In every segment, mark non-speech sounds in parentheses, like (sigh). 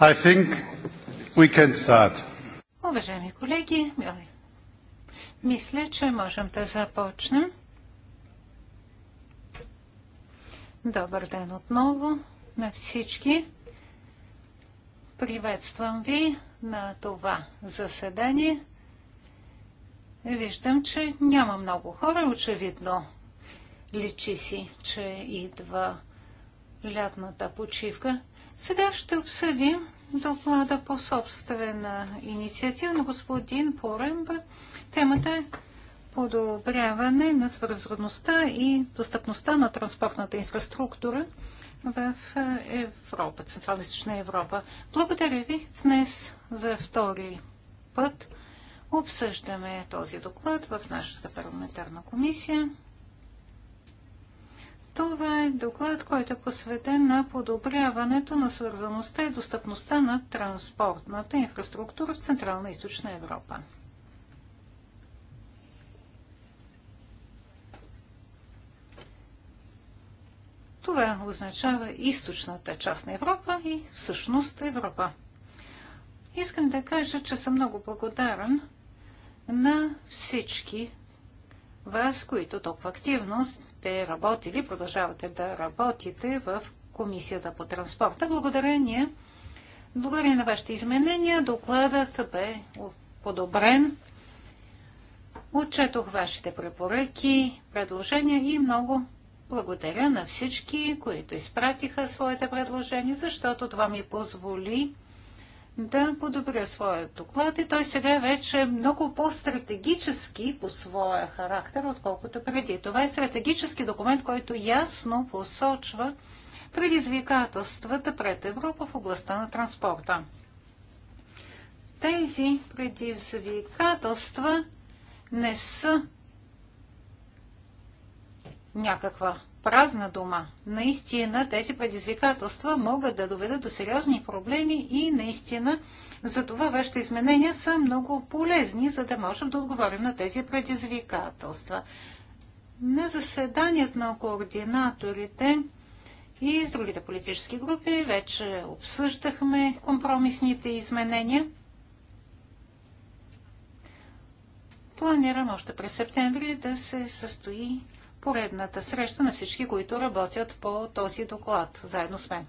I think we can start. Уважаеми колеги, мисля, че можем да започнем. Добър ден отново на всички. Приветствам ви на това заседание. Виждам, че няма много хора, очевидно. Личи си, че идва лятната почивка. Сега ще обсъдим доклада по собствена инициатива на господин Поремба. Темата е подобряване на свързаността и достъпността на транспортната инфраструктура в Европа, Централна Европа. Благодаря ви. Днес за втори път обсъждаме този доклад в нашата парламентарна комисия. Това е доклад, който е посветен на подобряването на свързаността и достъпността на транспортната инфраструктура в Централна и Източна Европа. Това означава източната част на Европа и всъщност Европа. Искам да кажа, че съм много благодарен на всички вас, които толкова активност сте работили, продължавате да работите в Комисията по транспорта. Благодарение, благодарение на вашите изменения докладът бе подобрен. Отчетох вашите препоръки, предложения и много благодаря на всички, които изпратиха своите предложения, защото това ми позволи да подобря своя доклад и той сега вече е много по-стратегически по своя характер, отколкото преди. Това е стратегически документ, който ясно посочва предизвикателствата пред Европа в областта на транспорта. Тези предизвикателства не са някаква празна дума. Наистина тези предизвикателства могат да доведат до сериозни проблеми и наистина за това вашите изменения са много полезни, за да можем да отговорим на тези предизвикателства. На заседанието на координаторите и с другите политически групи вече обсъждахме компромисните изменения. Планирам още през септември да се състои поредната среща на всички, които работят по този доклад заедно с мен.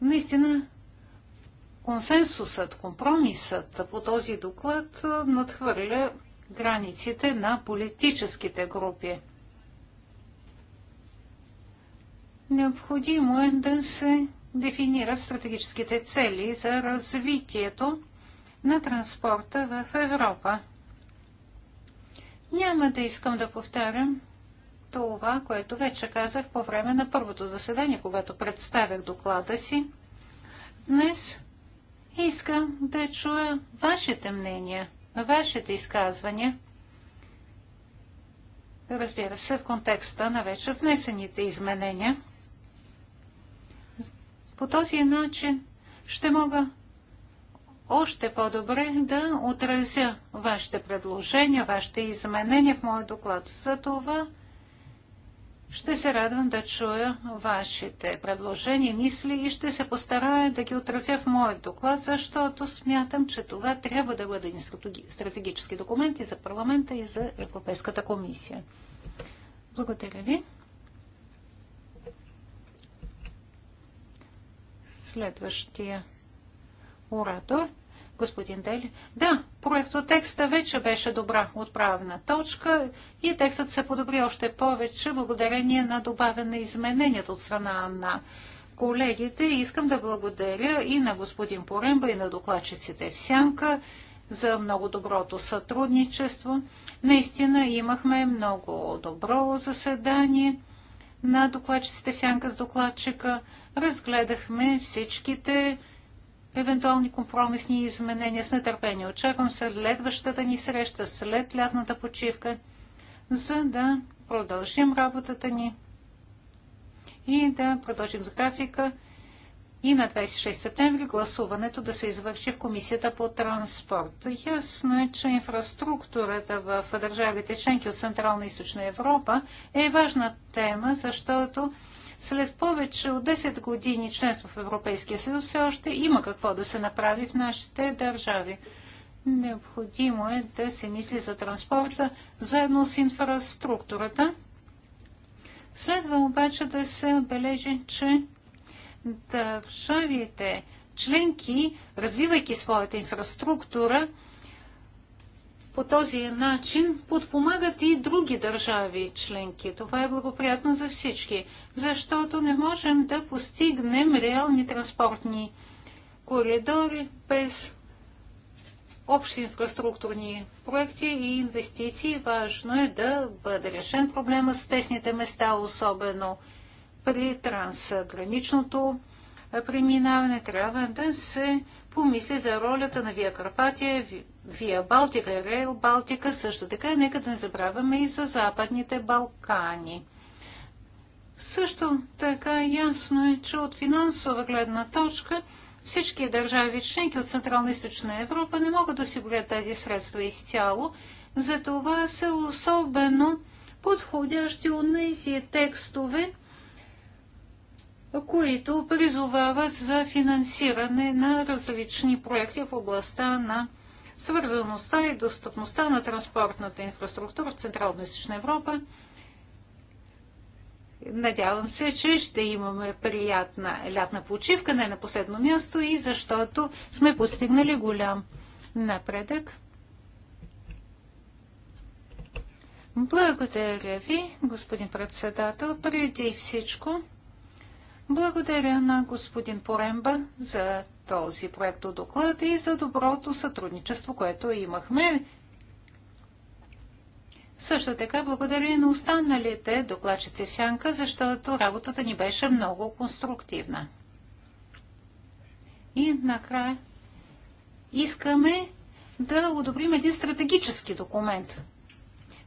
Наистина, консенсусът, компромисът по този доклад надхвърля границите на политическите групи. Необходимо е да се дефинират стратегическите цели за развитието на транспорта в Европа. Няма да искам да повтарям това, което вече казах по време на първото заседание, когато представях доклада си. Днес искам да чуя вашите мнения, вашите изказвания. Разбира се, в контекста на вече внесените изменения. По този начин ще мога още по-добре да отразя вашите предложения, вашите изменения в моят доклад. За това ще се радвам да чуя вашите предложения, мисли и ще се постарая да ги отразя в моят доклад, защото смятам, че това трябва да бъде стратегически документ и за парламента, и за Европейската комисия. Благодаря ви. Следващия оратор. Господин Дели. Да, проекто текста вече беше добра отправна точка и текстът се подобри още повече благодарение на добавяне измененията от страна на колегите. Искам да благодаря и на господин Поремба, и на докладчиците в Сянка за много доброто сътрудничество. Наистина имахме много добро заседание на докладчиците в Сянка с докладчика. Разгледахме всичките евентуални компромисни изменения с нетърпение. Очаквам следващата ни среща след лятната почивка, за да продължим работата ни и да продължим с графика и на 26 септември гласуването да се извърши в Комисията по транспорт. Ясно е, че инфраструктурата в държавите членки от Централна и Източна Европа е важна тема, защото след повече от 10 години членство в Европейския съюз все още има какво да се направи в нашите държави. Необходимо е да се мисли за транспорта заедно с инфраструктурата. Следва обаче да се отбележи, че държавите членки, развивайки своята инфраструктура, по този начин подпомагат и други държави членки. Това е благоприятно за всички, защото не можем да постигнем реални транспортни коридори без общи инфраструктурни проекти и инвестиции. Важно е да бъде решен проблема с тесните места, особено при трансграничното преминаване. Трябва да се помисли за ролята на Вия Карпатия, Вия Балтика и Рейл Балтика също така. нека да не забравяме и за Западните Балкани. Също така ясно е, че от финансова гледна точка всички държави членки от Централна и Източна Европа не могат да осигурят тези средства изцяло. Затова са особено подходящи от тези текстове, които призовават за финансиране на различни проекти в областта на свързаността и достъпността на транспортната инфраструктура в Централна и Сична Европа. Надявам се, че ще имаме приятна лятна почивка, не на последно място и защото сме постигнали голям напредък. Благодаря ви, господин председател. Преди всичко, благодаря на господин Поремба за този проект доклад и за доброто сътрудничество, което имахме. Също така благодаря и на останалите докладчици в Сянка, защото работата ни беше много конструктивна. И накрая искаме да одобрим един стратегически документ –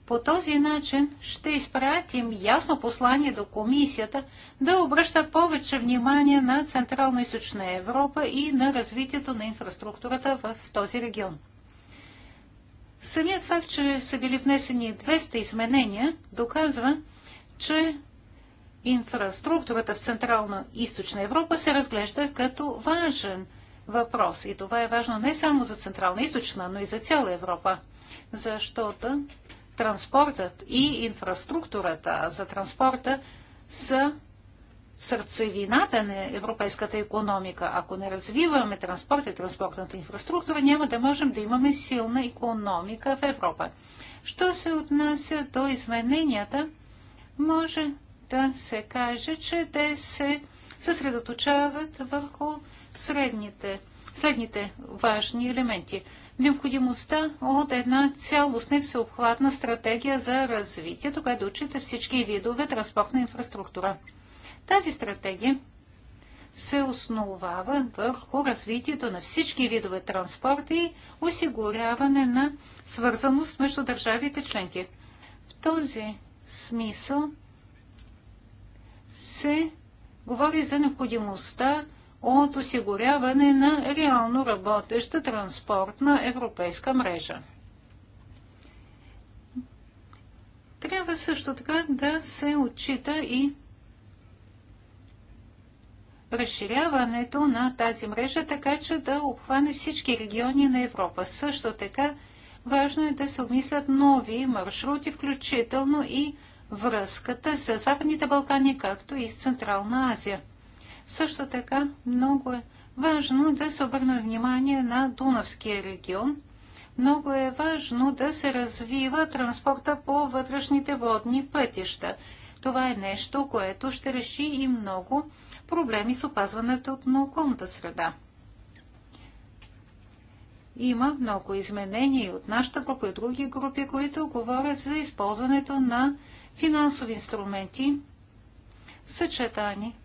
по този начин ще изпратим ясно послание до комисията да обръща повече внимание на централно источна Европа и на развитието на инфраструктурата в този регион. Самият факт, че са били внесени 200 изменения, доказва, че инфраструктурата в Централна и Източна Европа се разглежда като важен въпрос. И това е важно не само за Централна и Източна, но и за цяла Европа. Защото транспортът и инфраструктурата за транспорта са сърцевината на европейската економика. Ако не развиваме транспорт и транспортната инфраструктура, няма да можем да имаме силна економика в Европа. Що се отнася до измененията, може да се каже, че те се съсредоточават върху средните, средните важни елементи необходимостта от една цялостна и всеобхватна стратегия за развитието, която отчита всички видове транспортна инфраструктура. Тази стратегия се основава върху развитието на всички видове транспорт и осигуряване на свързаност между държавите членки. В този смисъл се говори за необходимостта от осигуряване на реално работеща транспортна европейска мрежа. Трябва също така да се отчита и разширяването на тази мрежа, така че да обхване всички региони на Европа. Също така важно е да се обмислят нови маршрути, включително и връзката с Западните Балкани, както и с Централна Азия. Също така много е важно да се обърне внимание на Дунавския регион. Много е важно да се развива транспорта по вътрешните водни пътища. Това е нещо, което ще реши и много проблеми с опазването на околната среда. Има много изменения и от нашата група и други групи, които говорят за използването на финансови инструменти, съчетани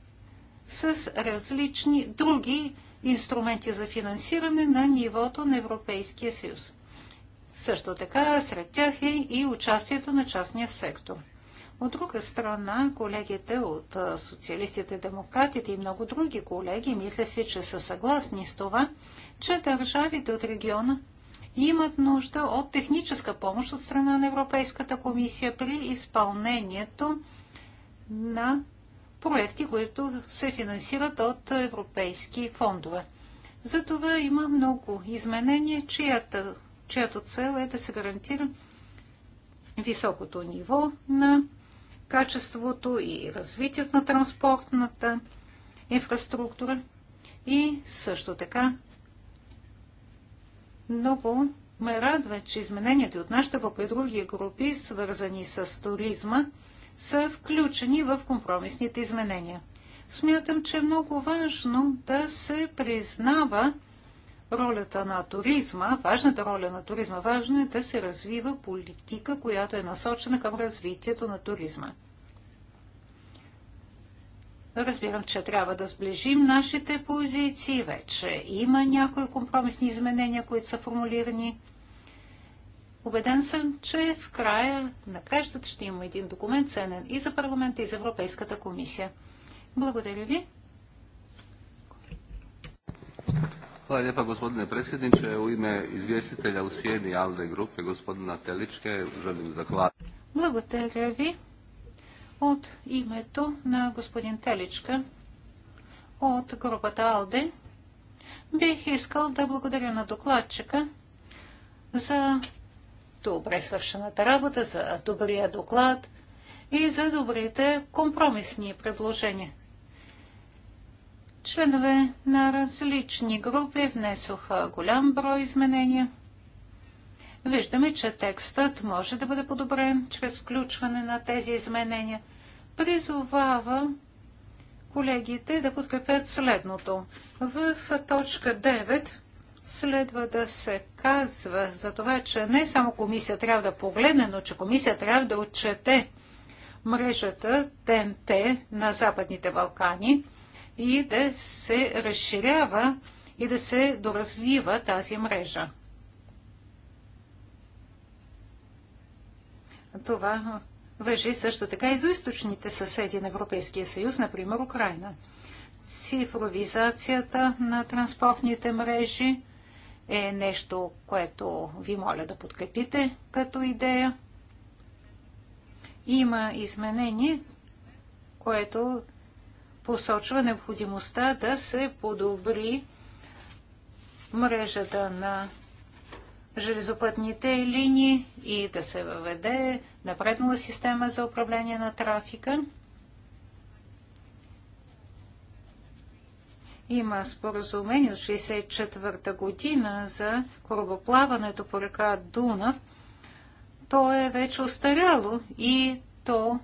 с различни други инструменти за финансиране на нивото на Европейския съюз. Също така сред тях е и участието на частния сектор. От друга страна, колегите от социалистите, демократите и много други колеги мисля си, че са съгласни с това, че държавите от региона имат нужда от техническа помощ от страна на Европейската комисия при изпълнението на проекти, които се финансират от европейски фондове. Затова има много изменения, чиято, чиято цел е да се гарантира високото ниво на качеството и развитието на транспортната инфраструктура и също така много ме радва, че измененията от нашата група и други групи, свързани с туризма, са включени в компромисните изменения. Смятам, че е много важно да се признава ролята на туризма, важната роля на туризма. Важно е да се развива политика, която е насочена към развитието на туризма. Разбирам, че трябва да сближим нашите позиции. Вече има някои компромисни изменения, които са формулирани. Обеден съм, че в края на кращата ще има един документ ценен и за парламента, и за Европейската комисия. Благодаря ви. Hvala lijepa gospodine predsjedniče. U ime izvjestitelja u sjeni ALDE grupe gospodina Teličke želim zahvaliti. Благодаря ви. От името на господин Теличка от групата АЛДЕ бих искал да благодаря на докладчика за добре свършената работа, за добрия доклад и за добрите компромисни предложения. Членове на различни групи внесоха голям брой изменения. Виждаме, че текстът може да бъде подобрен чрез включване на тези изменения. Призовава колегите да подкрепят следното. В точка 9 следва да се казва за това, че не само комисия трябва да погледне, но че комисия трябва да отчете мрежата ТНТ на Западните Балкани и да се разширява и да се доразвива тази мрежа. Това въжи също така и за източните съседи на Европейския съюз, например Украина. Цифровизацията на транспортните мрежи – е нещо, което ви моля да подкрепите като идея. Има изменение, което посочва необходимостта да се подобри мрежата на железопътните линии и да се въведе напреднала система за управление на трафика. Има споразумение от 1964 година за корабоплаването по река Дунав. То е вече остаряло и то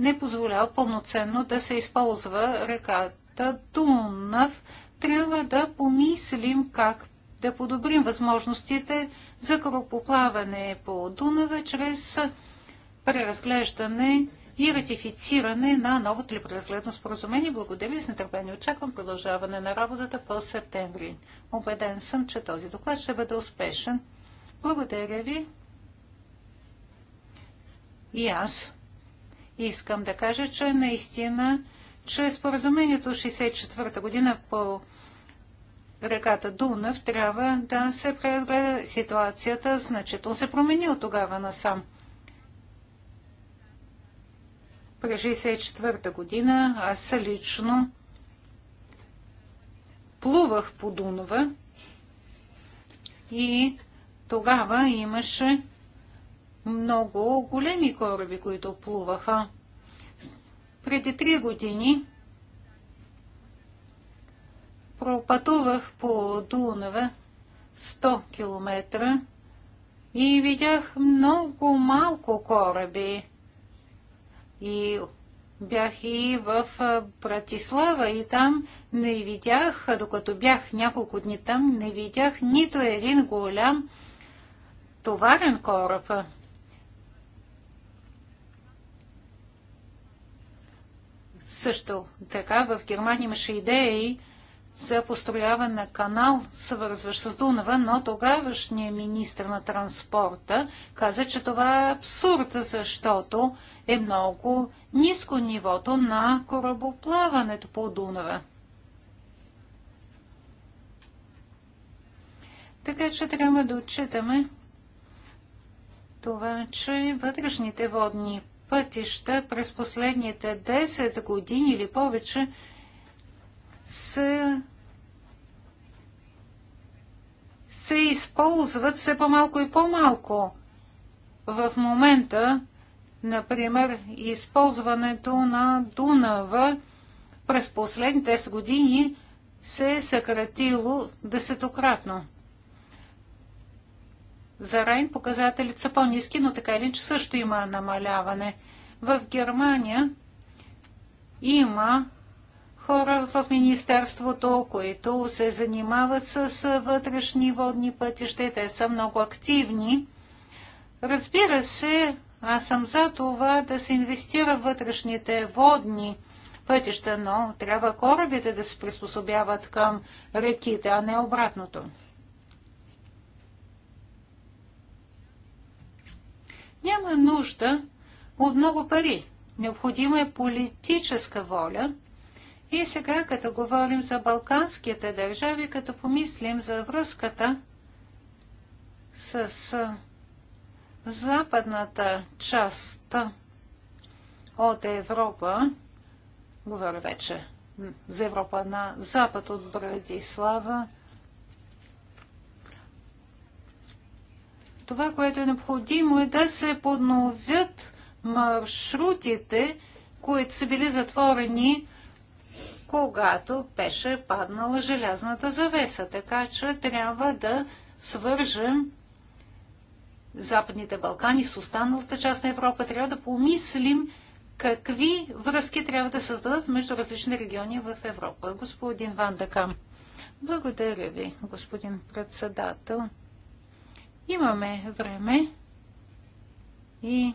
не позволява пълноценно да се използва реката Дунав. Трябва да помислим как да подобрим възможностите за корабоплаване по Дунава чрез преразглеждане и ратифициране на новото ли преразгледно споразумение. Благодаря ви с нетърпение очаквам продължаване на работата по септември. Обеден съм, че този доклад ще бъде успешен. Благодаря ви. И аз искам да кажа, че наистина, че споразумението 64-та година по реката Дунав трябва да се преразгледа ситуацията, значително се промени от тогава насам. През 1964 година аз лично плувах по Дунава и тогава имаше много големи кораби, които плуваха. Преди три години пропътувах по Дунава 100 км и видях много малко кораби. И бях и в Братислава и там не видях, докато бях няколко дни там, не видях нито един голям товарен кораб. Също така в Германия имаше идеи за построяване на канал, свързващ с Дунава, но тогавашният министр на транспорта каза, че това е абсурд, защото е много ниско нивото на корабоплаването по Дунава. Така че трябва да отчитаме това, че вътрешните водни пътища през последните 10 години или повече са се използват все по-малко и по-малко. В момента Например, използването на Дунава през последните 10 години се е съкратило десетократно. За Райн показателите са по-низки, но така или че също има намаляване. В Германия има хора в Министерството, които се занимават с вътрешни водни пътища. Те са много активни. Разбира се, аз съм за това да се инвестира в вътрешните водни пътища, но трябва корабите да се приспособяват към реките, а не обратното. Няма нужда от много пари. Необходима е политическа воля. И сега, като говорим за балканските държави, като помислим за връзката с западната част от Европа, говоря вече за Европа на запад от Братислава, това, което е необходимо е да се подновят маршрутите, които са били затворени, когато беше паднала желязната завеса. Така че трябва да свържем Западните Балкани с останалата част на Европа, трябва да помислим какви връзки трябва да създадат между различни региони в Европа. Господин Ван Дакам. Благодаря ви, господин председател. Имаме време и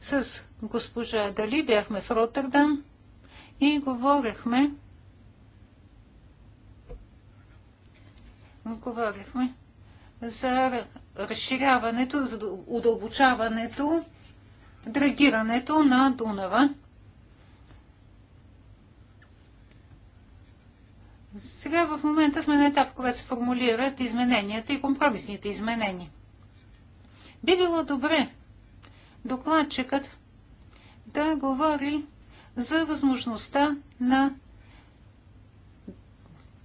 с госпожа Дали бяхме в Роттердам и говорихме говорихме за разширяването, удълбочаването, драгирането на Дунава. Сега в момента сме на етап, когато се формулират измененията и компромисните изменения. Би било добре докладчикът да говори за възможността на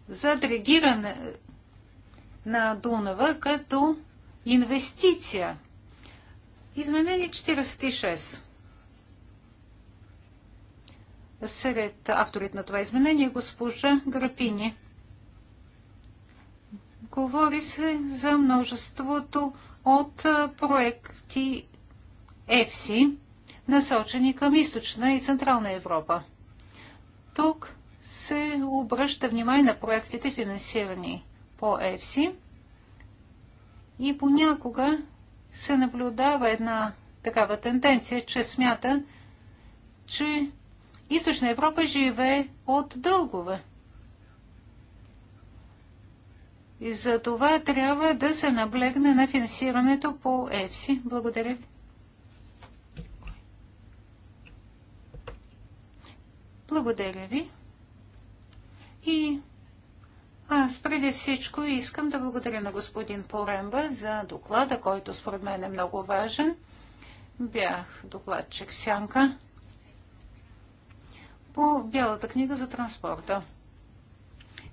за дрегиране на Дунава като инвестиция. Изменение 46. Сред авторите на това изменение е госпожа Грапини. Говори се за множеството от проекти ЕФСИ, насочени към източна и централна Европа. Тук се обръща внимание на проектите, финансирани по ЕФСИ и понякога се наблюдава една такава тенденция, че смята, че Източна Европа живее от дългове. И за това трябва да се наблегне на финансирането по ЕФСИ. Благодаря ви. Благодаря ви. И аз преди всичко искам да благодаря на господин Поремба за доклада, който според мен е много важен. Бях докладчик Сянка по Бялата книга за транспорта.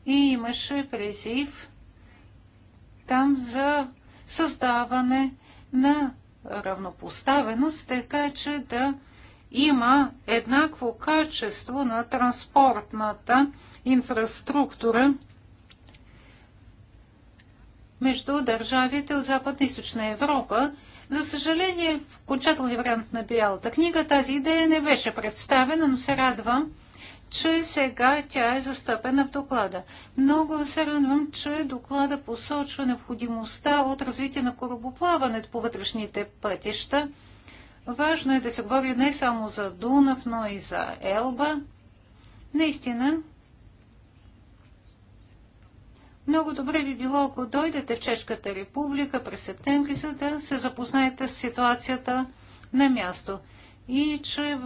И имаше призив там за създаване на равнопоставеност, така че да има еднакво качество на транспортната инфраструктура между държавите от Западна и Източна Европа. За съжаление, в окончателния вариант на Бялата книга тази идея не беше представена, но се радвам, че сега тя е застъпена в доклада. Много се радвам, че доклада посочва необходимостта от развитие на корабоплаването по вътрешните пътища. Важно е да се говори не само за Дунав, но и за Елба. Наистина, много добре би било, ако дойдете в Чешката република през септември, за да се запознаете с ситуацията на място. И че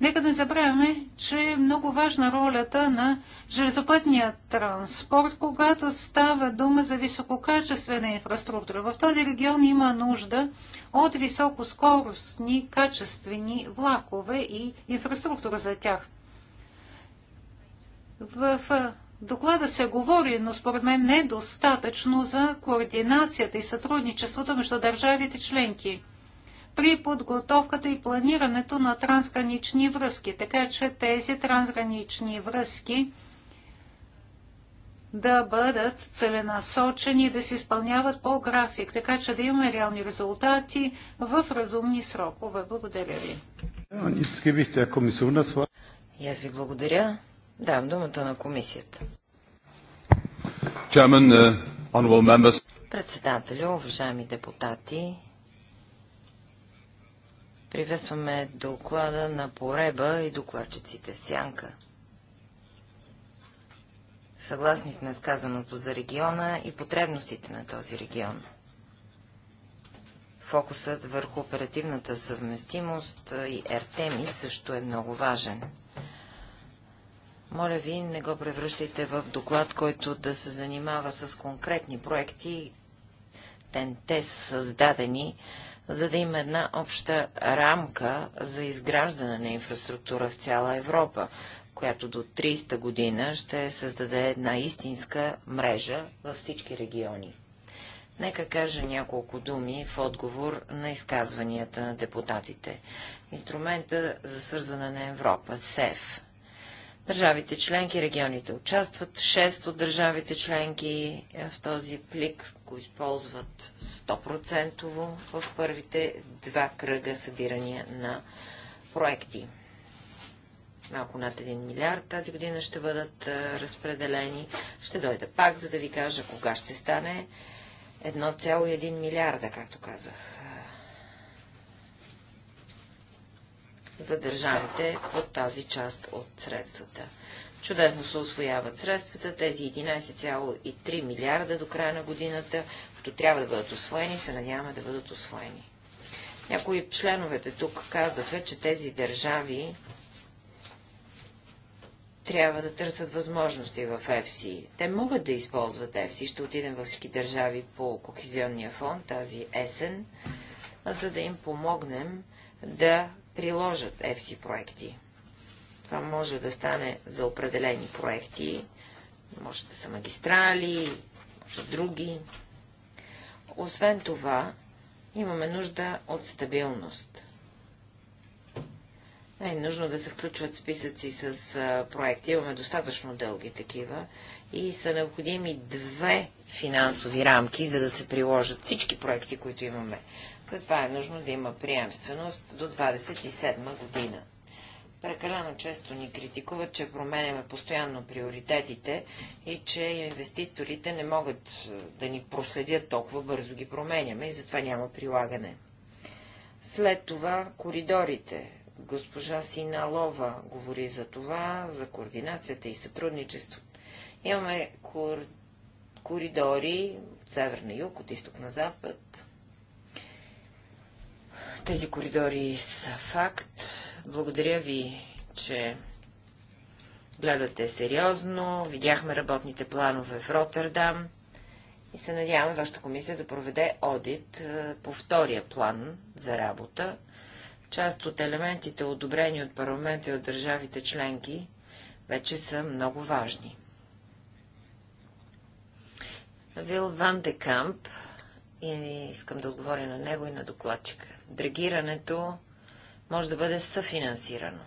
Нека не забравяме, че е много важна ролята на железопътния транспорт, когато става дума за висококачествена инфраструктура. В този регион има нужда от високоскоростни, качествени влакове и инфраструктура за тях. В доклада се говори, но според мен не е достатъчно за координацията и сътрудничеството между държавите членки при подготовката и планирането на трансгранични връзки, така че тези трансгранични връзки да бъдат целенасочени и да се изпълняват по график, така че да имаме реални резултати в разумни срокове. Благодаря ви. И аз ви благодаря. Давам думата на комисията. Uh, Председателю, уважаеми депутати, приветстваме доклада на Пореба и докладчиците в Сянка. Съгласни сме с казаното за региона и потребностите на този регион. Фокусът върху оперативната съвместимост и РТМИ също е много важен. Моля ви, не го превръщайте в доклад, който да се занимава с конкретни проекти. Те са създадени, за да има една обща рамка за изграждане на инфраструктура в цяла Европа, която до 30 година ще създаде една истинска мрежа във всички региони. Нека кажа няколко думи в отговор на изказванията на депутатите. Инструмента за свързване на Европа, СЕФ, Държавите членки, регионите участват. 6 от държавите членки е, в този плик го използват 100% в първите два кръга събирания на проекти. Малко над 1 милиард тази година ще бъдат е, разпределени. Ще дойда пак, за да ви кажа кога ще стане 1,1 милиарда, както казах. за държавите от тази част от средствата. Чудесно се освояват средствата, тези 11,3 милиарда до края на годината, като трябва да бъдат освоени, се надяваме да бъдат освоени. Някои членовете тук казаха, че тези държави трябва да търсят възможности в ЕФСИ. Те могат да използват ЕФСИ. Ще отидем във всички държави по Кохизионния фонд тази есен, за да им помогнем да приложат ЕФСИ проекти. Това може да стане за определени проекти, може да са магистрали, може други. Освен това, имаме нужда от стабилност. Не е нужно да се включват списъци с а, проекти, имаме достатъчно дълги такива и са необходими две финансови рамки, за да се приложат всички проекти, които имаме затова е нужно да има приемственост до 27 година. Прекалено често ни критикуват, че променяме постоянно приоритетите и че инвеститорите не могат е, да ни проследят толкова бързо ги променяме и затова няма прилагане. След това коридорите. Госпожа Синалова говори за това, за координацията и сътрудничеството. Имаме кор... коридори от север на юг, от изток на запад, тези коридори са факт. Благодаря ви, че гледате сериозно. Видяхме работните планове в Роттердам и се надявам вашата комисия да проведе одит е, по втория план за работа. Част от елементите, одобрени от парламента и от държавите членки, вече са много важни. Вил Ван Декамп, и искам да отговоря на него и на докладчика. Драгирането може да бъде съфинансирано.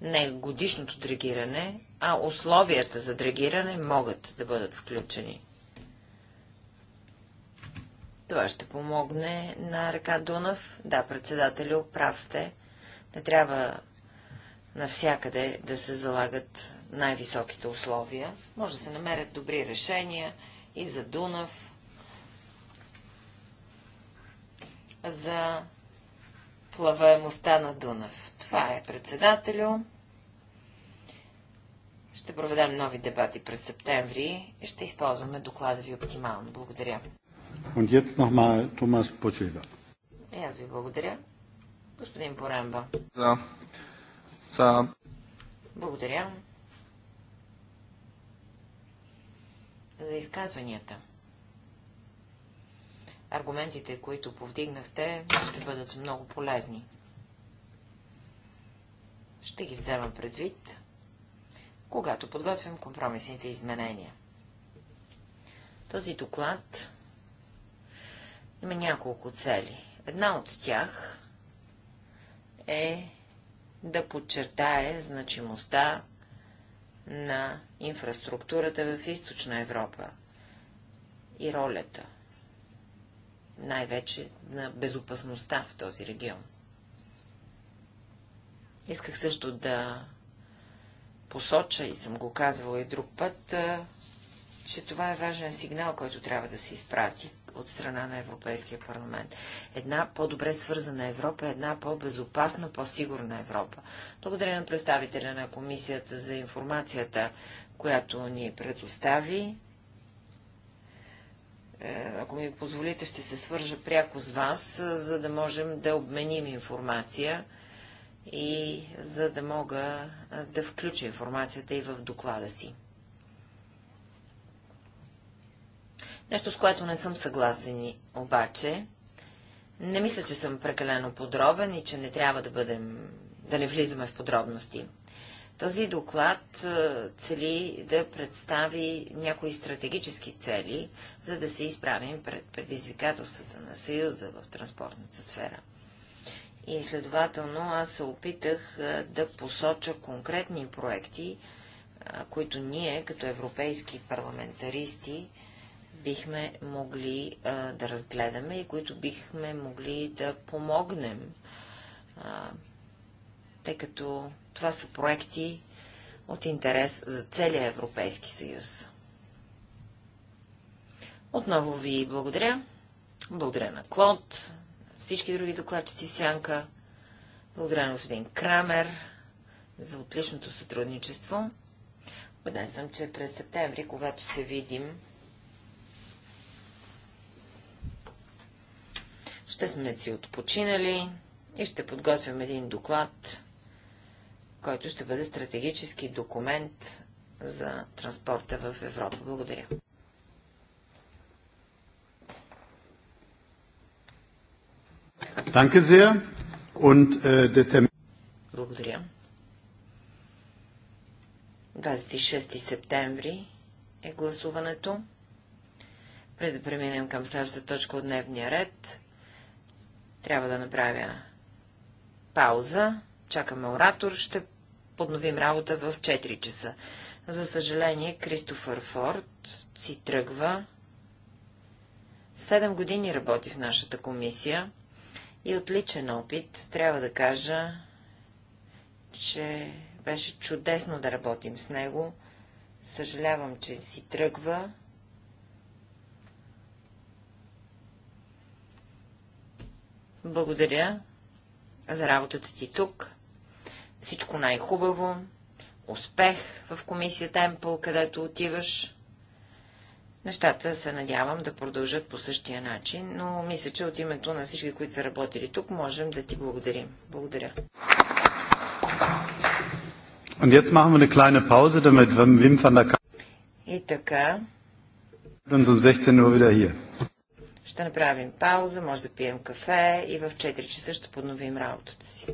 Не годишното драгиране, а условията за драгиране могат да бъдат включени. Това ще помогне на река Дунав. Да, председателю, прав сте. Не трябва навсякъде да се залагат най-високите условия. Може да се намерят добри решения и за Дунав, за плаваемостта на Дунав. Това е председателю. Ще проведем нови дебати през септември и ще използваме доклада ви оптимално. Благодаря. Und jetzt nochmal Thomas И аз ви благодаря. Господин Поремба. За... Благодаря. За изказванията аргументите, които повдигнахте, ще бъдат много полезни. Ще ги взема предвид, когато подготвим компромисните изменения. Този доклад има няколко цели. Една от тях е да подчертае значимостта на инфраструктурата в източна Европа и ролята най-вече на безопасността в този регион. Исках също да посоча, и съм го казвала и друг път, че това е важен сигнал, който трябва да се изпрати от страна на Европейския парламент. Една по-добре свързана Европа, една по-безопасна, по-сигурна Европа. Благодаря на представителя на комисията за информацията, която ни предостави. Е, ако ми позволите, ще се свържа пряко с вас, е, за да можем да обменим информация и за да мога е, да включа информацията и в доклада си. Нещо, с което не съм съгласен обаче. Не мисля, че съм прекалено подробен и че не трябва да бъдем, да не влизаме в подробности. Този доклад е, цели да представи някои стратегически цели, за да се изправим пред предизвикателствата на Съюза в транспортната сфера. И следователно аз се опитах е, да посоча конкретни проекти, е, които ние, като европейски парламентаристи, бихме могли да разгледаме и които бихме могли да помогнем, тъй като това са проекти от интерес за целия Европейски съюз. Отново ви благодаря. Благодаря на Клод, всички други докладчици в Сянка. Благодаря на господин Крамер за отличното сътрудничество. Убеден съм, че през септември, когато се видим, ще сме си отпочинали и ще подготвим един доклад който ще бъде стратегически документ за транспорта в Европа. Благодаря. Äh, Благодаря. 26 септември е гласуването. Преди да преминем към следващата точка от дневния ред, трябва да направя пауза. Чакаме оратор. Ще подновим работа в 4 часа. За съжаление, Кристофър Форд си тръгва. Седем години работи в нашата комисия и отличен опит трябва да кажа, че беше чудесно да работим с него. Съжалявам, че си тръгва. Благодаря за работата ти тук. Всичко най-хубаво, успех в комисия Темпл, където отиваш. Нещата се надявам да продължат по същия начин, но мисля, че от името на всички, които са работили тук, можем да ти благодарим. Благодаря. Pause, damit... И така. Um ще направим пауза, може да пием кафе и в 4 часа ще подновим работата си.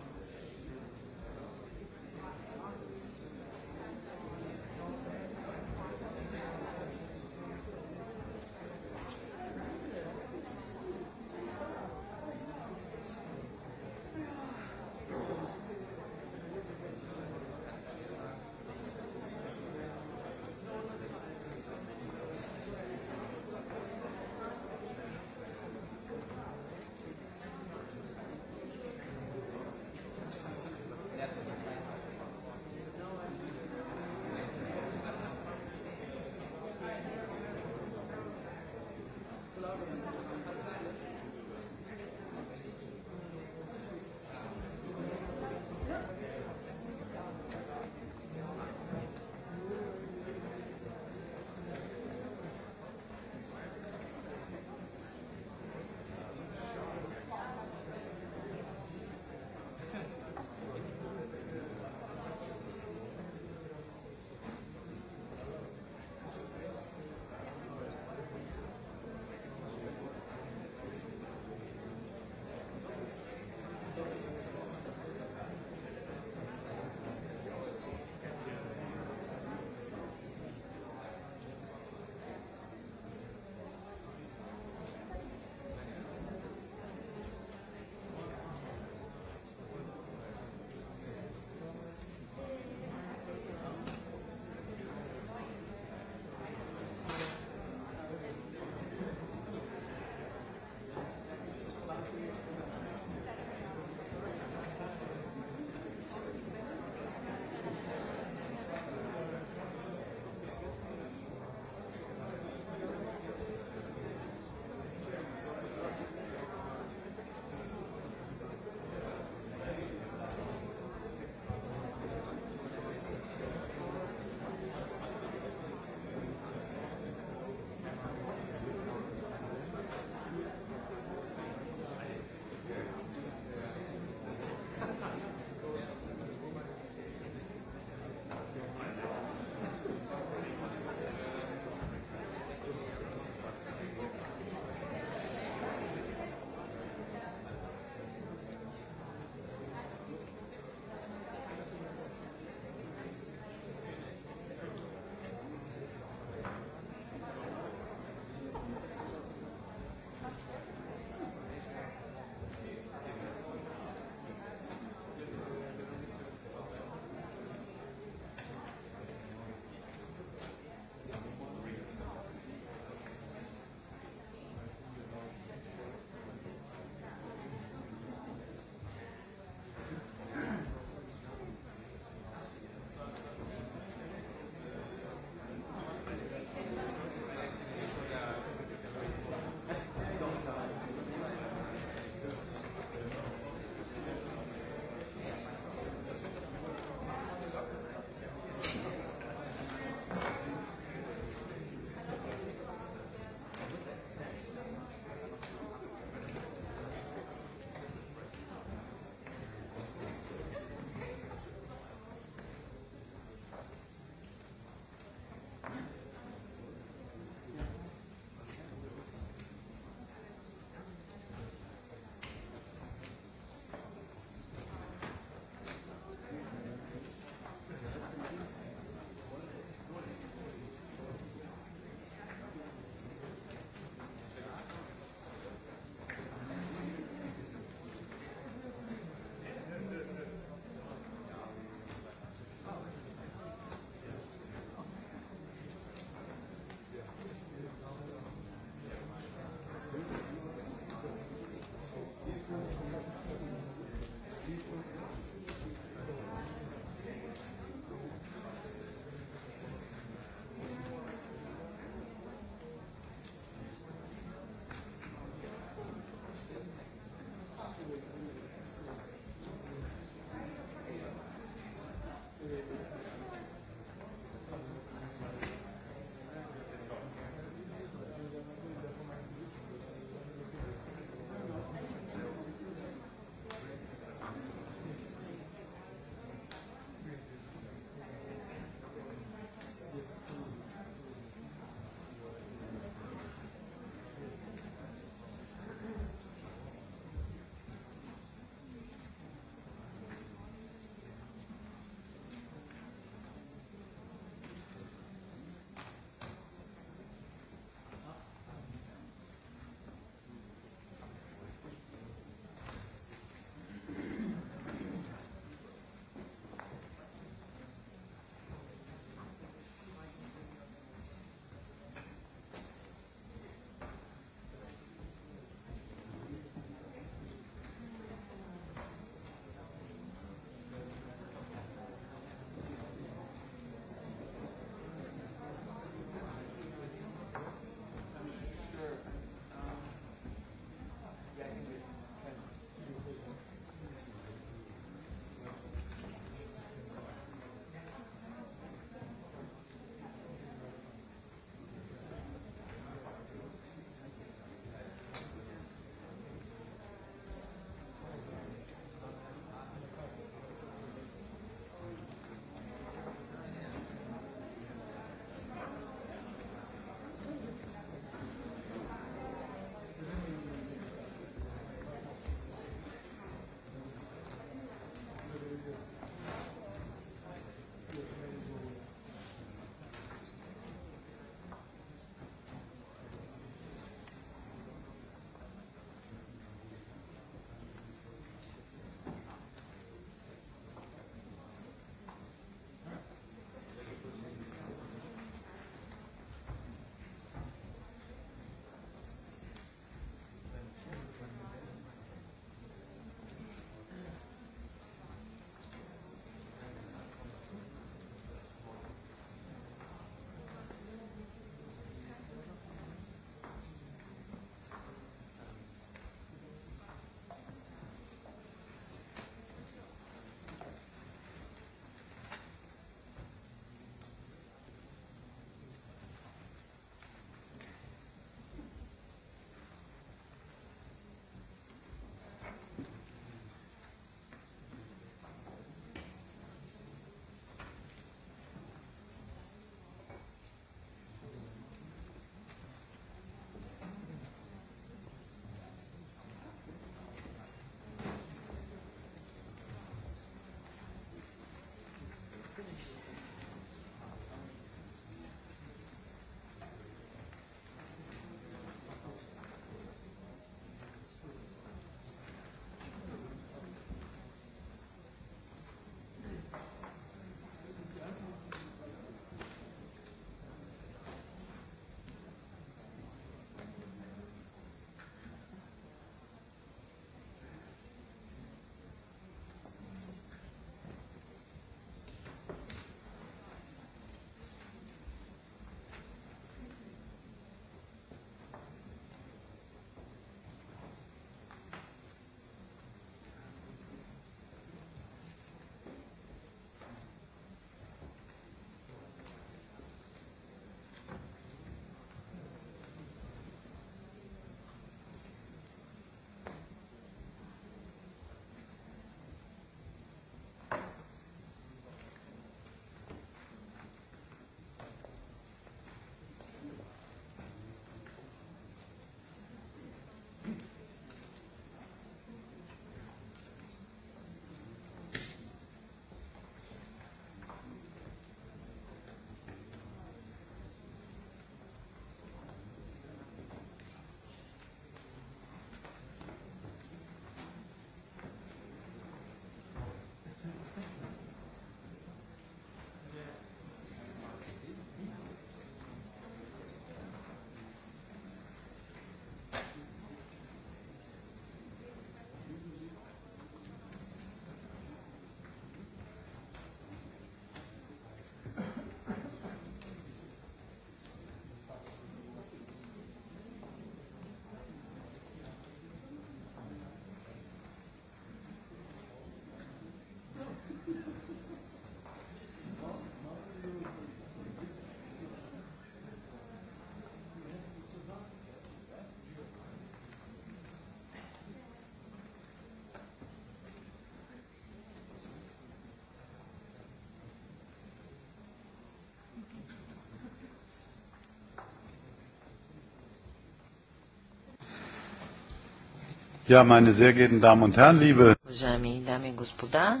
Ja, meine sehr geehrten Damen und Herren, liebe... Уважаеми дами и господа,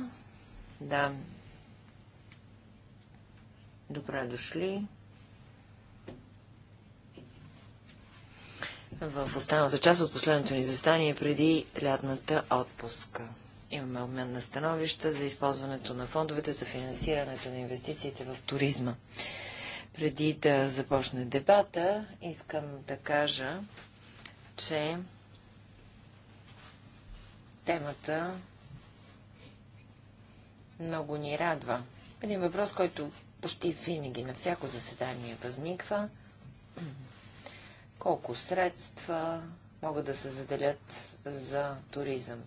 да, добре дошли в останалата част от последното ни застание преди лятната отпуска. Имаме обмен на становища за използването на фондовете за финансирането на инвестициите в туризма. Преди да започне дебата, искам да кажа, че Темата много ни радва. Един въпрос, който почти винаги на всяко заседание възниква. (clears throat) Колко средства могат да се заделят за туризъм?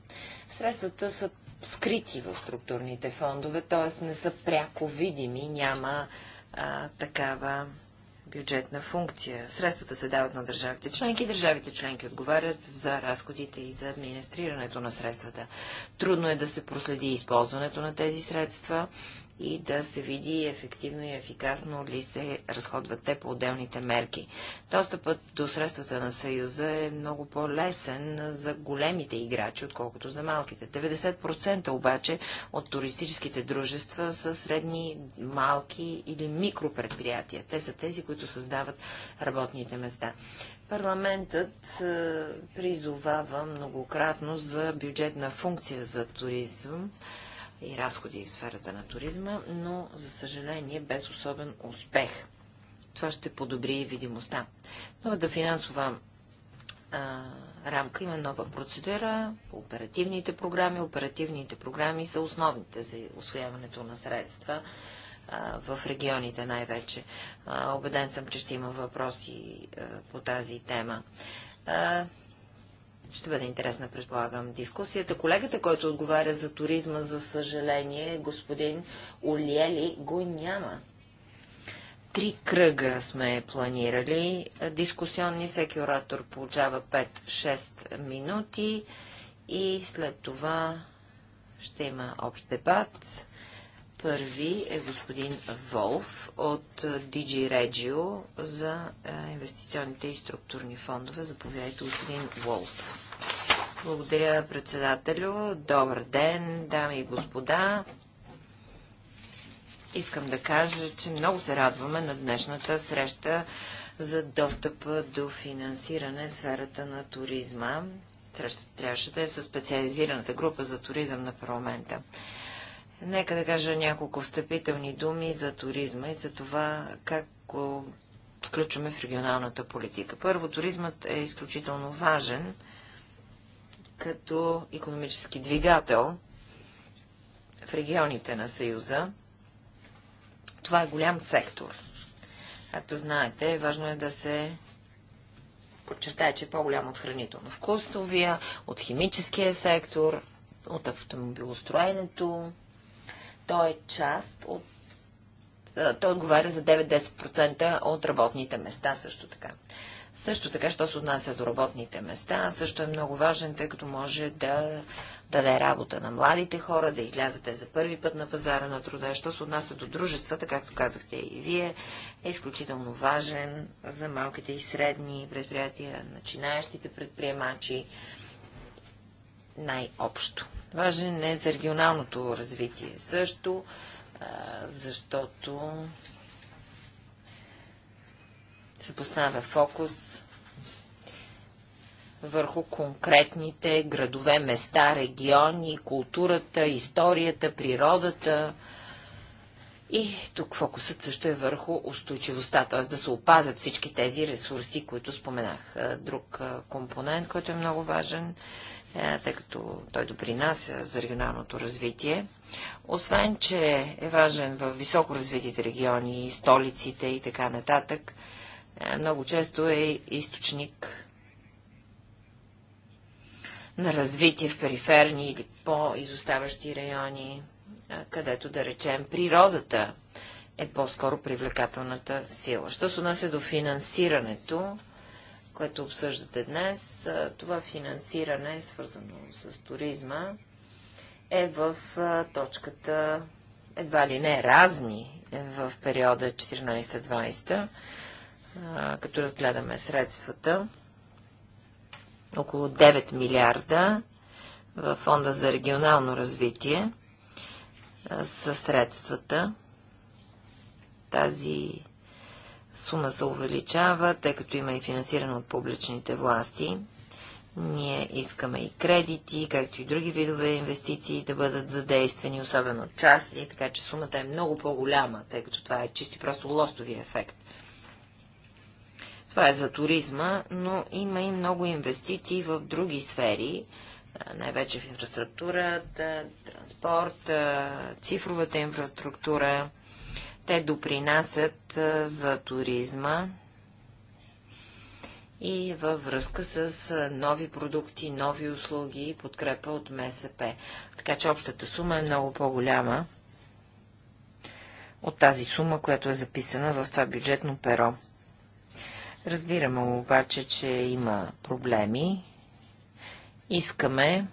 Средствата са скрити в структурните фондове, т.е. не са пряко видими, няма а, такава бюджетна функция. Средствата се дават на държавите членки, държавите членки отговарят за разходите и за администрирането на средствата. Трудно е да се проследи използването на тези средства, и да се види ефективно и ефикасно ли се разходват те по отделните мерки. Достъпът до средствата на Съюза е много по-лесен за големите играчи, отколкото за малките. 90% обаче от туристическите дружества са средни, малки или микропредприятия. Те са тези, които създават работните места. Парламентът е, призовава многократно за бюджетна функция за туризъм и разходи в сферата на туризма, но, за съжаление, без особен успех. Това ще подобри видимостта. Новата финансова а, рамка има нова процедура, оперативните програми. Оперативните програми са основните за освояването на средства в регионите най-вече. Обеден съм, че ще има въпроси по тази тема. Ще бъде интересна, предполагам, дискусията. Колегата, който отговаря за туризма, за съжаление, господин Олиели, го няма. Три кръга сме планирали. Дискусионни всеки оратор получава 5-6 минути и след това ще има общ дебат. Първи е господин Волф от Digi Regio за инвестиционните и структурни фондове. Заповядайте, господин Волф. Благодаря, председателю. Добър ден, дами и господа. Искам да кажа, че много се радваме на днешната среща за достъпа до финансиране в сферата на туризма. трябваше да е със специализираната група за туризъм на парламента. Нека да кажа няколко встъпителни думи за туризма и за това как го включваме в регионалната политика. Първо, туризмът е изключително важен като економически двигател в регионите на Съюза. Това е голям сектор. Както знаете, важно е да се подчертая, че е по-голям от хранително-вкусовия, от химическия сектор, от автомобилостроенето, той е част от... Той отговаря за 9-10% от работните места също така. Също така, що се отнася до работните места, също е много важен, тъй като може да даде работа на младите хора, да излязате за първи път на пазара на труда. Що се отнася до дружествата, както казахте и вие, е изключително важен за малките и средни предприятия, начинаещите предприемачи най-общо. Важен е за регионалното развитие също, защото се поставя фокус върху конкретните градове, места, региони, културата, историята, природата. И тук фокусът също е върху устойчивостта, т.е. да се опазят всички тези ресурси, които споменах. Друг компонент, който е много важен, е, тъй като той допринася за регионалното развитие. Освен, че е важен в високо развитите региони, столиците и така нататък, е, много често е източник на развитие в периферни или по-изоставащи райони, е, където, да речем, природата е по-скоро привлекателната сила. Що се отнася до финансирането, което обсъждате днес, това финансиране, свързано с туризма, е в точката едва ли не разни в периода 14-20, като разгледаме средствата. Около 9 милиарда в Фонда за регионално развитие са средствата. Тази сума се увеличава, тъй като има и финансиране от публичните власти. Ние искаме и кредити, както и други видове инвестиции да бъдат задействани, особено части, така че сумата е много по-голяма, тъй като това е чисто просто лостови ефект. Това е за туризма, но има и много инвестиции в други сфери, най-вече в инфраструктурата, транспорт, цифровата инфраструктура, те допринасят за туризма и във връзка с нови продукти, нови услуги и подкрепа от МСП. Така че общата сума е много по-голяма от тази сума, която е записана в това бюджетно перо. Разбираме обаче, че има проблеми. Искаме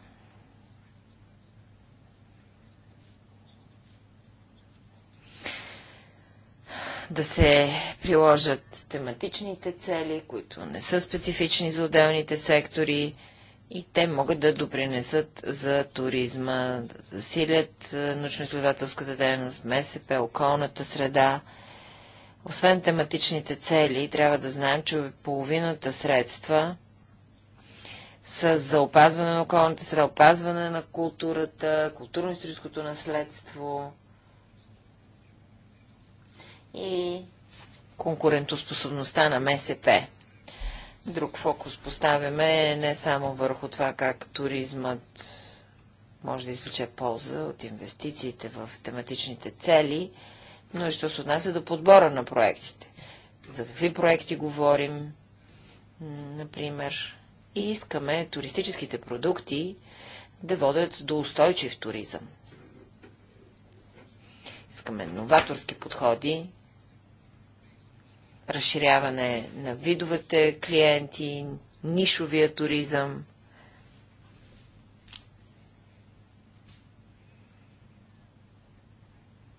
да се приложат тематичните цели, които не са специфични за отделните сектори и те могат да допринесат за туризма, да засилят е, научно-изследователската дейност, МСП, околната среда. Освен тематичните цели, трябва да знаем, че половината средства са за опазване на околната среда, опазване на културата, културно-историческото наследство, и конкурентоспособността на МСП. Друг фокус поставяме е не само върху това как туризмът може да извлече полза от инвестициите в тематичните цели, но и що се отнася до подбора на проектите. За какви проекти говорим, например, и искаме туристическите продукти да водят до устойчив туризъм. Искаме новаторски подходи, разширяване на видовете клиенти, нишовия туризъм.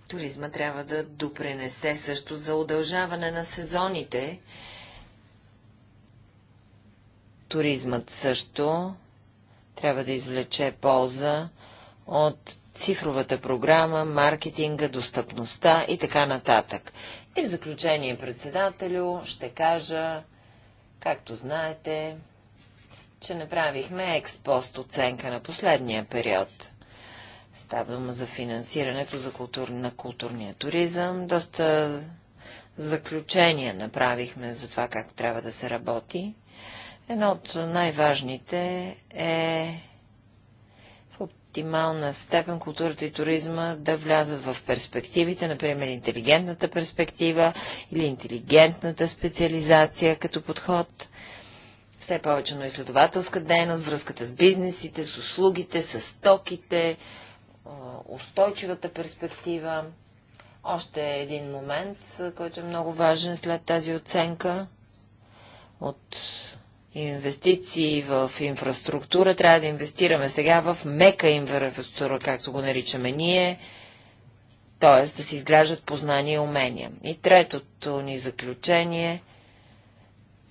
Туризма трябва да допренесе също за удължаване на сезоните. Туризмът също трябва да извлече полза от цифровата програма, маркетинга, достъпността и така нататък. И в заключение, председателю, ще кажа, както знаете, че направихме експост оценка на последния период. Става дума за финансирането за култур... на културния туризъм. Доста заключения направихме за това как трябва да се работи. Едно от най-важните е оптимална степен културата и туризма да влязат в перспективите, например интелигентната перспектива или интелигентната специализация като подход, все повече на изследователска дейност, връзката с бизнесите, с услугите, с стоките, устойчивата перспектива. Още един момент, който е много важен след тази оценка от инвестиции в инфраструктура, трябва да инвестираме сега в мека инфраструктура, както го наричаме ние, т.е. да се изграждат познания и умения. И третото ни заключение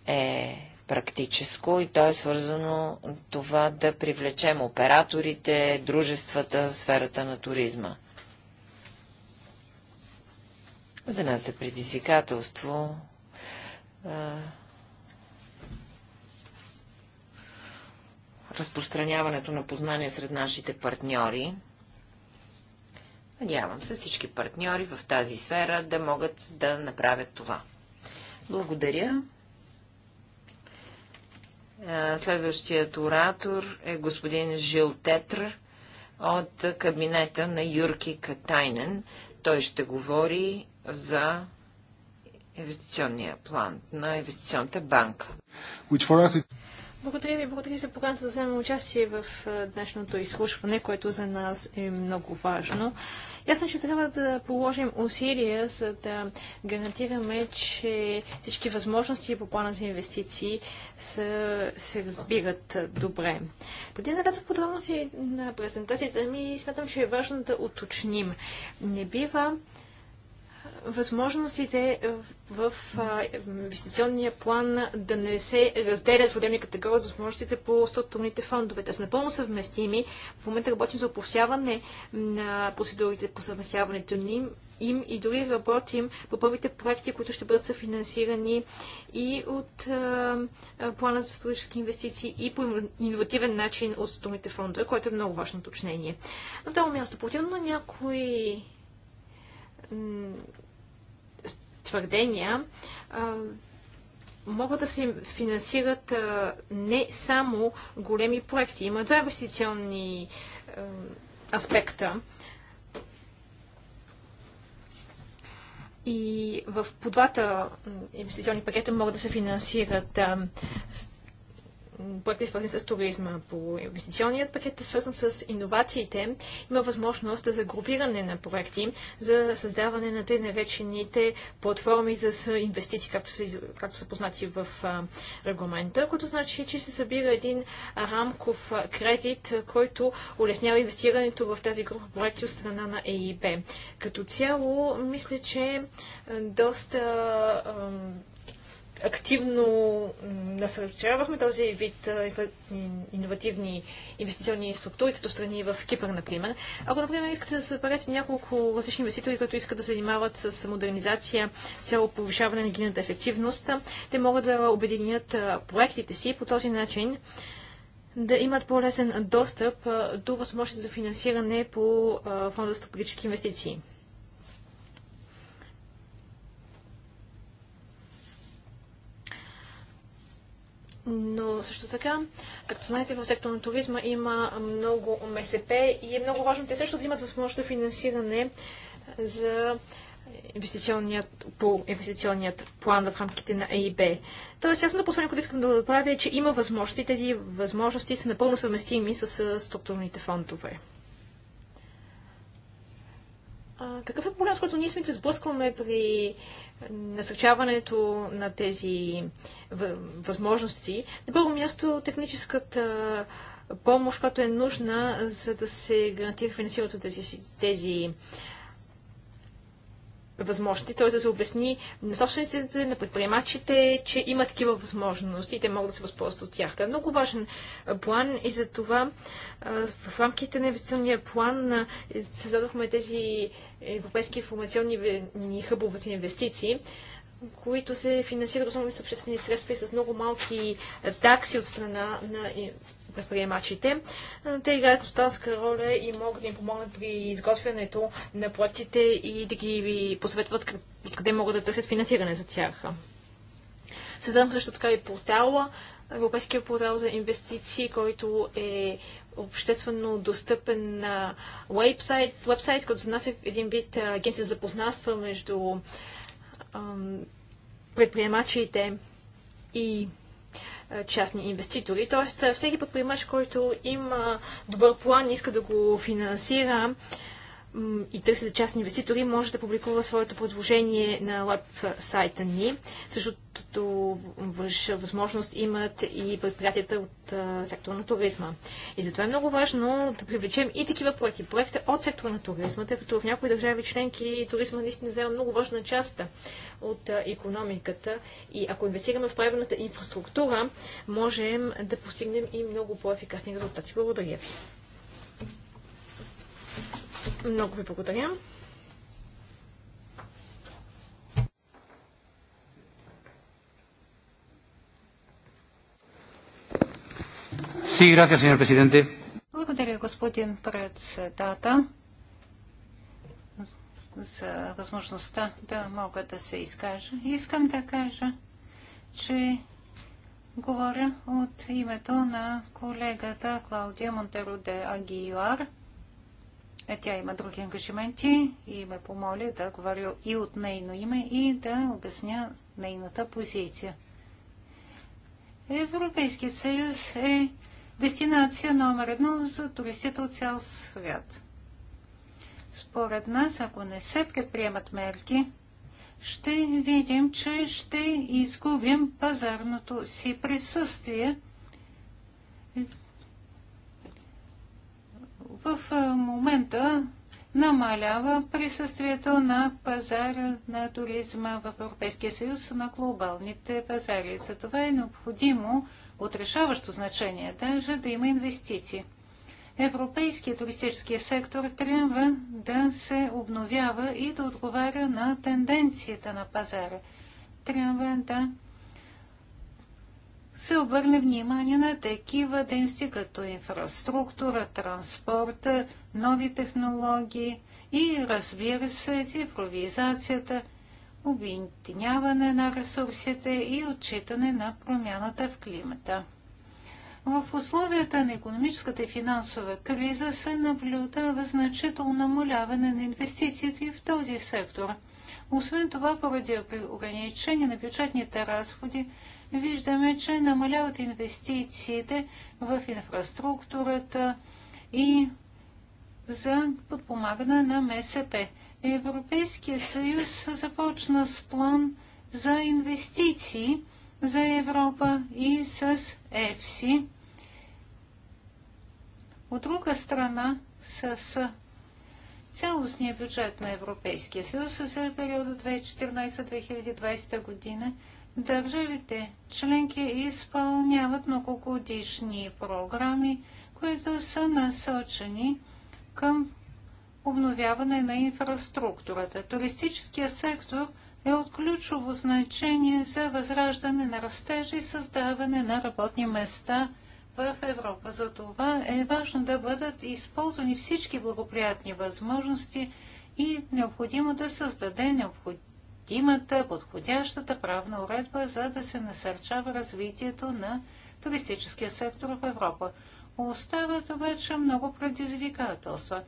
е практическо и то е свързано това да привлечем операторите, дружествата в сферата на туризма. За нас е предизвикателство разпространяването на познания сред нашите партньори. Надявам се всички партньори в тази сфера да могат да направят това. Благодаря. Следващият оратор е господин Жил Тетр от кабинета на Юрки Катайнен. Той ще говори за инвестиционния план на инвестиционната банка. It... Благодаря ви, благодаря за поканата да вземем участие в е, днешното изслушване, което за нас е много важно. Ясно, че трябва да положим усилия, за да гарантираме, че всички възможности по плана за инвестиции са, се разбират добре. Преди да в подробности на презентацията ми, смятам, че е важно да уточним. Не бива възможностите в, в инвестиционния план да не се разделят в отделни категории от възможностите по структурните фондове. Те са напълно съвместими. В момента работим за опосяване на процедурите по съвместяването им, им и дори работим по първите проекти, които ще бъдат съфинансирани и от а, плана за стратегически инвестиции и по иновативен начин от структурните фондове, което е много важно уточнение. На второ място, противно на някои твърдения, могат да се финансират не само големи проекти. Има два инвестиционни аспекта. И в по двата инвестиционни пакета могат да се финансират проекти, свързани с туризма. По инвестиционният пакет е свързан с иновациите. Има възможност за групиране на проекти, за създаване на тъй наречените платформи за инвестиции, както са, както са познати в регламента, което значи, че се събира един рамков кредит, който улеснява инвестирането в тази група проекти от страна на ЕИБ. Като цяло, мисля, че доста активно насърчавахме този вид иновативни инвестиционни структури, като страни в Кипър, например. Ако, например, искате да съберете няколко различни инвеститори, които искат да се занимават с модернизация с цяло повишаване на енергийната ефективност, те могат да обединят проектите си по този начин да имат по-лесен достъп до възможност за финансиране по фонда за стратегически инвестиции. Но също така, както знаете, в сектора на туризма има много МСП и е много важно те също да имат възможност финансиране за инвестиционният, по инвестиционният план в рамките на АИБ. Тоест, ясното послание, което искам да добавя е, че има възможности. Тези възможности са напълно съвместими с структурните фондове какъв е проблем, с който ние сме се сблъскваме при насърчаването на тези възможности? На първо място техническата помощ, която е нужна, за да се гарантира финансирането тези, тези възможности, т.е. да се обясни на собствениците, на предприемачите, че има такива възможности и те могат да се възползват от тях. Това е много важен план и за това в рамките на инвестиционния план създадохме тези европейски информационни хъбове за инвестиции, които се финансират основно с обществени средства и с много малки такси от страна на предприемачите. Те играят останска роля и могат да им помогнат при изготвянето на проектите и да ги посветват откъде могат да търсят финансиране за тях. Създадам също така и портала, Европейския портал за инвестиции, който е обществено достъпен вебсайт, вебсайт който за нас е един вид агенция за познанства между предприемачите и частни инвеститори. Тоест, всеки предприемач, който има добър план иска да го финансира, и търси за частни инвеститори, може да публикува своето предложение на веб сайта ни. Същото възможност имат и предприятията от сектора на туризма. И затова е много важно да привлечем и такива проекти. Проекти от сектора на туризма, тъй като в някои държави членки туризма наистина взема много важна част от економиката. И ако инвестираме в правилната инфраструктура, можем да постигнем и много по-ефикасни резултати. Благодаря ви. Много ви благодаря. Sí, gracias, señor presidente. Благодаря, господин председател, за възможността да мога да се изкажа. Искам да кажа, че говоря от името на колегата Клаудия Монтеро де Агиюар – е, тя има други ангажименти и ме помоли да говоря и от нейно име и да обясня нейната позиция. Европейският съюз е дестинация номер едно за туристите от цял свят. Според нас, ако не се предприемат мерки, ще видим, че ще изгубим пазарното си присъствие в момента намалява присъствието на пазара на туризма в Европейския съюз на глобалните пазари. За това е необходимо от решаващо значение даже да има инвестиции. Европейският туристически сектор трябва да се обновява и да отговаря на тенденцията на пазара. Трябва да се обърне внимание на такива дейности като инфраструктура, транспорт, нови технологии и, разбира се, цифровизацията, обединяване на ресурсите и отчитане на промяната в климата. В условията на економическата и финансова криза се наблюдава значително намаляване на инвестициите в този сектор. Освен това, поради ограничение на бюджетните разходи, виждаме, че намаляват инвестициите в инфраструктурата и за подпомагане на МСП. Европейския съюз започна с план за инвестиции за Европа и с ЕФСИ. От друга страна, с цялостния бюджет на Европейския съюз за периода 2014-2020 година Държавите членки изпълняват многогодишни програми, които са насочени към обновяване на инфраструктурата. Туристическия сектор е от ключово значение за възраждане на растежи и създаване на работни места в Европа. За това е важно да бъдат използвани всички благоприятни възможности и необходимо да създаде необходимо необходимата, подходящата правна уредба, за да се насърчава развитието на туристическия сектор в Европа. Остават обаче много предизвикателства.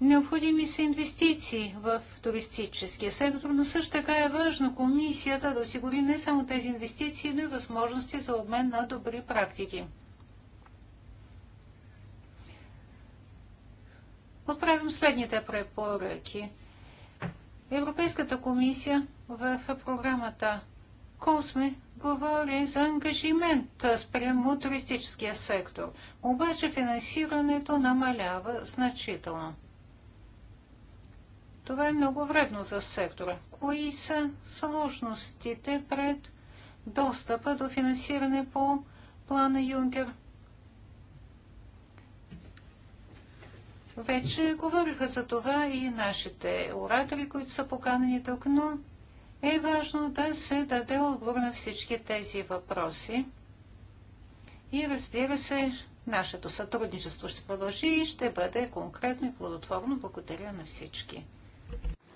Необходими са инвестиции в туристическия сектор, но също така е важно комисията да осигури не само тези инвестиции, но и възможности за обмен на добри практики. Отправим следните препоръки. Европейската комисия в програмата Косме говори за ангажимент спрямо туристическия сектор, обаче финансирането намалява значително. Това е много вредно за сектора. Кои са сложностите пред достъпа до финансиране по плана Юнкер? Вече говориха за това и нашите оратори, които са поканени тук, но е важно да се даде отговор на всички тези въпроси. И разбира се, нашето сътрудничество ще продължи и ще бъде конкретно и плодотворно. Благодаря на всички.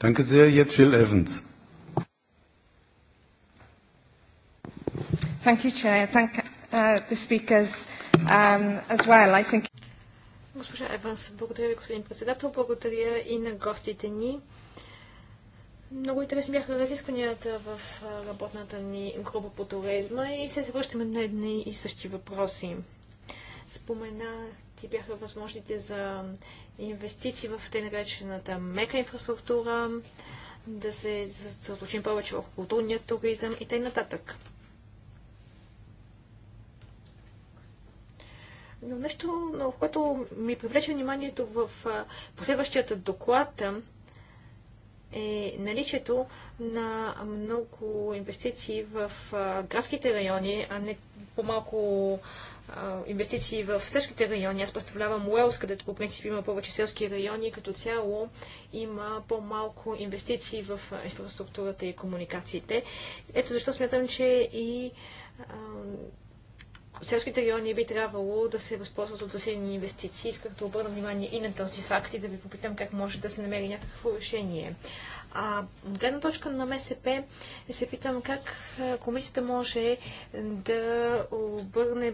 Danke sehr, Jill Evans. Thank you, Chair. Thank uh, the speakers um, as well. I think. Госпожа Еванс, благодаря ви, господин председател. Благодаря и на гостите ни. Много интересни бяха разискванията в работната ни група по туризма и се връщаме на едни и същи въпроси. Спомена, ти бяха възможните за инвестиции в тъй наречената мека инфраструктура, да се съсредоточим повече върху културния туризъм и т.н. нататък. Но нещо, на което ми привлече вниманието в последващият доклад е наличието на много инвестиции в градските райони, а не по-малко инвестиции в селските райони. Аз представлявам Уелс, където по принцип има повече селски райони, като цяло има по-малко инвестиции в инфраструктурата и комуникациите. Ето защо смятам, че и селските райони би трябвало да се възползват от засилени инвестиции. Исках да обърна внимание и на този факт и да ви попитам как може да се намери някакво решение. А от гледна точка на МСП се питам как комисията може да обърне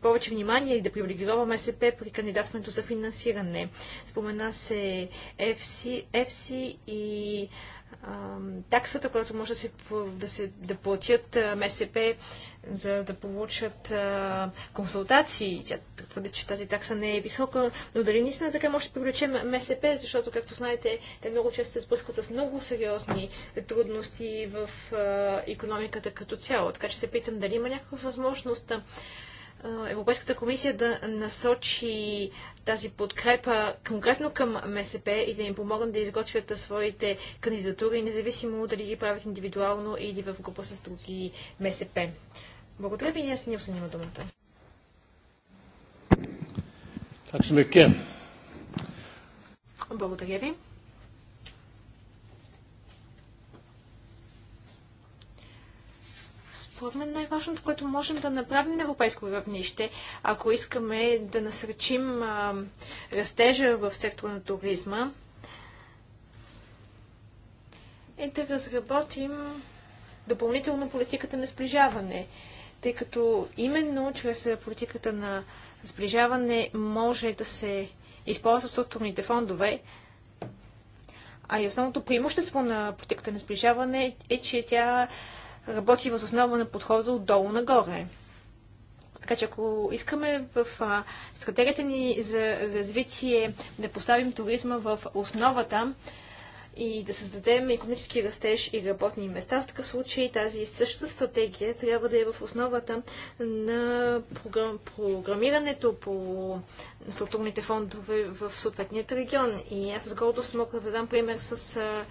повече внимание и да привилегирова МСП при кандидатстването за финансиране. Спомена се ФСИ и таксата, която може да се, да се да платят МСП, за да получат консултации. Тя твърди, че тази такса не е висока, но дали наистина така може да привлечем МСП, защото, както знаете, те много често се сблъскват с много сериозни трудности в економиката като цяло. Така че се питам дали има някаква възможност Европейската комисия да насочи тази подкрепа конкретно към МСП и да им помогнат да изготвят своите кандидатури, независимо дали ги правят индивидуално или в група с други МСП. Благодаря ви, Ние Нилсън има думата. Благодаря ви. според мен най-важното, което можем да направим на европейско равнище, ако искаме да насръчим а, растежа в сектора на туризма, е да разработим допълнително политиката на сближаване, тъй като именно чрез политиката на сближаване може да се използва структурните фондове, а и основното преимущество на политиката на сближаване е, че тя работи въз основа на подхода отдолу нагоре. Така че ако искаме в а, стратегията ни за развитие да поставим туризма в основата и да създадем економически растеж и работни места, в такъв случай тази същата стратегия трябва да е в основата на програмирането по структурните фондове в съответният регион. И аз с гордост мога да дам пример с а,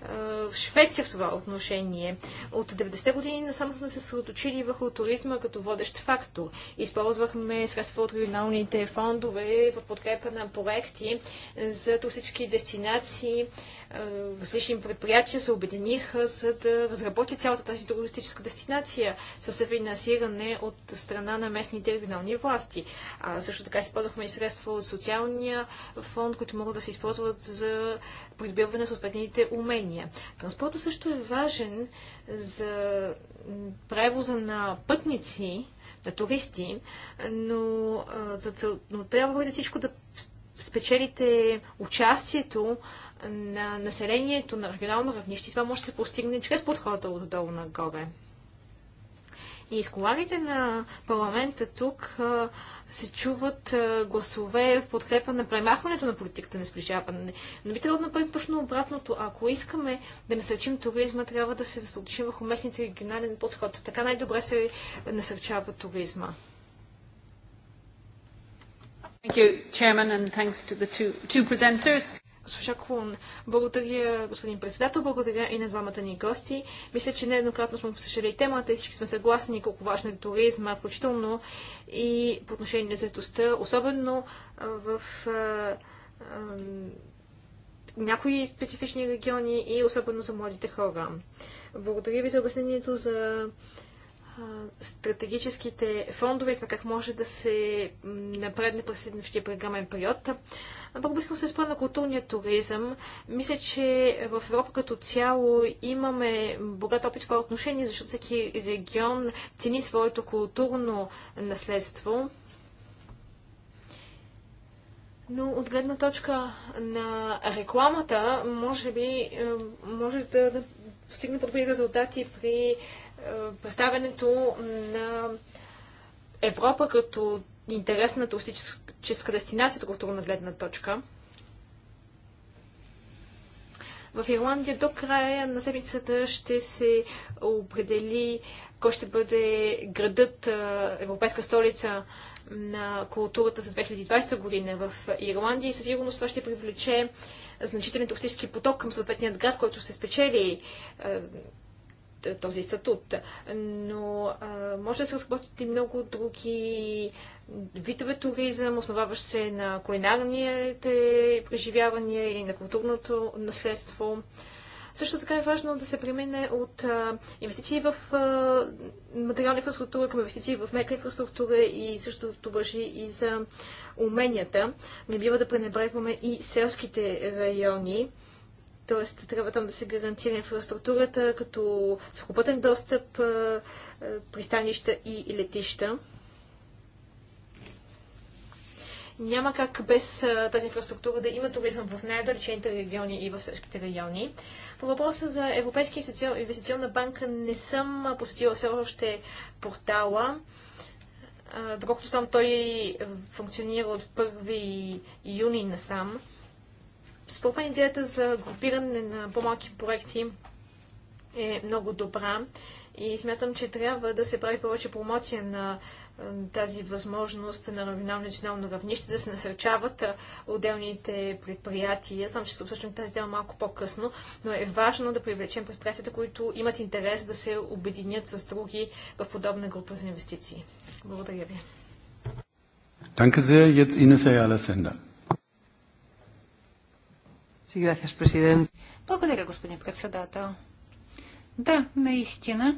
в Швеция в това отношение. От 90-те години насам сме се съсредоточили върху туризма като водещ фактор. Използвахме средства от регионалните фондове в подкрепа на проекти за туристически дестинации, е, различни предприятия се обединиха, за да разработят цялата тази туристическа дестинация с финансиране от страна на местните регионални власти. А също така използвахме и средства от социалния фонд, които могат да се използват за придобиване на съответните умения. Транспортът също е важен за превоза на пътници, на туристи, но, а, за цел... но трябва да всичко да спечелите участието на населението на регионално равнище. Това може да се постигне чрез подхода отдолу нагоре. И из коларите на парламента тук а, се чуват а, гласове в подкрепа на премахването на политиката на сближаване. Но би трябвало да направим точно обратното. Ако искаме да насърчим туризма, трябва да се засълчим върху местните регионален подход. Така най-добре се насърчава туризма. Thank you, Chairman, and thanks to the two, two presenters. Госпожа Клун, благодаря, господин председател, благодаря и на двамата ни гости. Мисля, че нееднократно сме обсъждали темата и всички сме съгласни колко важно е туризма, включително и по отношение на заедостта, особено в някои специфични региони и особено за младите хора. Благодаря ви за обяснението за стратегическите фондове и как може да се напредне през следващия програмен период. Първо искам се спра на културния туризъм. Мисля, че в Европа като цяло имаме богат опит в това отношение, защото всеки регион цени своето културно наследство. Но от гледна точка на рекламата, може би, е, може да, да постигне добри резултати при представянето на Европа като интересна туристическа дестинация от културна гледна точка. В Ирландия до края на седмицата ще се определи кой ще бъде градът, европейска столица на културата за 2020 година в Ирландия и със сигурност това ще привлече значителен туристически поток към съответният град, който ще спечели е, този статут. Но а, може да се разработят и много други витове туризъм, основаващ се на кулинарните преживявания или на културното наследство. Също така е важно да се премине от а, инвестиции в а, материална инфраструктура към инвестиции в мека инфраструктура и това въжи и за уменията. Не бива да пренебрегваме и селските райони. Тоест, трябва там да се гарантира инфраструктурата, като сухопътен достъп, пристанища и летища. Няма как без тази инфраструктура да има туризъм в най-далечените региони и в селските региони. По въпроса за Европейска инвестиционна банка не съм посетила все още портала. Доколкото там той функционира от 1 юни насам. Според мен идеята за групиране на по-малки проекти е много добра и смятам, че трябва да се прави повече промоция на тази възможност на регионално национално равнище да се насърчават отделните предприятия. Знам, че ще обсъждам тази дела малко по-късно, но е важно да привлечем предприятията, които имат интерес да се обединят с други в подобна група за инвестиции. Благодаря ви. Danke sehr. Jetzt Ines Ayala Sender. Благодаря, господин председател. Да, наистина.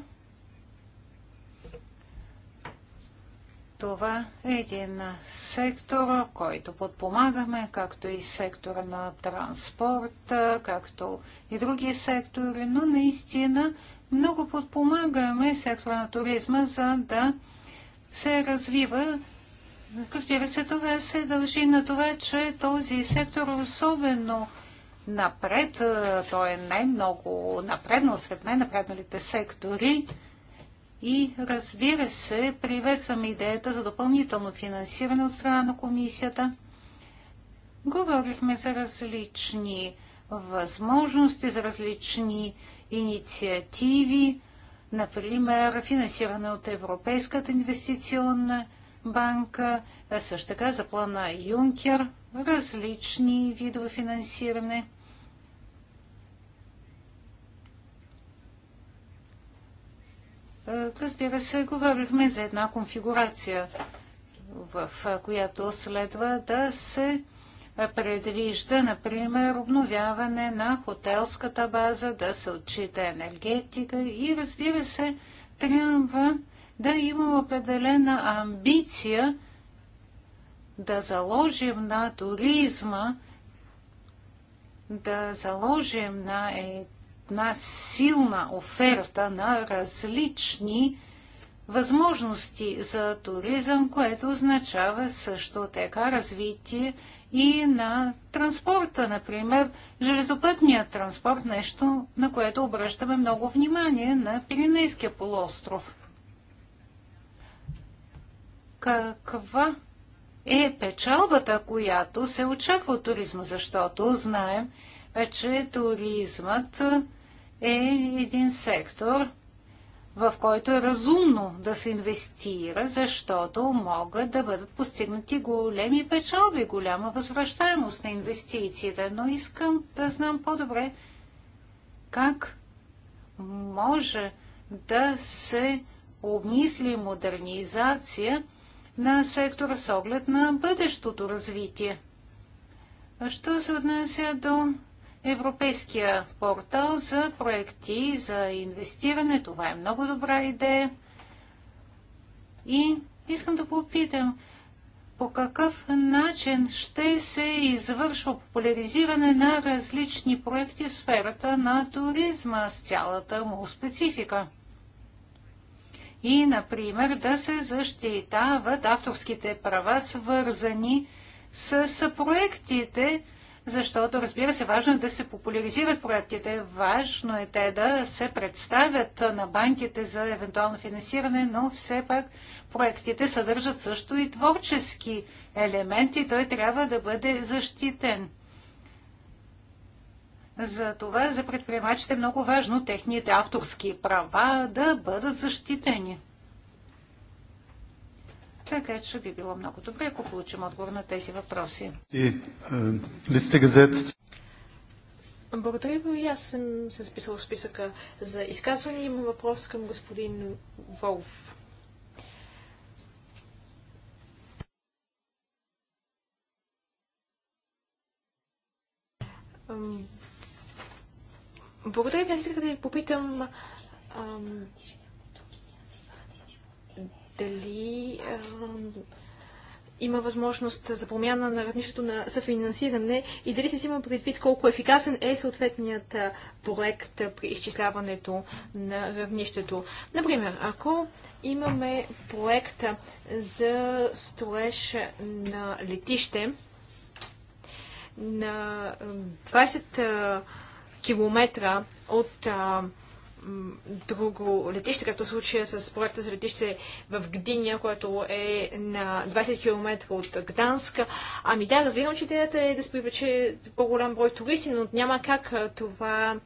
Това е един сектор, който подпомагаме, както и сектора на транспорт, както и други сектори, но наистина много подпомагаме сектора на туризма, за да се развива. Разбира се, това се дължи на това, че този сектор особено напред. Е, той е най-много напреднал сред най-напредналите сектори. И разбира се, приветствам идеята за допълнително финансиране от страна на комисията. Говорихме за различни възможности, за различни инициативи, например финансиране от Европейската инвестиционна банка, също така за плана Юнкер, различни видове финансиране. Е, разбира се, говорихме за една конфигурация, в е, която следва да се предвижда, например, обновяване на хотелската база, да се отчита енергетика и, разбира се, трябва да имам определена амбиция да заложим на туризма, да заложим на една силна оферта на различни възможности за туризъм, което означава също така развитие и на транспорта, например, железопътният транспорт, нещо, на което обръщаме много внимание на Пиренейския полуостров. Каква е печалбата, която се очаква от туризма, защото знаем, че туризмът е един сектор, в който е разумно да се инвестира, защото могат да бъдат постигнати големи печалби, голяма възвръщаемост на инвестициите. Но искам да знам по-добре как може да се обмисли модернизация на сектора с оглед на бъдещото развитие. Що се отнася до Европейския портал за проекти за инвестиране. Това е много добра идея. И искам да попитам, по какъв начин ще се извършва популяризиране на различни проекти в сферата на туризма с цялата му специфика. И, например, да се защитават авторските права, свързани с проектите, защото, разбира се, важно е да се популяризират проектите, важно е те да се представят на банките за евентуално финансиране, но все пак проектите съдържат също и творчески елементи той трябва да бъде защитен. За това за предприемачите е много важно техните авторски права да бъдат защитени. Така че би било много добре, ако получим отговор на тези въпроси. И, е, газет? Благодаря ви. Аз съм се записала в списъка за изказване. Има въпрос към господин Волф. Благодаря ви. Аз исках да ви попитам дали а, има възможност за промяна на равнището на съфинансиране и дали се взима предвид колко ефикасен е съответният проект при изчисляването на равнището. Например, ако имаме проекта за строеж на летище на 20 км от друго летище, както случая с проекта за летище в Гдиня, което е на 20 км от Гданска. Ами да, разбирам, че идеята е да се привлече по-голям брой туристи, но няма как това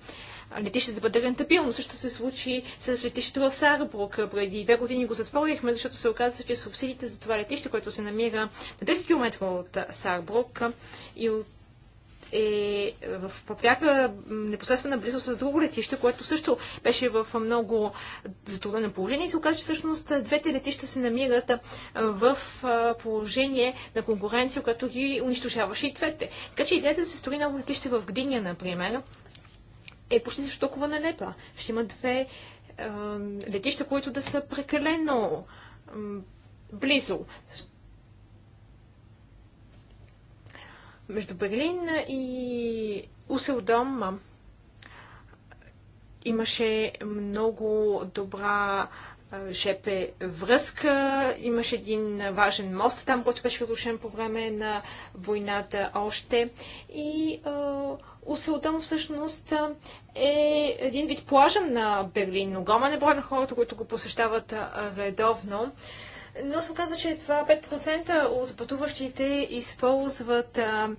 летище да бъде рентабилно. Също се случи с летището в Сарабрук. Преди две години го затворихме, защото се оказа, че субсидиите за това летище, което се намира на 10 км от Сарабрук и от е в пряка непосредствена близост с друго летище, което също беше в много затруднено положение и се оказа, че всъщност двете летища се намират в положение на конкуренция, която ги унищожаваше и двете. Така че идеята да се строи ново летище в Гдиня, например, е почти също толкова налепа. Ще има две летища, които да са прекалено близо. Между Берлин и Уселдом имаше много добра ЖП връзка. Имаше един важен мост там, който беше разрушен по време на войната още. И Уселдом всъщност е един вид плажа на Берлин. Огромен е брой на хората, които го посещават редовно но се оказа, че това 5% от пътуващите използват а,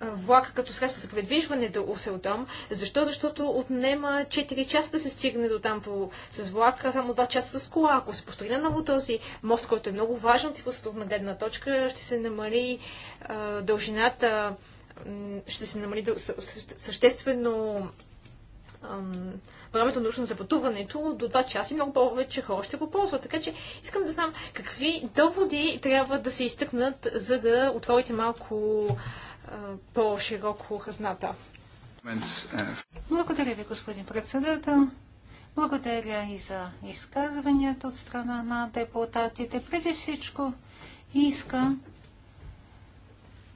влака като средство за предвижване до Уселдом. Защо? Защото отнема 4 часа да се стигне до там по, с влака, само 2 часа с кола. Ако се построи наново този мост, който е много важен от инфраструктурна гледна точка, ще се намали а, дължината, ще се намали съществено времето нужно за пътуването до 2 часа и много повече хора ще го ползват. Така че искам да знам какви доводи трябва да се изтъкнат, за да отворите малко по-широко хазната. Благодаря ви, господин председател. Благодаря и за изказванията от страна на депутатите. Преди всичко искам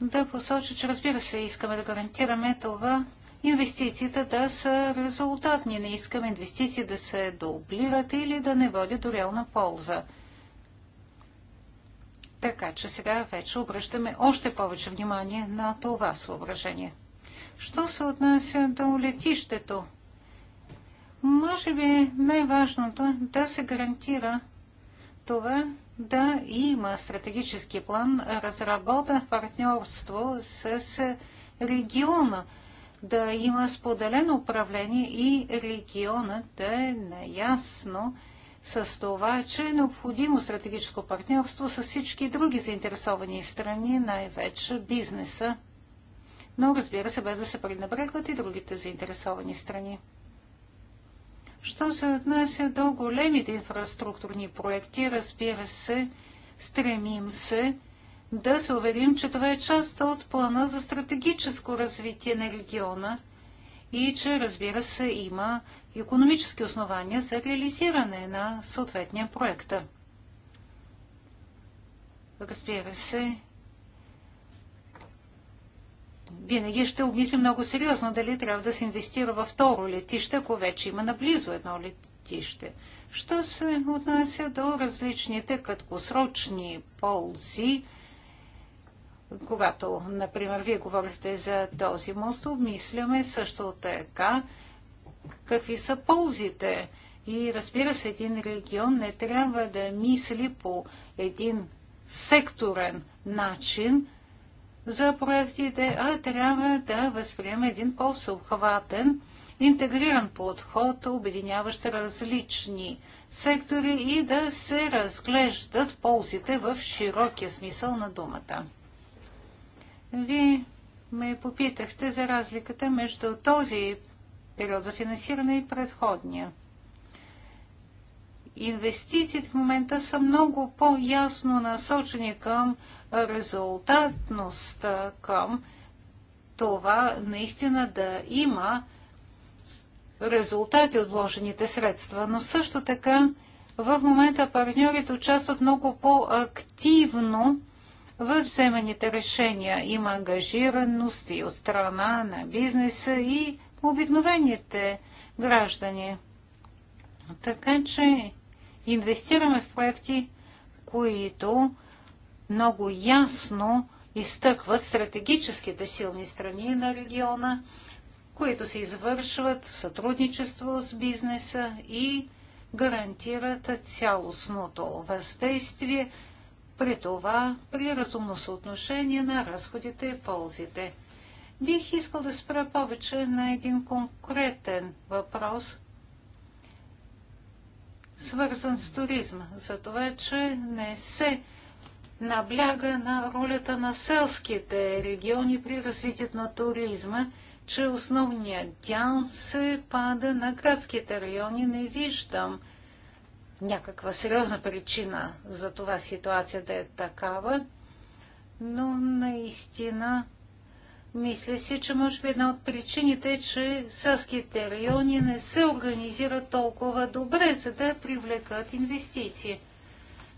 да посоча, че разбира се, искаме да гарантираме това, инвестициите да са резултатни. Не искаме инвестиции да се дублират или да не водят до реална полза. Така че сега вече обръщаме още повече внимание на това съображение. Що се отнася до летището? Може би най-важното е да се гарантира това да има стратегически план, разработен в партньорство с региона, да има споделено управление и регионът да е наясно с това, че е необходимо стратегическо партньорство с всички други заинтересовани страни, най-вече бизнеса, но разбира се, без да се пренебрегват и другите заинтересовани страни. Що се отнася до големите инфраструктурни проекти, разбира се, стремим се да се уверим, че това е част от плана за стратегическо развитие на региона и че, разбира се, има економически основания за реализиране на съответния проект. Разбира се, винаги ще обмислим много сериозно дали трябва да се инвестира във второ летище, ако вече има наблизо едно летище. Що се отнася до различните краткосрочни ползи, когато, например, вие говорихте за този мост, обмисляме също така какви са ползите. И разбира се, един регион не трябва да мисли по един секторен начин за проектите, а трябва да възприеме един по-съобхватен, интегриран подход, обединяващ различни сектори и да се разглеждат ползите в широкия смисъл на думата. Вие ме попитахте за разликата между този период за финансиране и предходния. Инвестициите в момента са много по-ясно насочени към резултатност, към това наистина да има резултати от вложените средства. Но също така в момента партньорите участват много по-активно във вземаните решения. Има ангажираност и от страна на бизнеса и обикновените граждани. Така че инвестираме в проекти, които много ясно изтъкват стратегическите силни страни на региона, които се извършват в сътрудничество с бизнеса и гарантират цялостното въздействие при това при разумно съотношение на разходите и ползите. Бих искал да спра повече на един конкретен въпрос, свързан с туризма, за това, че не се набляга на ролята на селските региони при развитието на туризма, че основният дял се пада на градските райони. Не виждам – някаква сериозна причина за това ситуацията е такава, но наистина мисля си, че може би една от причините е, че селските райони не се организират толкова добре, за да привлекат инвестиции.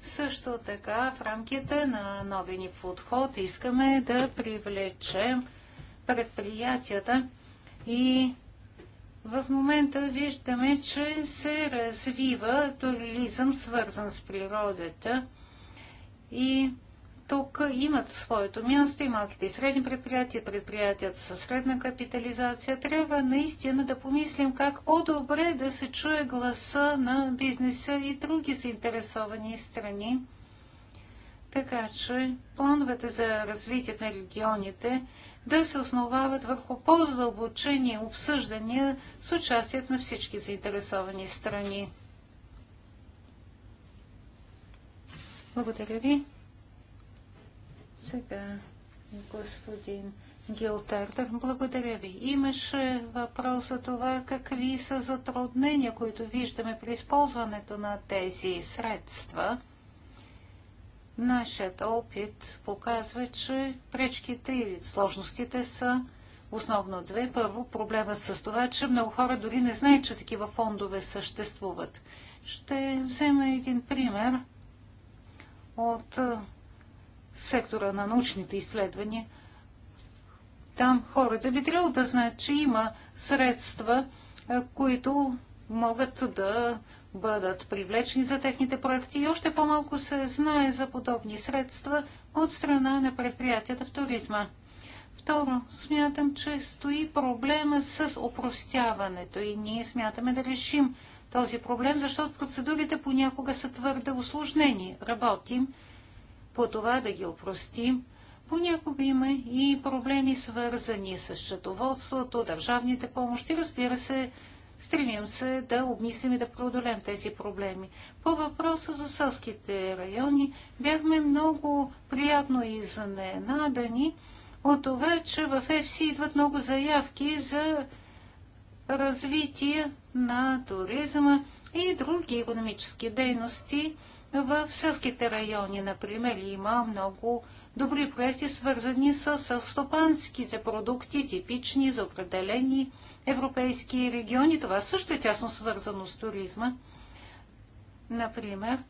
Също така, в рамките на нови ни подход искаме да привлечем предприятията и в момента виждаме, че се развива туризъм, свързан с природата и тук имат своето място и малките и средни предприятия, предприятията със средна капитализация. Трябва наистина да помислим как по-добре да се чуе гласа на бизнеса и други заинтересовани страни. Така че плановете за развитие на регионите да се основават върху по-задълбочени обсъждания с участието на всички заинтересовани страни. Благодаря ви. Сега господин Гилтардър, благодаря ви. Имаше въпрос за това какви са затруднения, които виждаме при използването на тези средства Нашият опит показва, че пречките или сложностите са основно две. Първо, проблемът с това, че много хора дори не знаят, че такива фондове съществуват. Ще взема един пример от сектора на научните изследвания. Там хората би трябвало да знаят, че има средства, които могат да бъдат привлечени за техните проекти и още по-малко се знае за подобни средства от страна на предприятията в туризма. Второ, смятам, че стои проблема с опростяването и ние смятаме да решим този проблем, защото процедурите понякога са твърде осложнени. Работим по това да ги опростим. Понякога има и проблеми свързани с счетоводството, държавните помощи, разбира се, Стремим се да обмислим и да преодолем тези проблеми. По въпроса за селските райони бяхме много приятно изненадани от това, че в ФС идват много заявки за развитие на туризма и други економически дейности в селските райони. Например, има много добри проекти, свързани с стопанските продукти, типични за определени европейски региони. Това също е тясно свързано с туризма. Например,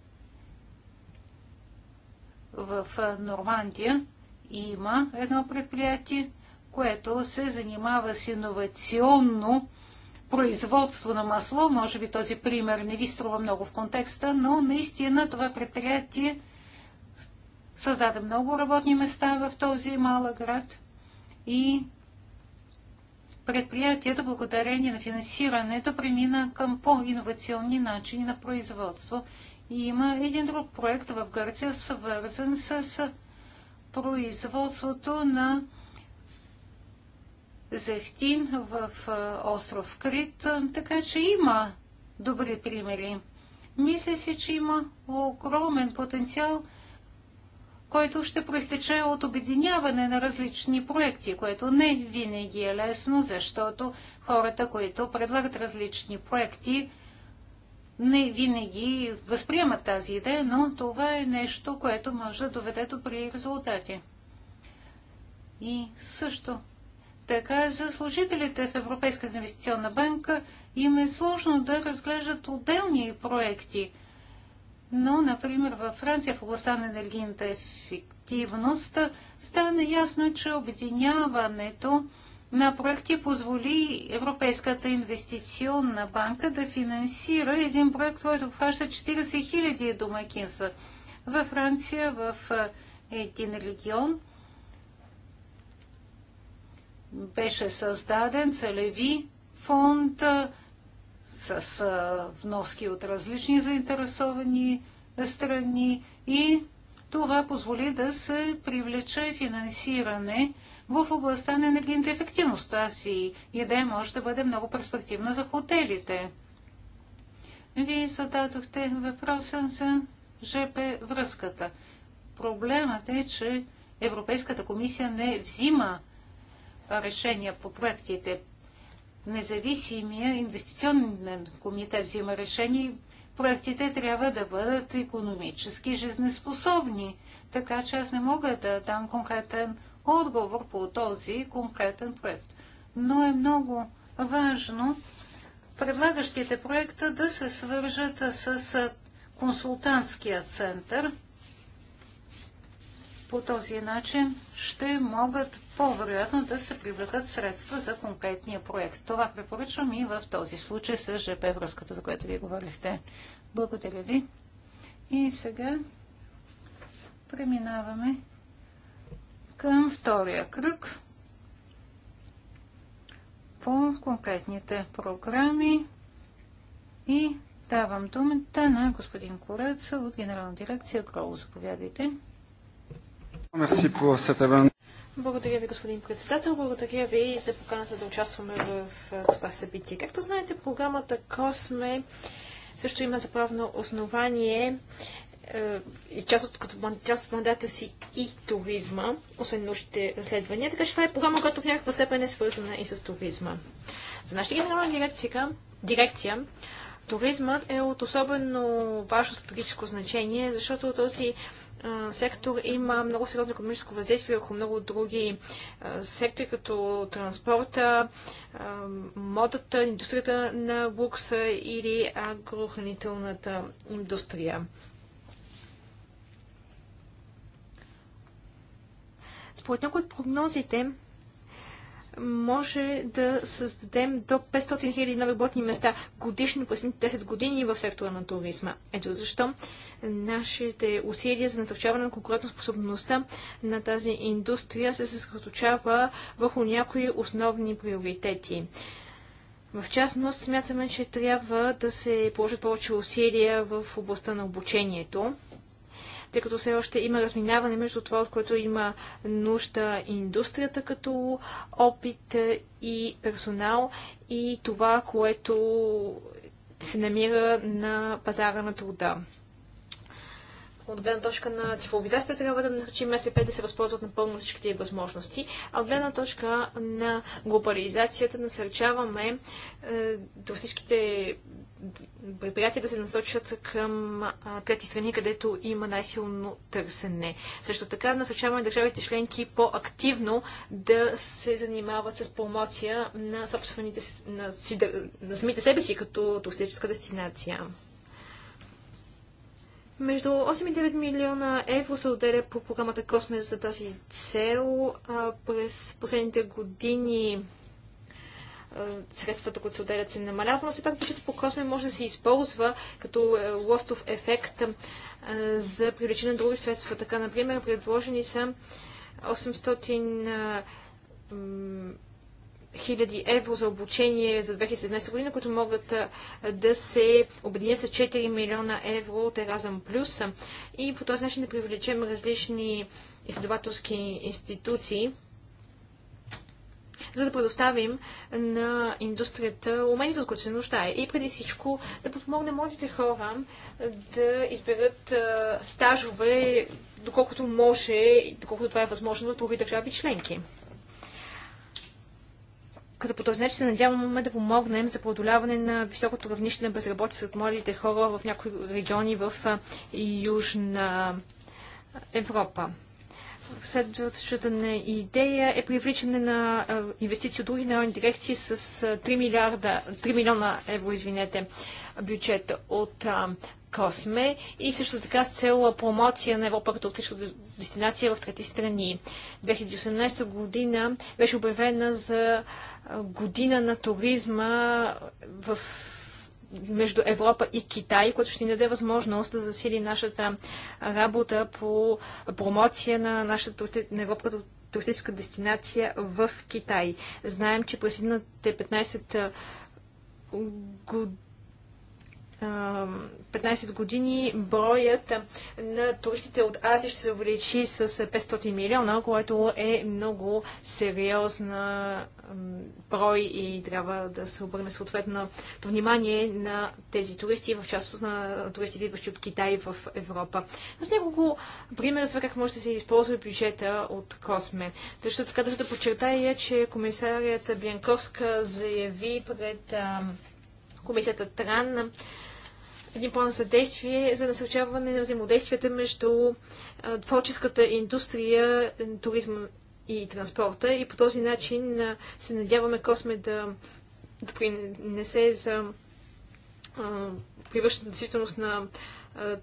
в Нормандия има едно предприятие, което се занимава с иновационно производство на масло. Може би този пример не ви струва много в контекста, но наистина това предприятие създаде много работни места в този малък град и предприятието благодарение на финансирането премина към по-инновационни начини на производство. И има един друг проект в Гърция, свързан с производството на зехтин в остров Крит, така че има добри примери. Мисля си, че има огромен потенциал – който ще проистече от обединяване на различни проекти, което не винаги е лесно, защото хората, които предлагат различни проекти, не винаги възприемат тази идея, но това е нещо, което може да доведе до при резултати. И също така за служителите в Европейската инвестиционна банка им е сложно да разглеждат отделни проекти, но, например, във Франция в областта на енергийната ефективност стана ясно, че обединяването на проекти позволи Европейската инвестиционна банка да финансира един проект, който обхваща 40 000 домакинства. Във Франция, в един регион, беше създаден целеви фонд с вноски от различни заинтересовани страни и това позволи да се привлече финансиране в областта на енергийната ефективност. Тази идея може да бъде много перспективна за хотелите. Вие зададохте въпроса за ЖП връзката. Проблемът е, че Европейската комисия не взима решения по проектите независимия инвестиционен комитет взима решение, проектите трябва да бъдат економически жизнеспособни. Така че аз не мога да дам конкретен отговор по този конкретен проект. Но е много важно предлагащите проекта да се свържат с консултантския център – по този начин ще могат по-вероятно да се привлекат средства за конкретния проект. Това препоръчвам и в този случай с ЖП връзката, за която вие говорихте. Благодаря ви. И сега преминаваме към втория кръг по конкретните програми и давам думата на господин Кореца от Генерална дирекция Кроу. Заповядайте. Благодаря ви, господин председател. Благодаря ви за поканата да участваме в това събитие. Както знаете, програмата Косме също има заправно основание е, и част от, като, част от мандата си и туризма, освен нужните разследвания. Така че това е програма, която в някаква степен е свързана и с туризма. За нашата генерална дирекция, дирекция туризмът е от особено важно стратегическо значение, защото този сектор има много сериозно економическо въздействие върху много други сектори, като транспорта, модата, индустрията на лукса или агрохранителната индустрия. Според някои от прогнозите, може да създадем до 500 000 нови работни места годишно през 10 години в сектора на туризма. Ето защо нашите усилия за насърчаване на конкурентоспособността на тази индустрия се съсредоточава върху някои основни приоритети. В частност, смятаме, че трябва да се положат повече усилия в областта на обучението тъй като все още има разминаване между това, от което има нужда индустрията като опит и персонал и това, което се намира на пазара на труда от гледна точка на цифровизацията трябва да насърчим МСП да се възползват напълно всичките възможности, а от гледна точка на глобализацията насърчаваме е, до всичките предприятия да се насочат към трети страни, където има най-силно търсене. Също така насърчаваме държавите членки по-активно да се занимават с промоция на собствените на, си, на самите себе си като туристическа дестинация. Между 8 и 9 милиона евро се отделя по програмата Космес за тази цел. А през последните години е, средствата, които се отделят, се намаляват, но все пак бюджета по Косме може да се използва като лостов е, ефект за привлечение на други средства. Така, например, предложени са 800 е, хиляди евро за обучение за 2017 година, които могат да се обединят с 4 милиона евро от Еразъм Плюс и по този начин да привлечем различни изследователски институции за да предоставим на индустрията умението, от които се нуждае. И преди всичко да подпомогне младите хора да изберат а, стажове, доколкото може, доколкото това е възможно в други държави членки като по този начин се надяваме да помогнем за преодоляване на високото равнище на безработица от младите хора в някои региони в Южна Европа. Следващата не идея е привличане на инвестиции от други народни дирекции с 3, милиарда, 3 милиона евро, извинете, бюджет от Косме и също така с цел промоция на Европа като отлична дестинация в трети страни. 2018 година беше обявена за година на туризма в между Европа и Китай, което ще ни даде възможност да засили нашата работа по промоция на, нашата, на Европа като туристическа дестинация в Китай. Знаем, че през 15 години 15 години броят на туристите от Азия ще се увеличи с 500 милиона, което е много сериозна брой и трябва да се обърне съответно внимание на тези туристи, в частност на туристите, идващи от Китай в Европа. С няколко примера за как може да се използва бюджета от Косме. Защото така да подчертая, че комисарията Бянковска заяви пред комисията Тран, един план за действие за насърчаване на взаимодействията между творческата индустрия, е, туризма и транспорта. И по този начин се надяваме Косме да, да принесе за привършната действителност на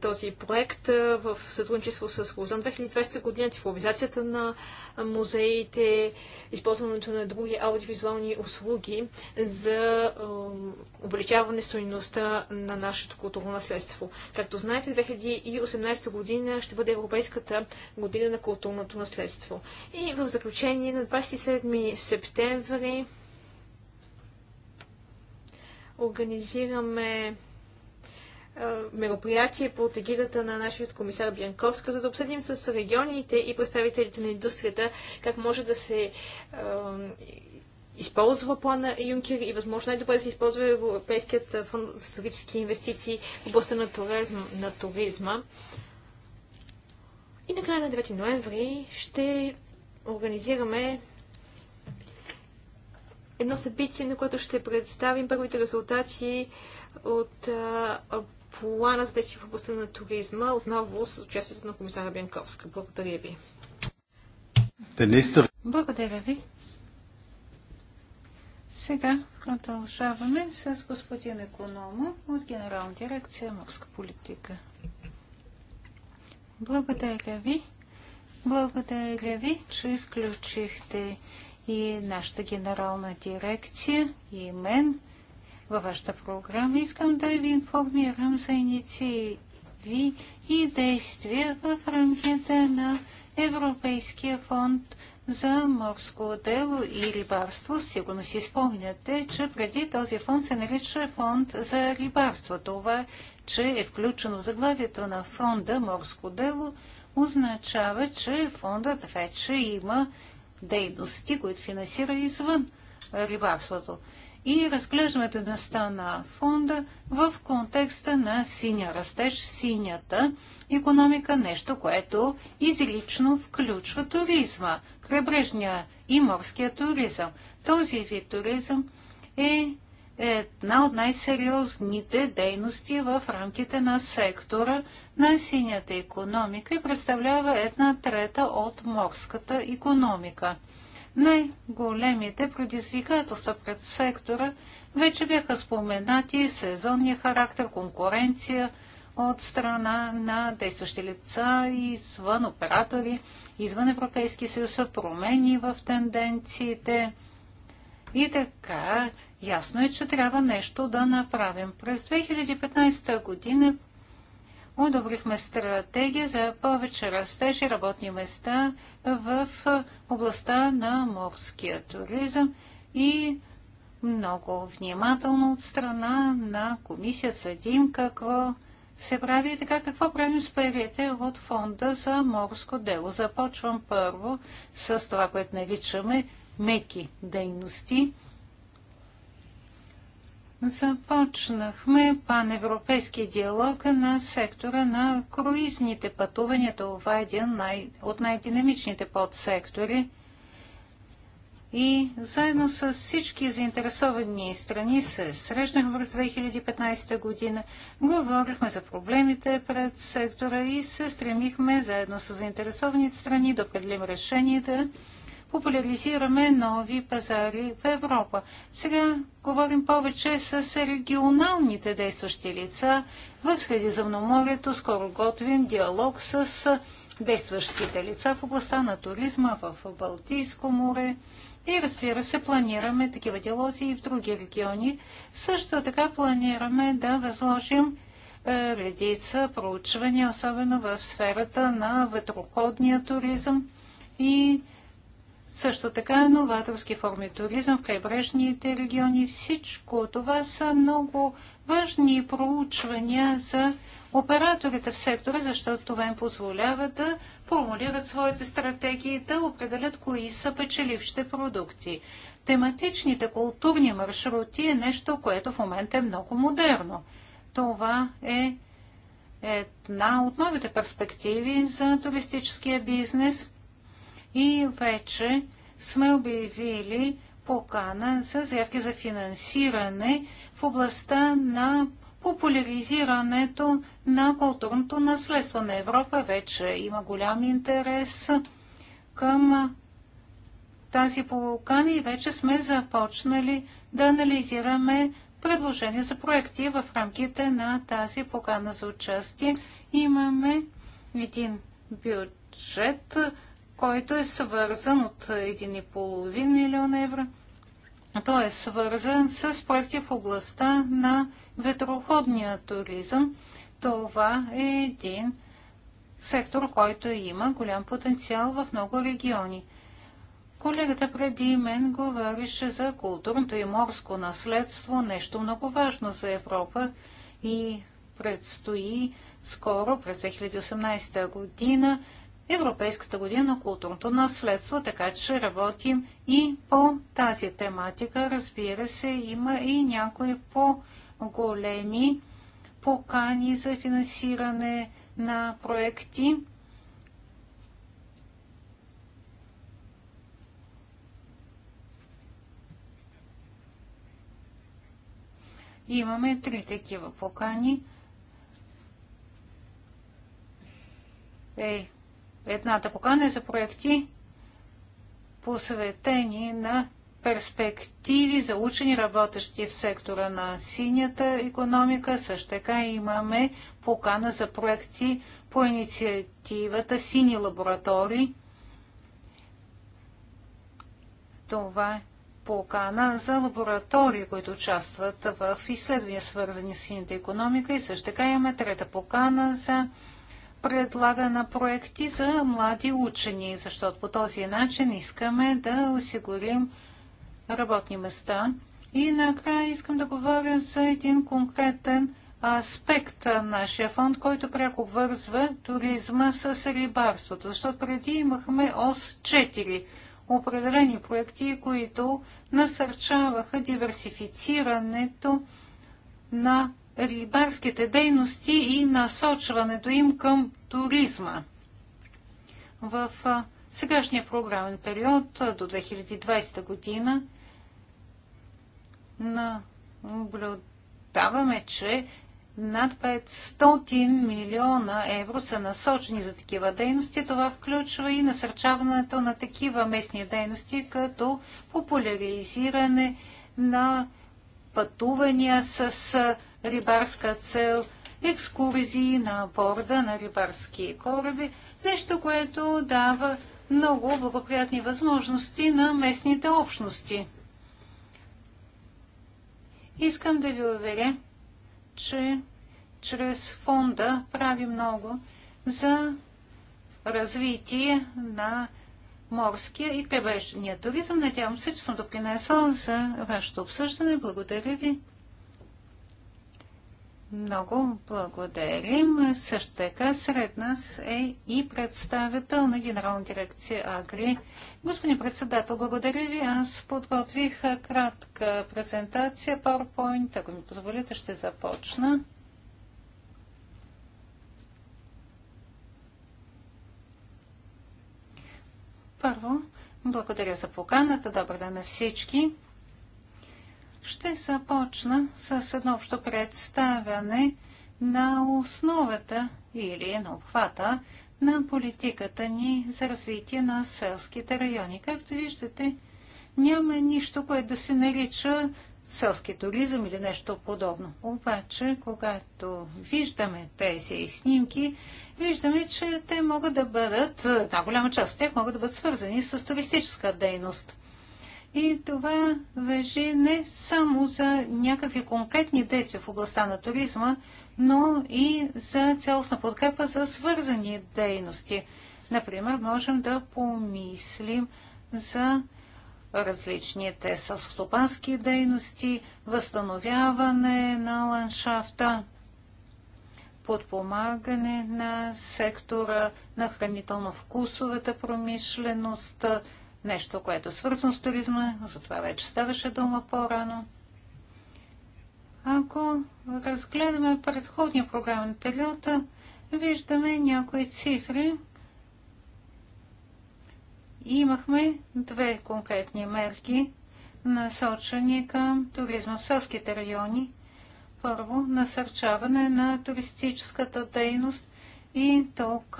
този проект в сътрудничество с Хоризонт 2020 година, цифровизацията на музеите, използването на други аудиовизуални услуги за увеличаване стоеността на нашето културно наследство. Както знаете, 2018 година ще бъде Европейската година на културното наследство. И в заключение на 27 септември организираме мероприятие по тегидата на нашия комисар Бянковска, за да обсъдим с регионите и представителите на индустрията как може да се използва плана Юнкер и възможно най-добре да се използва Европейският фонд за стратегически инвестиции в областта на, туризм, на туризма. И накрая на 9 ноември ще организираме едно събитие, на което ще представим първите резултати от а, плана за действие в областта на туризма, отново с участието на комисара Бенковска. Благодаря ви. Благодаря ви. Сега продължаваме с господин економа от Генерална дирекция морска политика. Благодаря ви. Благодаря ви, че включихте и нашата генерална дирекция, и мен във вашата програма. Искам да ви информирам за инициативи и действия в рамките на Европейския фонд за морско дело и рибарство. Сигурно си спомняте, че преди този фонд се нарича фонд за рибарство. Това, че е включено в заглавието на фонда морско дело, означава, че фондът вече има дейности, които финансира извън рибарството и разглеждаме дейността на фонда в контекста на синя растеж, синята економика, нещо, което изрично включва туризма, крайбрежния и морския туризъм. Този вид туризъм е една от най-сериозните дейности в рамките на сектора на синята економика и представлява една трета от морската економика. Най-големите предизвикателства пред сектора вече бяха споменати сезонния характер, конкуренция от страна на действащи лица извън оператори, извън Европейски съюз, промени в тенденциите. И така, ясно е, че трябва нещо да направим. През 2015 година одобрихме стратегия за повече растеж и работни места в областта на морския туризъм и много внимателно от страна на комисията съдим какво се прави и така какво правим с парите от фонда за морско дело. Започвам първо с това, което наричаме меки дейности – започнахме паневропейски диалог на сектора на круизните пътувания. Това е един от най-динамичните подсектори. И заедно с всички заинтересовани страни се срещнахме през 2015 година, говорихме за проблемите пред сектора и се стремихме заедно с заинтересованите страни да определим решенията, да популяризираме нови пазари в Европа. Сега говорим повече с регионалните действащи лица в Средиземноморието. Скоро готвим диалог с действащите лица в областта на туризма в Балтийско море. И разбира се, планираме такива диалози и в други региони. Също така планираме да възложим е, редица проучвания, особено в сферата на ветроходния туризъм и също така новаторски форми туризъм в крайбрежните региони. Всичко това са много важни проучвания за операторите в сектора, защото това им позволява да формулират своите стратегии, да определят кои са печелившите продукти. Тематичните културни маршрути е нещо, което в момента е много модерно. Това е една от новите перспективи за туристическия бизнес – и вече сме обявили покана за заявки за финансиране в областта на популяризирането на културното наследство на Европа. Вече има голям интерес към тази покана и вече сме започнали да анализираме предложения за проекти в рамките на тази покана за участие. Имаме един бюджет който е свързан от 1,5 милиона евро. Той е свързан с проекти в областта на ветроходния туризъм. Това е един сектор, който има голям потенциал в много региони. Колегата преди мен говорише за културното и морско наследство, нещо много важно за Европа и предстои скоро, през 2018 година, Европейската година на културното наследство, така че работим и по тази тематика. Разбира се, има и някои по-големи покани за финансиране на проекти. Имаме три такива покани. Ей, Едната покана е за проекти, посветени на перспективи за учени, работещи в сектора на синята економика. Също така имаме покана за проекти по инициативата Сини лаборатории. Това е покана за лаборатории, които участват в изследвания, свързани с синята економика. И също така имаме трета покана за предлага на проекти за млади учени, защото по този начин искаме да осигурим работни места. И накрая искам да говоря за един конкретен аспект на нашия фонд, който пряко вързва туризма с рибарството, защото преди имахме ОС 4 определени проекти, които насърчаваха диверсифицирането на рибарските дейности и насочването им към туризма. В сегашния програмен период до 2020 година наблюдаваме, че над 500 милиона евро са насочени за такива дейности. Това включва и насърчаването на такива местни дейности, като популяризиране на пътувания с рибарска цел, екскурзии на борда на рибарски кораби, нещо, което дава много благоприятни възможности на местните общности. Искам да ви уверя, че чрез фонда прави много за развитие на морския и крайбрежния туризъм. Надявам се, че съм допринесъл за вашето обсъждане. Благодаря ви. Много благодарим. Също така сред нас е и представител на Генерална дирекция Агри. Господин председател, благодаря ви. Аз подготвих кратка презентация PowerPoint. Ако ми позволите, ще започна. Първо, благодаря за поканата. Добър ден на всички. Ще започна с едно общо представяне на основата или на обхвата на политиката ни за развитие на селските райони. Както виждате, няма нищо, което да се нарича селски туризъм или нещо подобно. Обаче, когато виждаме тези снимки, виждаме, че те могат да бъдат, една голяма част от тях могат да бъдат свързани с туристическа дейност. И това въжи не само за някакви конкретни действия в областта на туризма, но и за цялостна подкрепа за свързани дейности. Например, можем да помислим за различните селскостопански дейности, възстановяване на ландшафта, подпомагане на сектора на хранително-вкусовата промишленост, нещо, което е свързано с туризма, за това вече ставаше дума по-рано. Ако разгледаме предходния програмен период, виждаме някои цифри. Имахме две конкретни мерки, насочени към туризма в селските райони. Първо, насърчаване на туристическата дейност и тук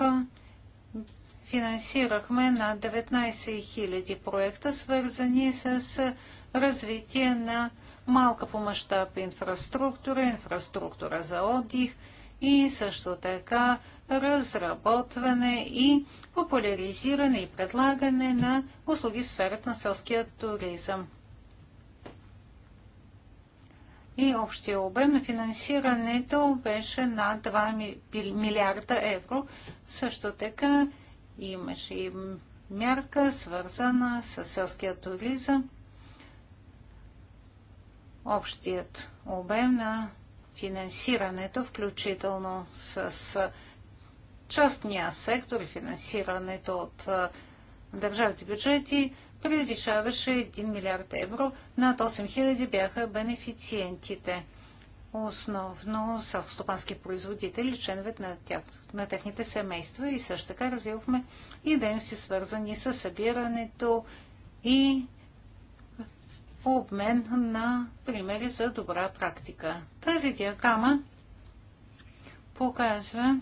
финансирахме на 19 000 проекта, свързани с развитие на малка по мащаб инфраструктура, инфраструктура за отдих и също така разработване и популяризиране и предлагане на услуги в сферата на селския туризъм. И общия обем на финансирането беше на 2 милиарда евро. Също така Имаше и мярка, свързана с селския туризъм. Общият обем на финансирането, включително с частния сектор и финансирането от държавните бюджети, превишаваше 1 милиард евро. Над 8000 бяха бенефициентите основно селхостопански производители, членове на, тях, на техните семейства и също така развивахме и дейности свързани с събирането и обмен на примери за добра практика. Тази диаграма показва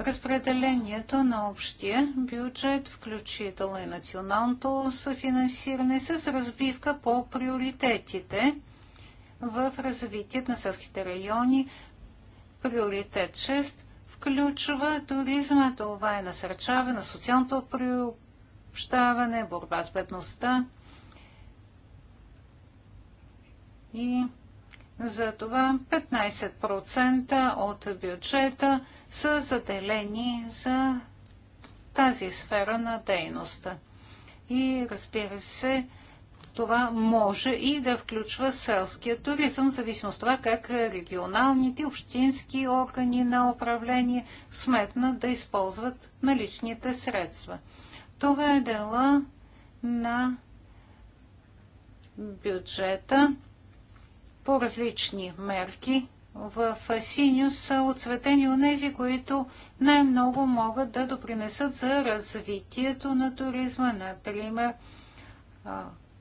разпределението на общия бюджет, включително и националното съфинансиране, с разбивка по приоритетите – в развитието на селските райони. Приоритет 6 включва туризма, това е насърчаване на социалното приобщаване, борба с бедността и за това 15% от бюджета са заделени за тази сфера на дейността. И разбира се, това може и да включва селския туризъм, в зависимост от това как регионалните, общински органи на управление сметнат да използват наличните средства. Това е дела на бюджета по различни мерки. В синьо са от тези, които най-много могат да допринесат за развитието на туризма, например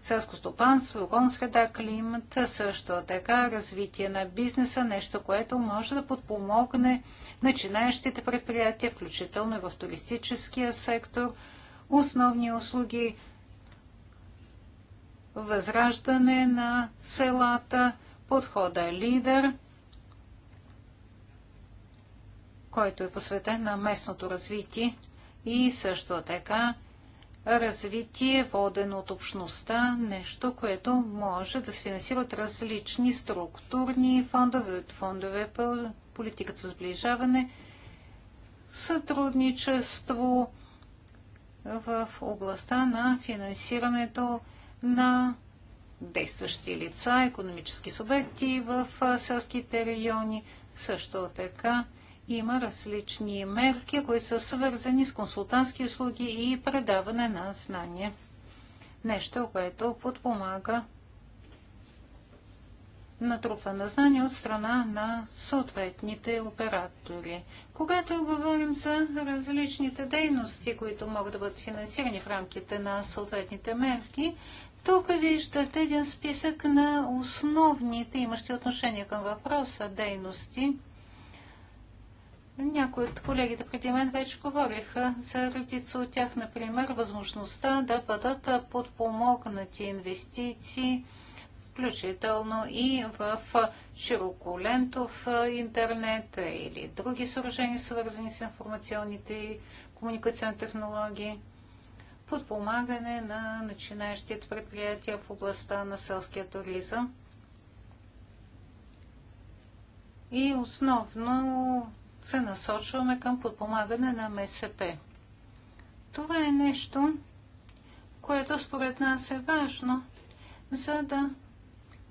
селско стопанство, околна среда, климат, също така развитие на бизнеса, нещо, което може да подпомогне начинаещите предприятия, включително и в туристическия сектор, основни услуги, възраждане на селата, подхода е лидер, който е посветен на местното развитие и също така развитие, водено от общността, нещо, което може да се финансира от различни структурни фондове, от фондове по политиката за сближаване, сътрудничество в областта на финансирането на действащи лица, економически субекти в селските райони, също така има различни мерки, които са свързани с консултантски услуги и предаване на знания. Нещо, което подпомага натрупа на знания от страна на съответните оператори. Когато говорим за различните дейности, които могат да бъдат финансирани в рамките на съответните мерки, тук виждате един списък на основните, имащи отношение към въпроса, дейности – някои от колегите преди мен вече говориха за редица от тях, например, възможността да бъдат подпомогнати инвестиции, включително и в широколентов интернет или други съоръжения, свързани с информационните и комуникационни технологии, подпомагане на начинаещият предприятия в областта на селския туризъм. И основно се насочваме към подпомагане на МСП. Това е нещо, което според нас е важно, за да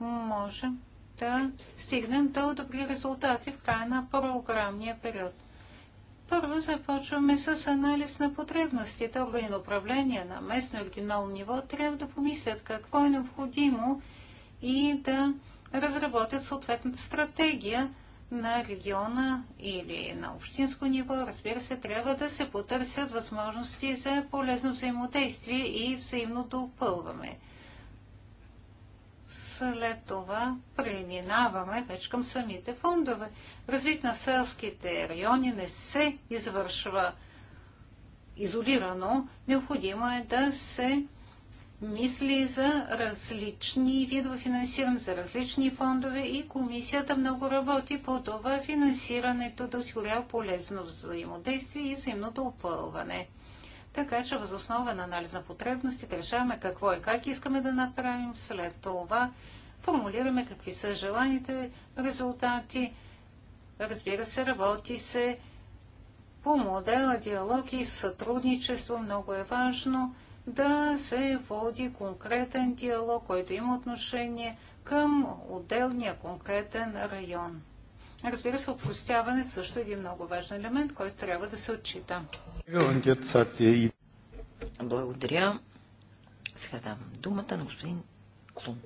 можем да стигнем до добри резултати в края на програмния период. Първо започваме с анализ на потребностите. Органи на управление на местно и регионално ниво трябва да помислят какво е необходимо и да разработят съответната стратегия на региона или на общинско ниво, разбира се, трябва да се потърсят възможности за полезно взаимодействие и взаимно допълваме. След това преминаваме вече към самите фондове. Развит на селските райони не се извършва изолирано. Необходимо е да се мисли за различни видове финансиране, за различни фондове и комисията много работи по това финансирането да осигурява полезно взаимодействие и взаимно допълване. Така че възоснова на анализ на потребности решаваме какво и как искаме да направим. След това формулираме какви са желаните резултати. Разбира се, работи се по модела диалог и сътрудничество. Много е важно да се води конкретен диалог, който има отношение към отделния конкретен район. Разбира се, опростяването също е един много важен елемент, който трябва да се отчита. Благодаря. Сега давам думата на господин Клун.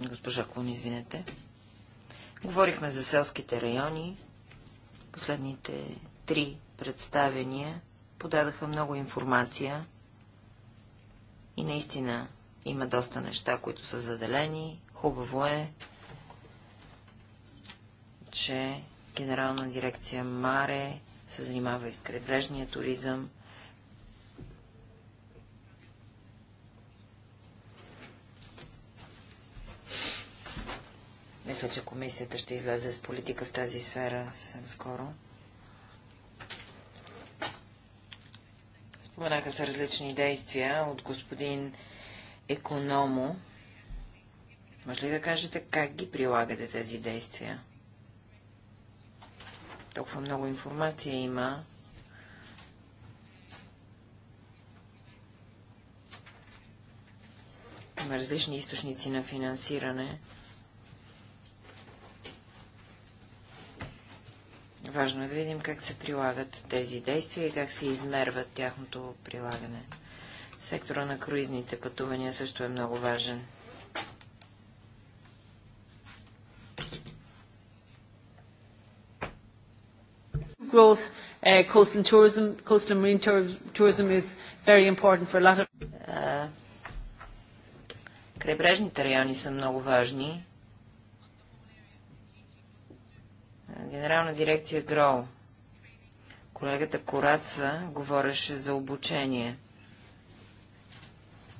Госпожа Клун, извинете. Говорихме за селските райони последните три представения подадаха много информация и наистина има доста неща, които са заделени. Хубаво е, че Генерална дирекция Маре се занимава и с крайбрежния туризъм. Мисля, че комисията ще излезе с политика в тази сфера съвсем скоро. Споменаха се различни действия от господин Економо. Може ли да кажете как ги прилагате тези действия? Толкова много информация има. Има различни източници на финансиране. Важно е да видим как се прилагат тези действия и как се измерват тяхното прилагане. Сектора на круизните пътувания също е много важен. Uh, uh, крайбрежните райони са много важни Генерална дирекция ГРОУ. Колегата Кораца говореше за обучение.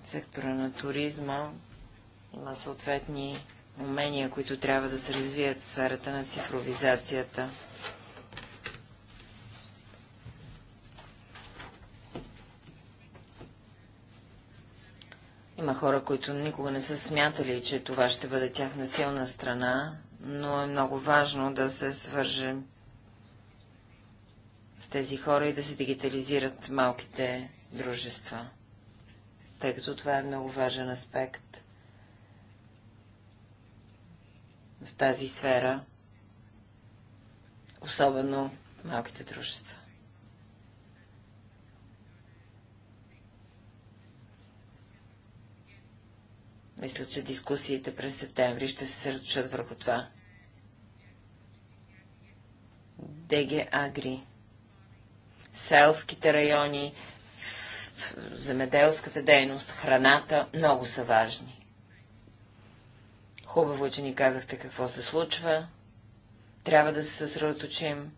В сектора на туризма има съответни умения, които трябва да се развият в сферата на цифровизацията. Има хора, които никога не са смятали, че това ще бъде тяхна силна страна, но е много важно да се свържем с тези хора и да се дигитализират малките дружества, тъй като това е много важен аспект в тази сфера, особено малките дружества. Мисля, че дискусиите през септември ще се сърчат върху това. ДГ Агри Селските райони, земеделската дейност, храната много са важни. Хубаво, е, че ни казахте какво се случва. Трябва да се съсредоточим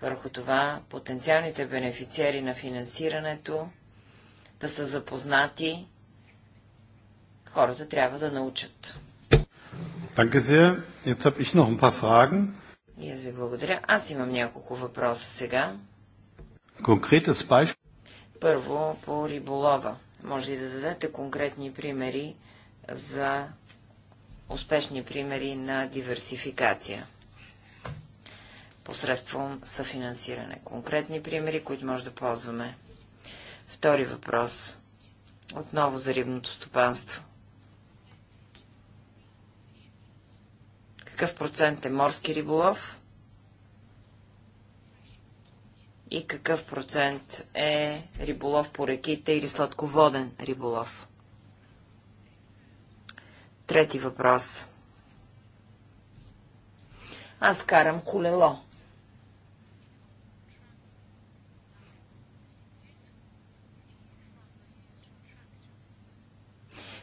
върху това потенциалните бенефициери на финансирането да са запознати хората трябва да научат. И аз ви благодаря. Аз имам няколко въпроса сега. Първо по риболова. Може ли да дадете конкретни примери за успешни примери на диверсификация посредством съфинансиране? Конкретни примери, които може да ползваме. Втори въпрос. Отново за рибното стопанство. какъв процент е морски риболов и какъв процент е риболов по реките или сладководен риболов. Трети въпрос. Аз карам колело.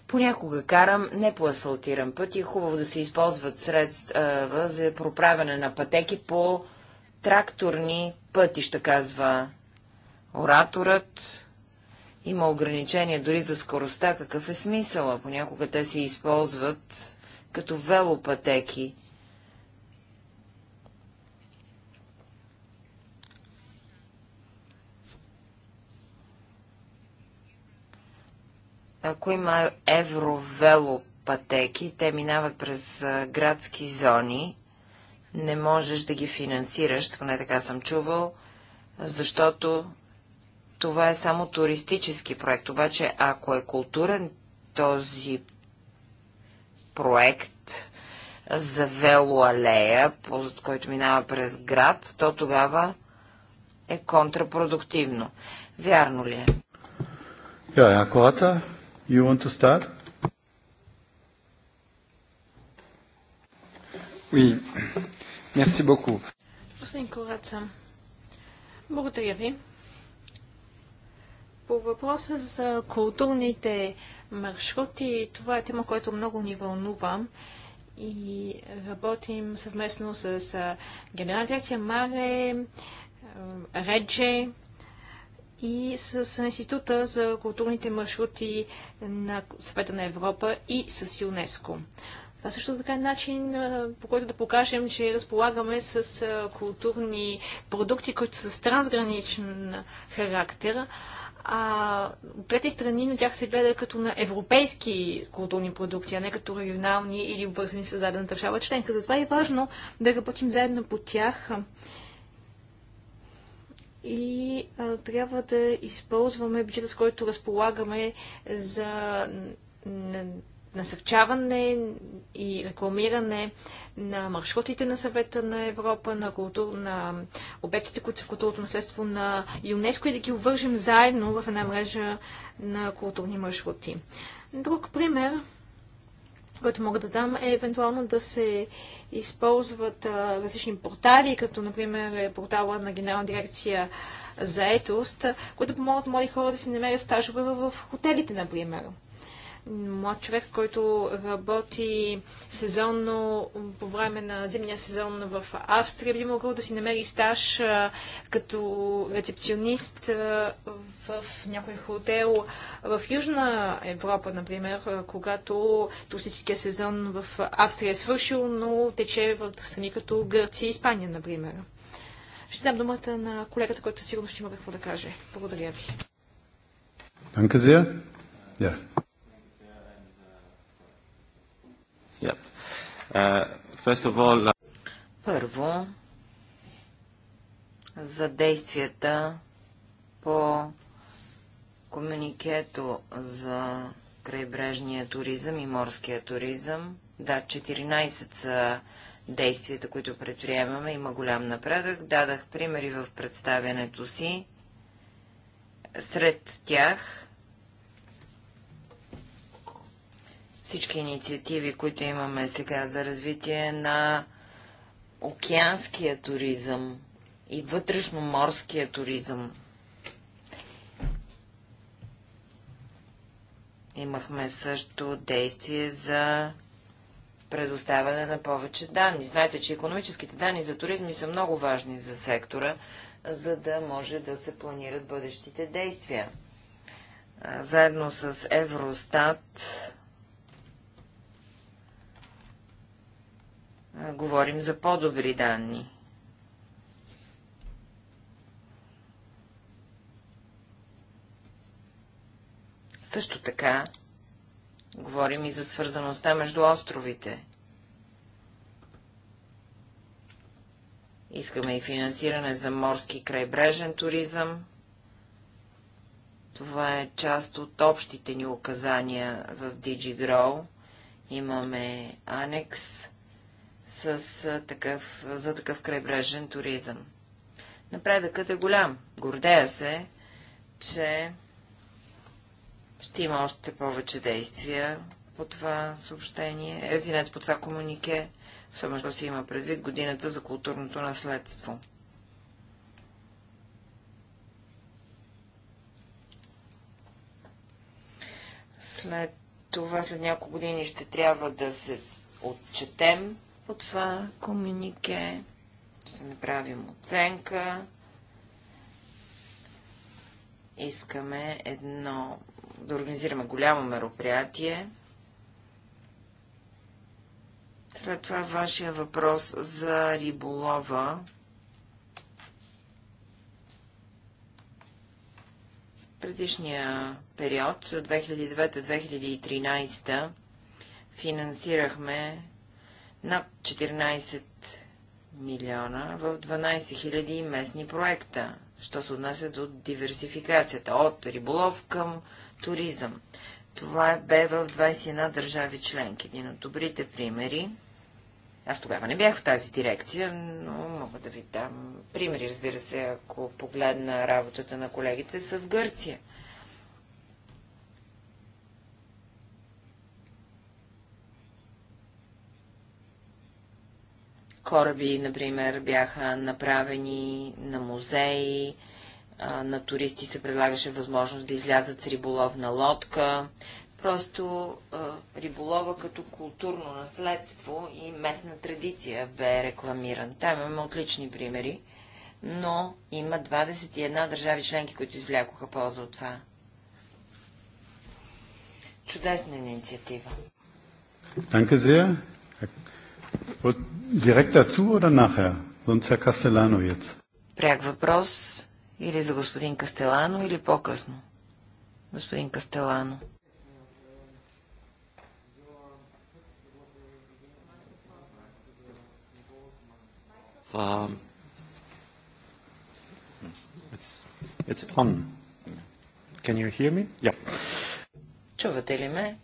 Понякога карам не по асфалтиран път и е хубаво да се използват средства за проправяне на пътеки по тракторни пътища, казва ораторът. Има ограничения дори за скоростта. Какъв е смисъла? Понякога те се използват като велопътеки. Ако има пътеки, те минават през градски зони, не можеш да ги финансираш, поне така съм чувал, защото това е само туристически проект. Обаче, ако е културен този проект за велоалея, който минава през град, то тогава е контрапродуктивно. Вярно ли е? Ja, ja, Korata, You want to start? Oui. Merci beaucoup. Господин Кораца, благодаря ви. По въпроса за културните маршрути, това е тема, която много ни вълнува и работим съвместно с генерал дирекция Маре, Редже, и с Института за културните маршрути на Съвета на Европа и с ЮНЕСКО. Това също така е начин, по който да покажем, че разполагаме с културни продукти, които са с трансграничен характер. А от трети страни на тях се гледа като на европейски културни продукти, а не като регионални или обвързани с дадена държава членка. Затова е важно да работим заедно по тях и а, трябва да използваме бюджета, с който разполагаме за насърчаване и рекламиране на маршрутите на съвета на Европа, на, култур, на обектите, които са в културното наследство на ЮНЕСКО и да ги обвържем заедно в една мрежа на културни маршрути. Друг пример, който мога да дам е евентуално да се използват а, различни портали, като например е портала на Генерална дирекция заетост, които помогнат млади хора да си намерят стажове в, в хотелите, например млад човек, който работи сезонно по време на зимния сезон в Австрия, би могъл да си намери стаж а, като рецепционист а, в, някой хотел в Южна Европа, например, а, когато туристическия сезон в Австрия е свършил, но тече в страни като Гърция и Испания, например. Ще дам думата на колегата, който сигурно ще има какво да каже. Благодаря ви. Анказия. sehr. Yep. Uh, first of all, uh... Първо, за действията по комуникето за крайбрежния туризъм и морския туризъм. Да, 14 са действията, които предприемаме. Има голям напредък. Дадах примери в представянето си. Сред тях всички инициативи, които имаме сега за развитие на океанския туризъм и вътрешноморския туризъм. Имахме също действие за предоставяне на повече данни. Знаете, че економическите данни за туризми са много важни за сектора, за да може да се планират бъдещите действия. Заедно с Евростат говорим за по-добри данни. Също така, говорим и за свързаността между островите. Искаме и финансиране за морски крайбрежен туризъм. Това е част от общите ни указания в DigiGrow. Имаме анекс с такъв, за такъв крайбрежен туризъм. Напредъкът е голям. Гордея се, че ще има още повече действия по това съобщение, е, извинете, по това комунике, особено що се има предвид годината за културното наследство. След това, след няколко години ще трябва да се отчетем по това комюнике. Ще направим оценка. Искаме едно, да организираме голямо мероприятие. След това вашия въпрос за риболова. Предишния период, 2009-2013, финансирахме над 14 милиона в 12 000 местни проекта, що се отнася до диверсификацията от риболов към туризъм. Това е бе в 21 държави членки. Един от добрите примери. Аз тогава не бях в тази дирекция, но мога да ви дам примери, разбира се, ако погледна работата на колегите, са в Гърция. Кораби, например, бяха направени на музеи, на туристи се предлагаше възможност да излязат с риболовна лодка. Просто риболова като културно наследство и местна традиция бе рекламиран. Там имаме отлични примери, но има 21 държави членки, които извлякоха полза от това. Чудесна инициатива. Thank you, Директ дацу или нахер? Сонце Кастелановец. Пряк въпрос или за господин Кастелано или по-късно? Господин Кастелано. Чувате ли ме?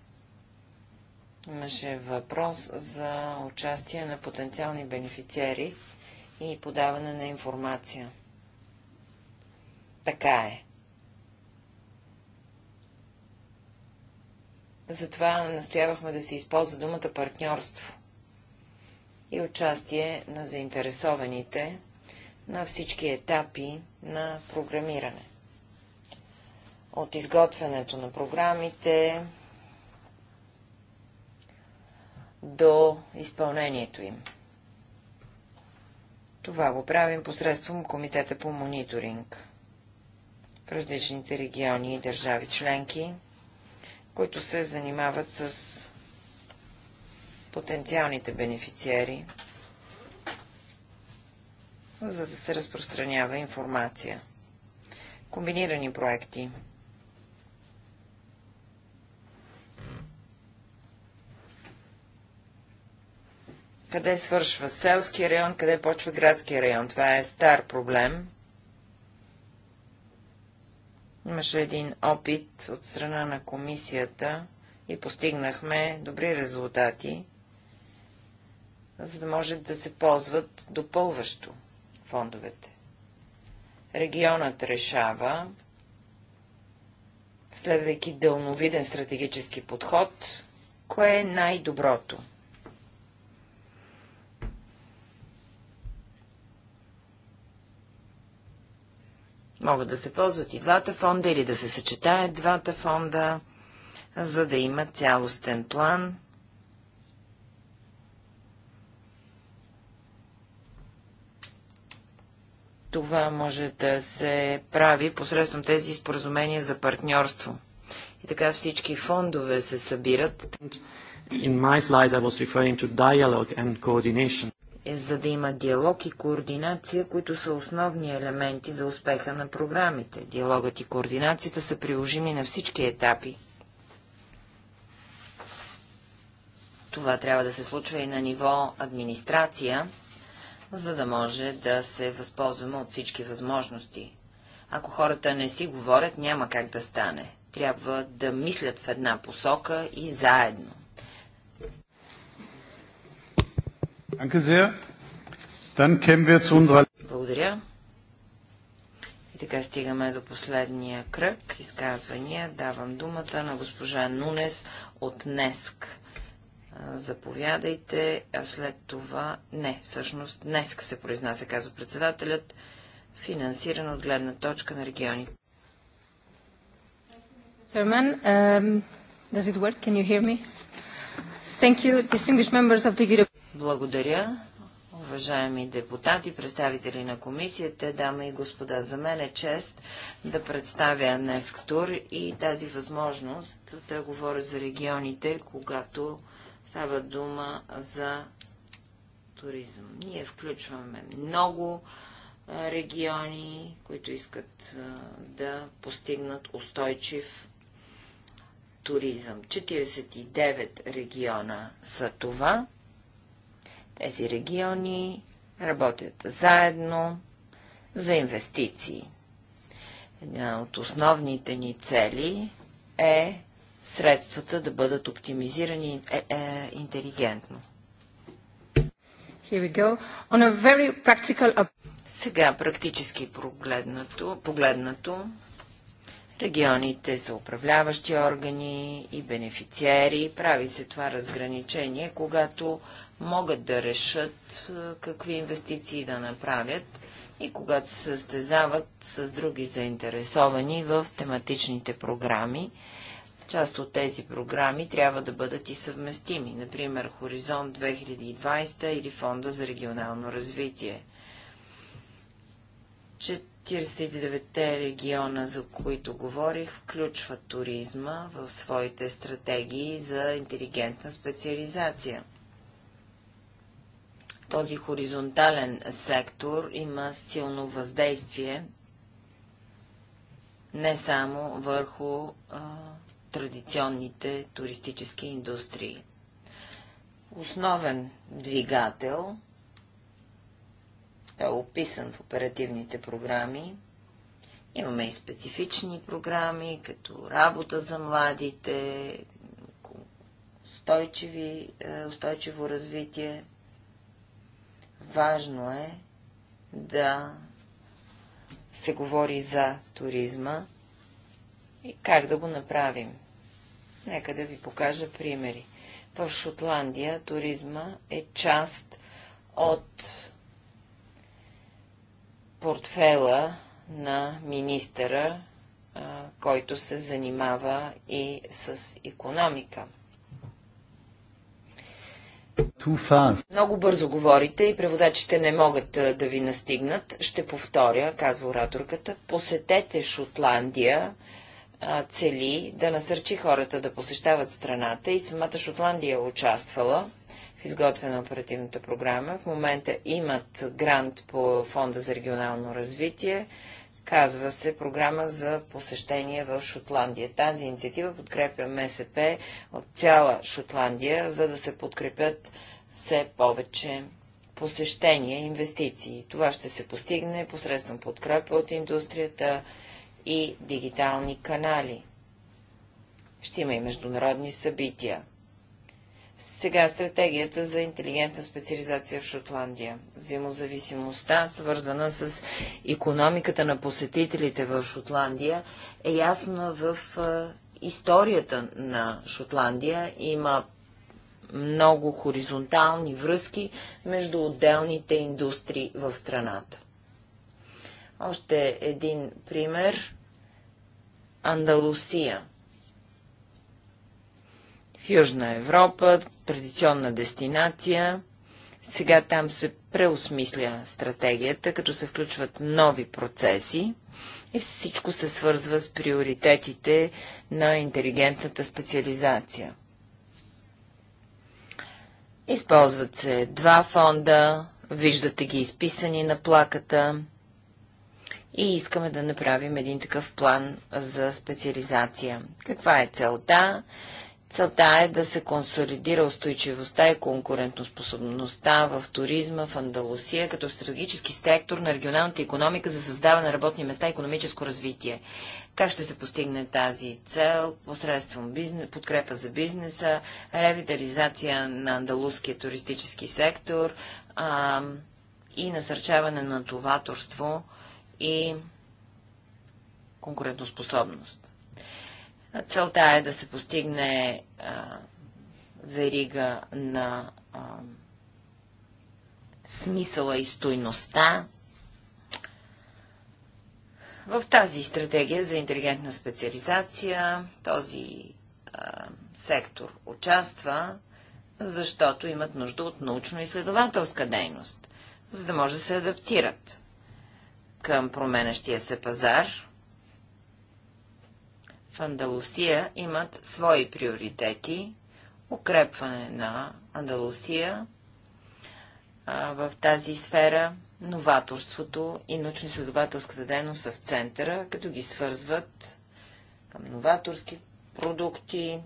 Имаше въпрос за участие на потенциални бенефициери и подаване на информация. Така е. Затова настоявахме да се използва думата партньорство и участие на заинтересованите на всички етапи на програмиране. От изготвянето на програмите до изпълнението им. Това го правим посредством Комитета по мониторинг в различните региони и държави членки, които се занимават с потенциалните бенефициери, за да се разпространява информация. Комбинирани проекти – Къде свършва селски район, къде почва градски район? Това е стар проблем. Имаше един опит от страна на комисията и постигнахме добри резултати, за да може да се ползват допълващо фондовете. Регионът решава, следвайки дълновиден стратегически подход, кое е най-доброто. Могат да се ползват и двата фонда или да се съчетаят двата фонда, за да има цялостен план. Това може да се прави посредством тези споразумения за партньорство. И така всички фондове се събират. In my I was referring to dialogue and coordination е, за да има диалог и координация, които са основни елементи за успеха на програмите. Диалогът и координацията са приложими на всички етапи. Това трябва да се случва и на ниво администрация, за да може да се възползваме от всички възможности. Ако хората не си говорят, няма как да стане. Трябва да мислят в една посока и заедно. Благодаря. И така стигаме до последния кръг. Изказвания. Давам думата на госпожа Нунес от НЕСК. Заповядайте, а след това... Не, всъщност НЕСК се произнася, казва председателят, финансиран от гледна точка на региони. Chairman, um, does it work? Can you hear me? Thank you, distinguished members of the European благодаря, уважаеми депутати, представители на комисията, дами и господа. За мен е чест да представя днес тур и тази възможност да говоря за регионите, когато става дума за туризъм. Ние включваме много региони, които искат да постигнат устойчив туризъм. 49 региона са това. Тези региони работят заедно за инвестиции. Една от основните ни цели е средствата да бъдат оптимизирани е, е, интелигентно. Practical... Сега практически погледнато, погледнато регионите за управляващи органи и бенефициери. Прави се това разграничение, когато могат да решат какви инвестиции да направят и когато се състезават с други заинтересовани в тематичните програми. Част от тези програми трябва да бъдат и съвместими, например Хоризонт 2020 или Фонда за регионално развитие. 49-те региона, за които говорих, включват туризма в своите стратегии за интелигентна специализация този хоризонтален сектор има силно въздействие не само върху а, традиционните туристически индустрии. Основен двигател е описан в оперативните програми. Имаме и специфични програми, като работа за младите, устойчиви, е, устойчиво развитие, Важно е да се говори за туризма и как да го направим. Нека да ви покажа примери. В Шотландия туризма е част от портфела на министъра, който се занимава и с економика. Много бързо говорите и преводачите не могат да ви настигнат. Ще повторя, казва ораторката, посетете Шотландия, цели да насърчи хората да посещават страната и самата Шотландия е участвала в изготвена оперативната програма. В момента имат грант по Фонда за регионално развитие Казва се програма за посещение в Шотландия. Тази инициатива подкрепя МСП от цяла Шотландия, за да се подкрепят все повече посещения, инвестиции. Това ще се постигне посредством подкрепа от индустрията и дигитални канали. Ще има и международни събития. Сега стратегията за интелигентна специализация в Шотландия. Взаимозависимостта, свързана с економиката на посетителите в Шотландия, е ясна в историята на Шотландия. Има много хоризонтални връзки между отделните индустрии в страната. Още един пример – Андалусия – в Южна Европа, традиционна дестинация. Сега там се преосмисля стратегията, като се включват нови процеси и всичко се свързва с приоритетите на интелигентната специализация. Използват се два фонда, виждате ги изписани на плаката и искаме да направим един такъв план за специализация. Каква е целта? Целта е да се консолидира устойчивостта и конкурентоспособността в туризма в Андалусия като стратегически сектор на регионалната економика за създаване на работни места и економическо развитие. Как ще се постигне тази цел? Посредством бизнес, подкрепа за бизнеса, ревитализация на андалуския туристически сектор а, и насърчаване на новаторство и конкурентоспособност. Целта е да се постигне а, верига на а, смисъла и стойността. В тази стратегия за интелигентна специализация този а, сектор участва, защото имат нужда от научно-изследователска дейност, за да може да се адаптират към променещия се пазар в Андалусия имат свои приоритети. Укрепване на Андалусия а, в тази сфера, новаторството и научно-изследователската дейност са в центъра, като ги свързват към новаторски продукти,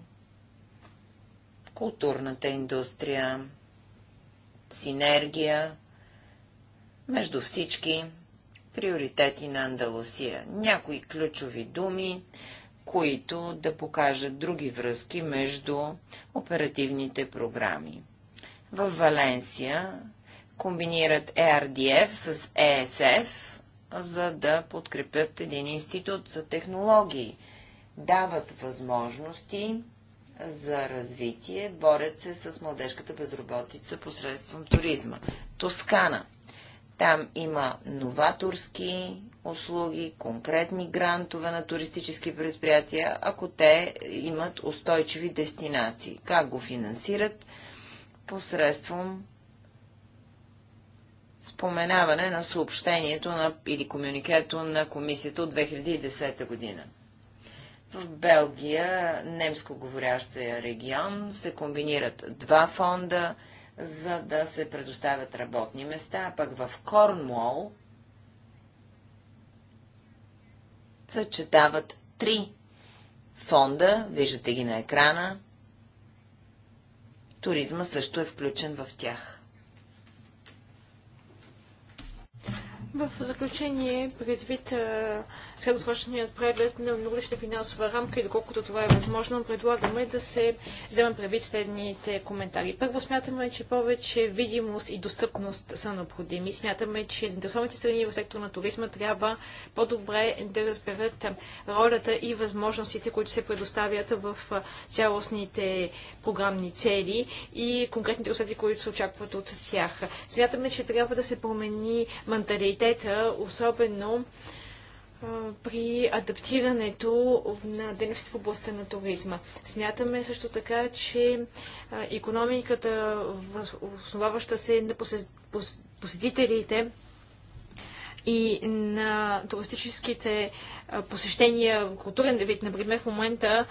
културната индустрия, синергия между всички приоритети на Андалусия. Някои ключови думи които да покажат други връзки между оперативните програми. В Валенсия комбинират ERDF е с ESF, е за да подкрепят един институт за технологии. Дават възможности за развитие, борят се с младежката безработица посредством туризма. Тоскана – там има новаторски услуги, конкретни грантове на туристически предприятия, ако те имат устойчиви дестинации. Как го финансират? Посредством споменаване на съобщението на, или комуникето на комисията от 2010 година. В Белгия, немско говорящия регион, се комбинират два фонда – за да се предоставят работни места, а пък в Корнуол съчетават три фонда, виждате ги на екрана. Туризма също е включен в тях. В заключение, предвид а, средносрочният преглед на многодишната финансова рамка и доколкото това е възможно, предлагаме да се вземем предвид следните коментари. Първо смятаме, че повече видимост и достъпност са необходими. Смятаме, че заинтересованите страни в сектора на туризма трябва по-добре да разберат ролята и възможностите, които се предоставят в цялостните програмни цели и конкретните усъди, които се очакват от тях. Смятаме, че трябва да се промени менталитета, особено при адаптирането на дейности в областта на туризма. Смятаме също така, че економиката, основаваща се на посетителите и на туристическите посещения, културен вид, например, в момента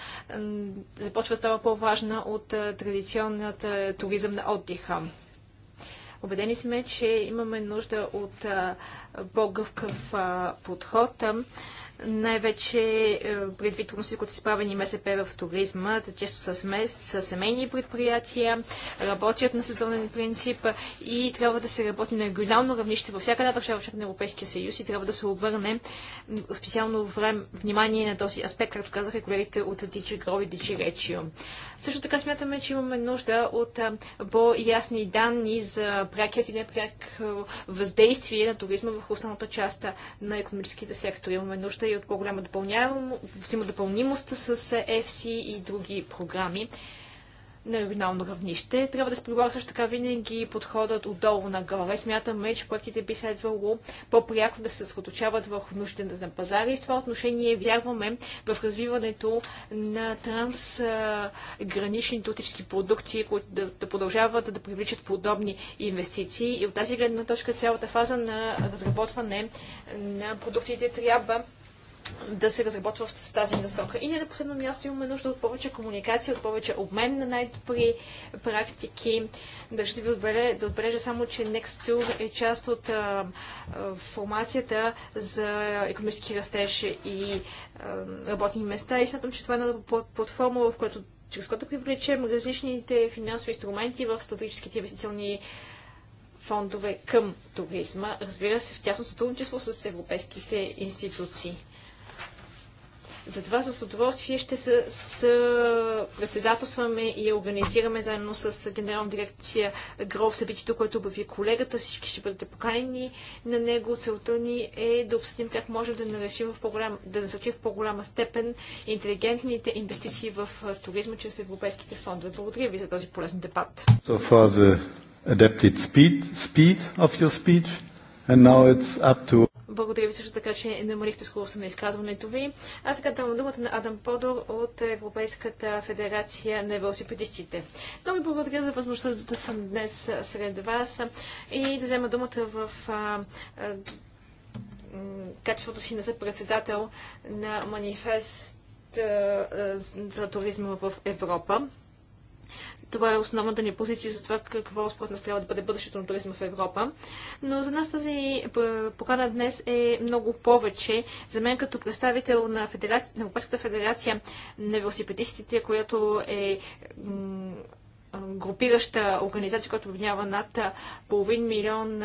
започва да става по-важна от традиционната туризъм на отдиха. Обедени сме, че имаме нужда от по-гъвкав подход най-вече е, предвид трудности, които са справени МСП в туризма, често са, смес, са семейни предприятия, работят на сезонен принцип и трябва да се работи на регионално равнище във всяка една държава на Европейския съюз и трябва да се обърне специално време, внимание на този аспект, както казаха колегите от Дичи Грови и Дичи Речио. Също така смятаме, че имаме нужда от по-ясни данни за прякият и непряк въздействие на туризма в останалата част на економическите сектори. Имаме нужда и от по-голяма взаимодопълнимост с FC и други програми на регионално равнище. Трябва да се прибавя също така винаги подходът отдолу нагоре. Смятаме, че проектите би следвало по-пряко да се съсредоточават върху нуждите на пазара и в това отношение вярваме в развиването на трансгранични тутически продукти, които да, да продължават да привличат подобни инвестиции. И от тази гледна точка цялата фаза на разработване на продуктите трябва да се разработва в тази насока. И не на последно място имаме нужда от повече комуникация, от повече обмен на най-добри практики. Държа да ви отбележа, да отбележа само, че Nextur е част от а, а, формацията за економически растеж и а, работни места. И смятам, че това е една платформа, в която, чрез която привлечем различните финансови инструменти в стратегическите инвестиционни фондове към туризма, разбира се, в тясно сътрудничество с европейските институции. Затова с удоволствие ще се с председателстваме и организираме заедно с генерална дирекция ГРОВ събитието, което обяви колегата. Всички ще бъдете поканени на него. Целта ни е да обсъдим как може да нарешим в по-голям, да насърчим в по-голяма степен интелигентните инвестиции в туризма чрез европейските фондове. Благодаря ви за този полезен дебат. So far the adapted speed, speed of your speech and now it's up to благодаря ви също така, че намалихте скоростта на изказването ви. Аз сега давам думата на Адам Подор от Европейската федерация на велосипедистите. Много ви благодаря за възможността да съм днес сред вас и да взема думата в качеството си на председател на манифест за туризма в Европа. Това е основната ни позиция за това какво според нас трябва да бъде бъдещето на туризма в Европа. Но за нас тази покана днес е много повече. За мен като представител на, на Европейската федерация на велосипедистите, която е групираща организация, която обвинява над половин милион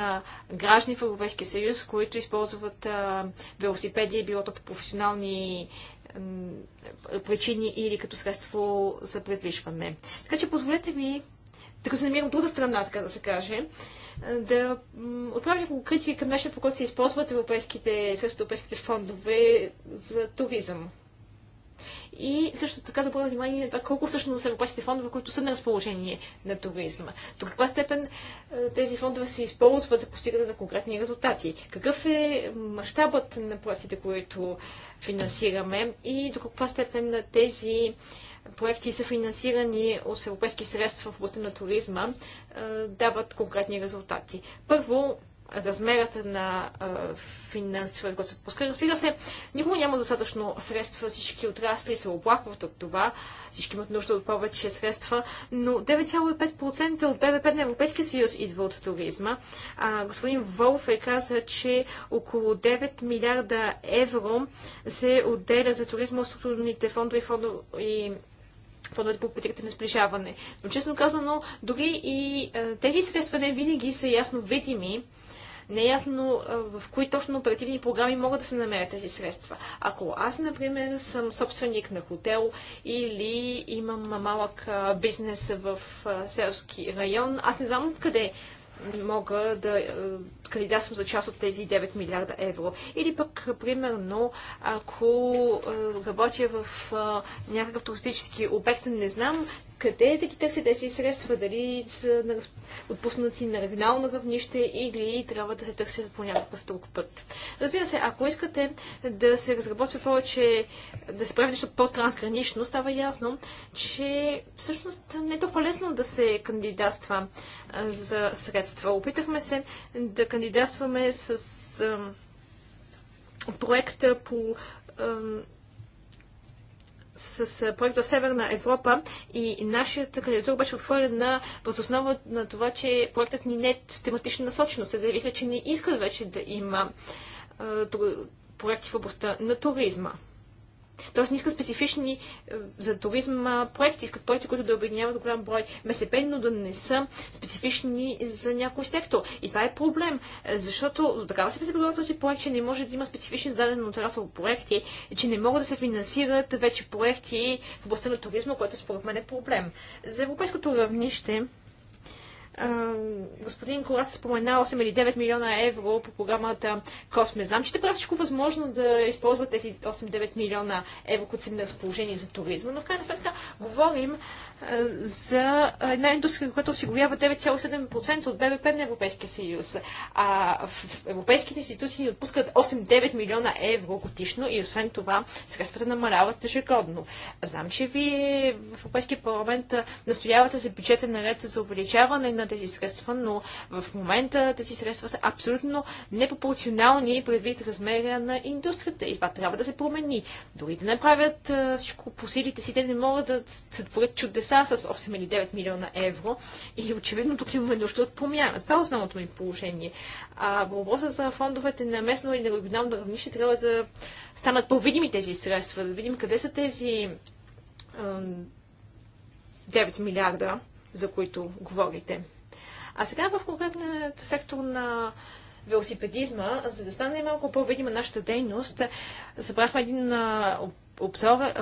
граждани в Европейския съюз, които използват велосипеди, било то по професионални причини или като средство за предвижване. Така че позволете ми, така се намирам от друга страна, така да се каже, да отправя няколко критики към начина, по който се използват европейските, средства европейските фондове за туризъм. И също така да бъде внимание на това колко всъщност са европейските фондове, които са на разположение на туризма. До каква степен е, тези фондове се използват за постигане на конкретни резултати? Какъв е мащабът на проектите, които финансираме и до каква степен на тези проекти са финансирани от европейски средства в областта на туризма, дават конкретни резултати. Първо, размерът на финансовия, който се отпуска. Разбира се, никога няма достатъчно средства, всички отрасли се оплакват от това, всички имат нужда от повече средства, но 9,5% от БВП на Европейския съюз идва от туризма. А, господин Волф е каза, че около 9 милиарда евро се отделят за туризма от структурните фондове и, фондове, и фондовете по политиката на сближаване. Но честно казано, дори и а, тези средства не винаги са ясно видими неясно е в кои точно оперативни програми могат да се намерят тези средства. Ако аз, например, съм собственик на хотел или имам малък бизнес в селски район, аз не знам откъде мога да кандидатствам за част от тези 9 милиарда евро. Или пък, примерно, ако работя в някакъв туристически обект, не знам къде да ги търси тези средства, дали са отпуснати на регионално равнище или трябва да се търсят по някакъв друг път. Разбира се, ако искате да се разработва повече, да се прави нещо по-трансгранично, става ясно, че всъщност не е толкова лесно да се кандидатства за средства. Опитахме се да кандидатстваме с проекта по с проект в Северна Европа и нашата кандидатура беше отворена въз основа на това, че проектът ни не е тематична насоченост. Те заявиха, че не искат вече да има проекти в областта на туризма. Тоест не искат специфични е, за туризъм проекти, искат проекти, които да обединяват голям брой МСП, но да не са специфични за някой сектор. И това е проблем, е, защото до такава се прибива този проект, че не може да има специфични зададен отрасъл проекти, че не могат да се финансират вече проекти в областта на туризма, което според мен е проблем. За европейското равнище господин Колас спомена 8 или 9 милиона евро по програмата Косме. Знам, че те правят всичко възможно да използват тези 8-9 милиона евро, които са на разположение за туризма, но в крайна сметка говорим за една индустрия, която осигурява 9,7% от БВП на Европейския съюз. А в европейските институции ни отпускат 8-9 милиона евро годишно и освен това средствата намаляват ежегодно. Знам, че вие в Европейския парламент настоявате за бюджета наред за увеличаване на тези средства, но в момента тези средства са абсолютно непропорционални предвид размера на индустрията и това трябва да се промени. Дори да направят всичко по силите си, те не могат да сътворят чудеса деца с 8 или 9 милиона евро и очевидно тук имаме нужда от промяна. Това е основното ми положение. А въпроса за фондовете на местно или на регионално равнище трябва да станат по-видими тези средства, да видим къде са тези 9 милиарда, за които говорите. А сега в конкретният сектор на велосипедизма, за да стане малко по-видима нашата дейност, събрахме един обзора, е,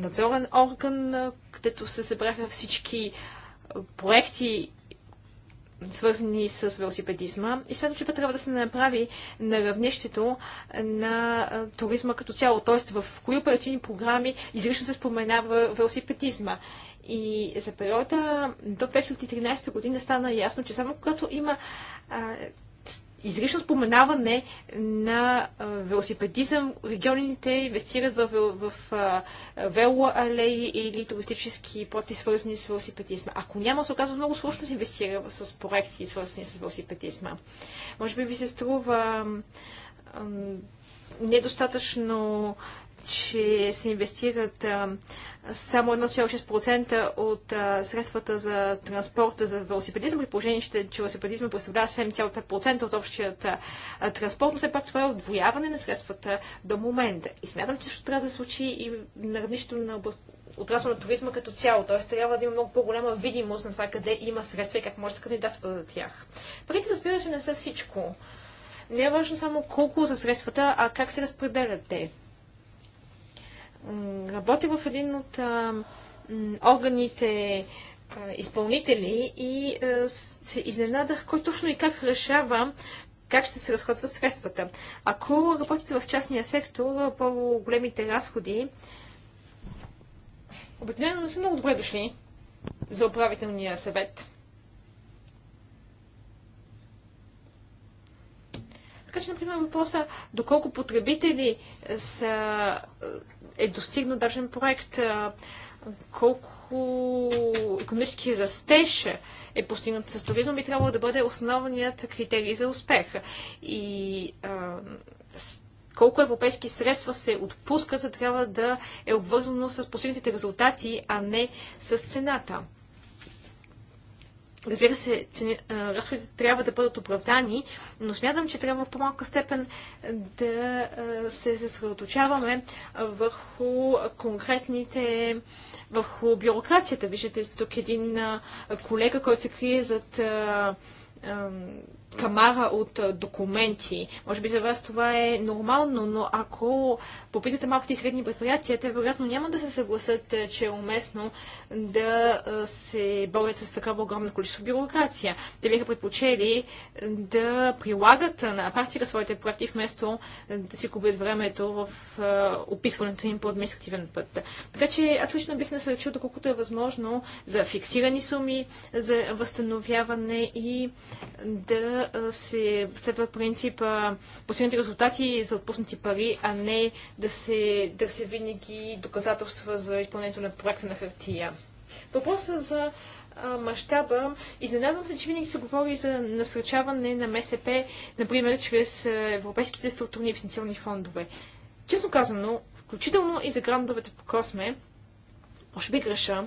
надзорен орган, където се събраха всички проекти, свързани с велосипедизма. И смятам, че това трябва да се направи на равнището на туризма като цяло. т.е. в кои оперативни програми изрично се споменава велосипедизма. И за периода до 2013 година стана ясно, че само когато има а, изрично споменаване на велосипедизъм. Регионите инвестират в, в, в велоалеи или туристически проекти, свързани с велосипедизма. Ако няма, се оказва много сложно да се инвестира с проекти, свързани с велосипедизма. Може би ви се струва недостатъчно, че се инвестират само 1,6% от а, средствата за транспорта за велосипедизъм, при положение, че велосипедизъм представлява 7,5% от общият а, транспорт, но все пак това е отвояване на средствата до момента. И смятам, че също трябва да случи и на равнището на област отрасъл на туризма като цяло. Т.е. трябва да има много по-голяма видимост на това къде има средства и как може да се кандидатства за тях. Парите, разбира се, не са всичко. Не е важно само колко са средствата, а как се разпределят те работи в един от а, органите а, изпълнители и а, се изненадах кой точно и как решава как ще се разходват средствата. Ако работите в частния сектор, по-големите разходи обикновено не са много добре дошли за управителния съвет. Така че, например, въпроса доколко потребители са е достигнал държен проект, колко економически растеж е постигнат с туризъм, и трябвало да бъде основният критерий за успех. И а, колко европейски средства се отпускат, трябва да е обвързано с постигнатите резултати, а не с цената. Разбира се, цени, разходите трябва да бъдат оправдани, но смятам, че трябва в по-малка степен да се съсредоточаваме върху конкретните, върху бюрокрацията. Виждате тук един колега, който се крие зад камара от документи. Може би за вас това е нормално, но ако попитате малките и средни предприятия, те вероятно няма да се съгласат, че е уместно да се борят с такава огромна количество бюрокрация. Те биха предпочели да прилагат на практика своите проекти, вместо да си губят времето в описването им по административен път. Така че аз лично бих насърчил, доколкото е възможно, за фиксирани суми, за възстановяване и да се следва принципа постигнати резултати за отпуснати пари, а не да се търси да винаги доказателства за изпълнението на проекта на хартия. Въпросът за мащаба. Изненадвам се, че винаги се говори за насръчаване на МСП, например, чрез европейските структурни инвестиционни фондове. Честно казано, включително и за грандовете по Косме, може би греша,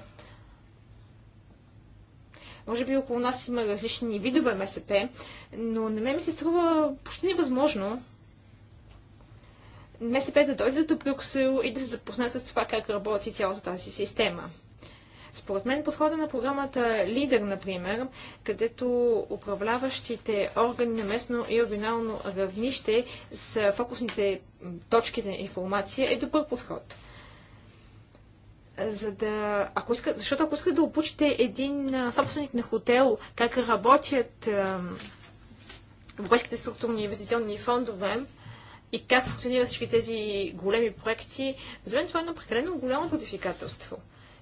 може би около нас има различни видове МСП, но на мен ми се струва почти невъзможно МСП да дойдат до Брюксел и да се запознат с това как работи цялата тази система. Според мен подхода на програмата Лидер, например, където управляващите органи на местно и регионално равнище с фокусните точки за информация е добър подход за да... Ако иска, защото ако искате да обучите един а, собственик на хотел, как работят а, европейските структурни инвестиционни фондове и как функционират всички тези големи проекти, за мен това е едно прекалено голямо предизвикателство.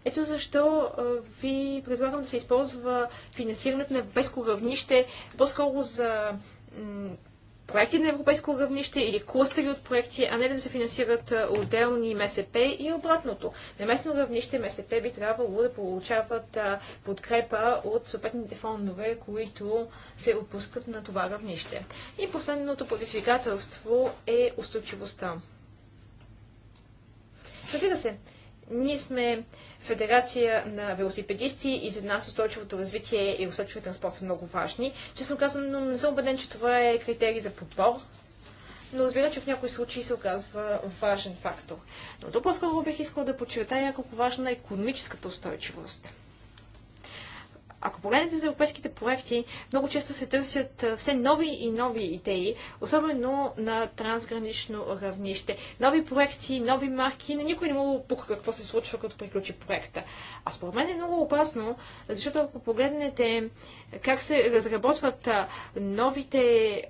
Ето защо а, ви предлагам да се използва финансирането на безко равнище по-скоро за проекти на европейско равнище или кластери от проекти, а не да се финансират отделни МСП и обратното. На местно равнище МСП би трябвало да получават подкрепа от съответните фондове, които се отпускат на това равнище. И последното предизвикателство е устойчивостта. Разбира се, ние сме федерация на велосипедисти и за нас устойчивото развитие и устойчивия транспорт са много важни. Честно но не съм убеден, че това е критерий за подбор, но разбира, че в някои случаи се оказва важен фактор. Но то по-скоро бих искала да подчертая колко важна е економическата устойчивост. Ако погледнете за европейските проекти, много често се търсят все нови и нови идеи, особено на трансгранично равнище. Нови проекти, нови марки, на никой не му пука какво се случва, като приключи проекта. А според мен е много опасно, защото ако погледнете как се разработват новите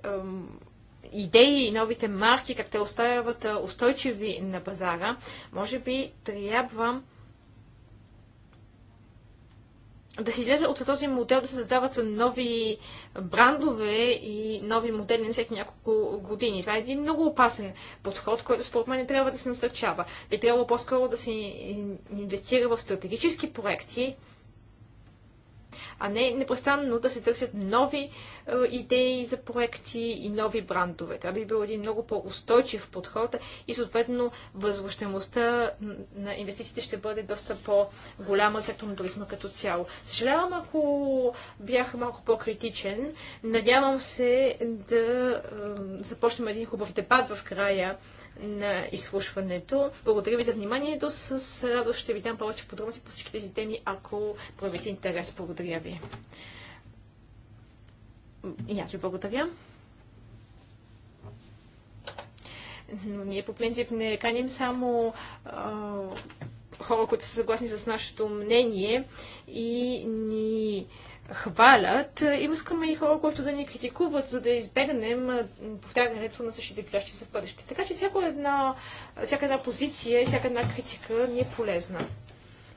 идеи и новите марки, как те оставят устойчиви на пазара, може би трябва да се излезе от този модел да се създават нови брандове и нови модели на всеки няколко години. Това е един много опасен подход, който според мен не трябва да се насърчава. Би трябвало по-скоро да се инвестира в стратегически проекти, а не непрестанно да се търсят нови е, идеи за проекти и нови брандове. Това би бил един много по-устойчив подход и съответно възвръщаемостта на инвестициите ще бъде доста по-голяма за туризма като цяло. Съжалявам, ако бях малко по-критичен. Надявам се да е, започнем един хубав дебат в края на изслушването. Благодаря ви за вниманието. С радост ще ви дам повече подробности по всички тези теми, ако проявите интерес. Благодаря ви. И аз ви благодаря. Но ние по принцип не каним само а, хора, които са съгласни с нашето мнение и ни хвалят. Им искаме и хора, които да ни критикуват, за да избегнем повтарянето на същите грешки за бъдеще. Така че всяка една, всяка една позиция и всяка една критика ни е полезна.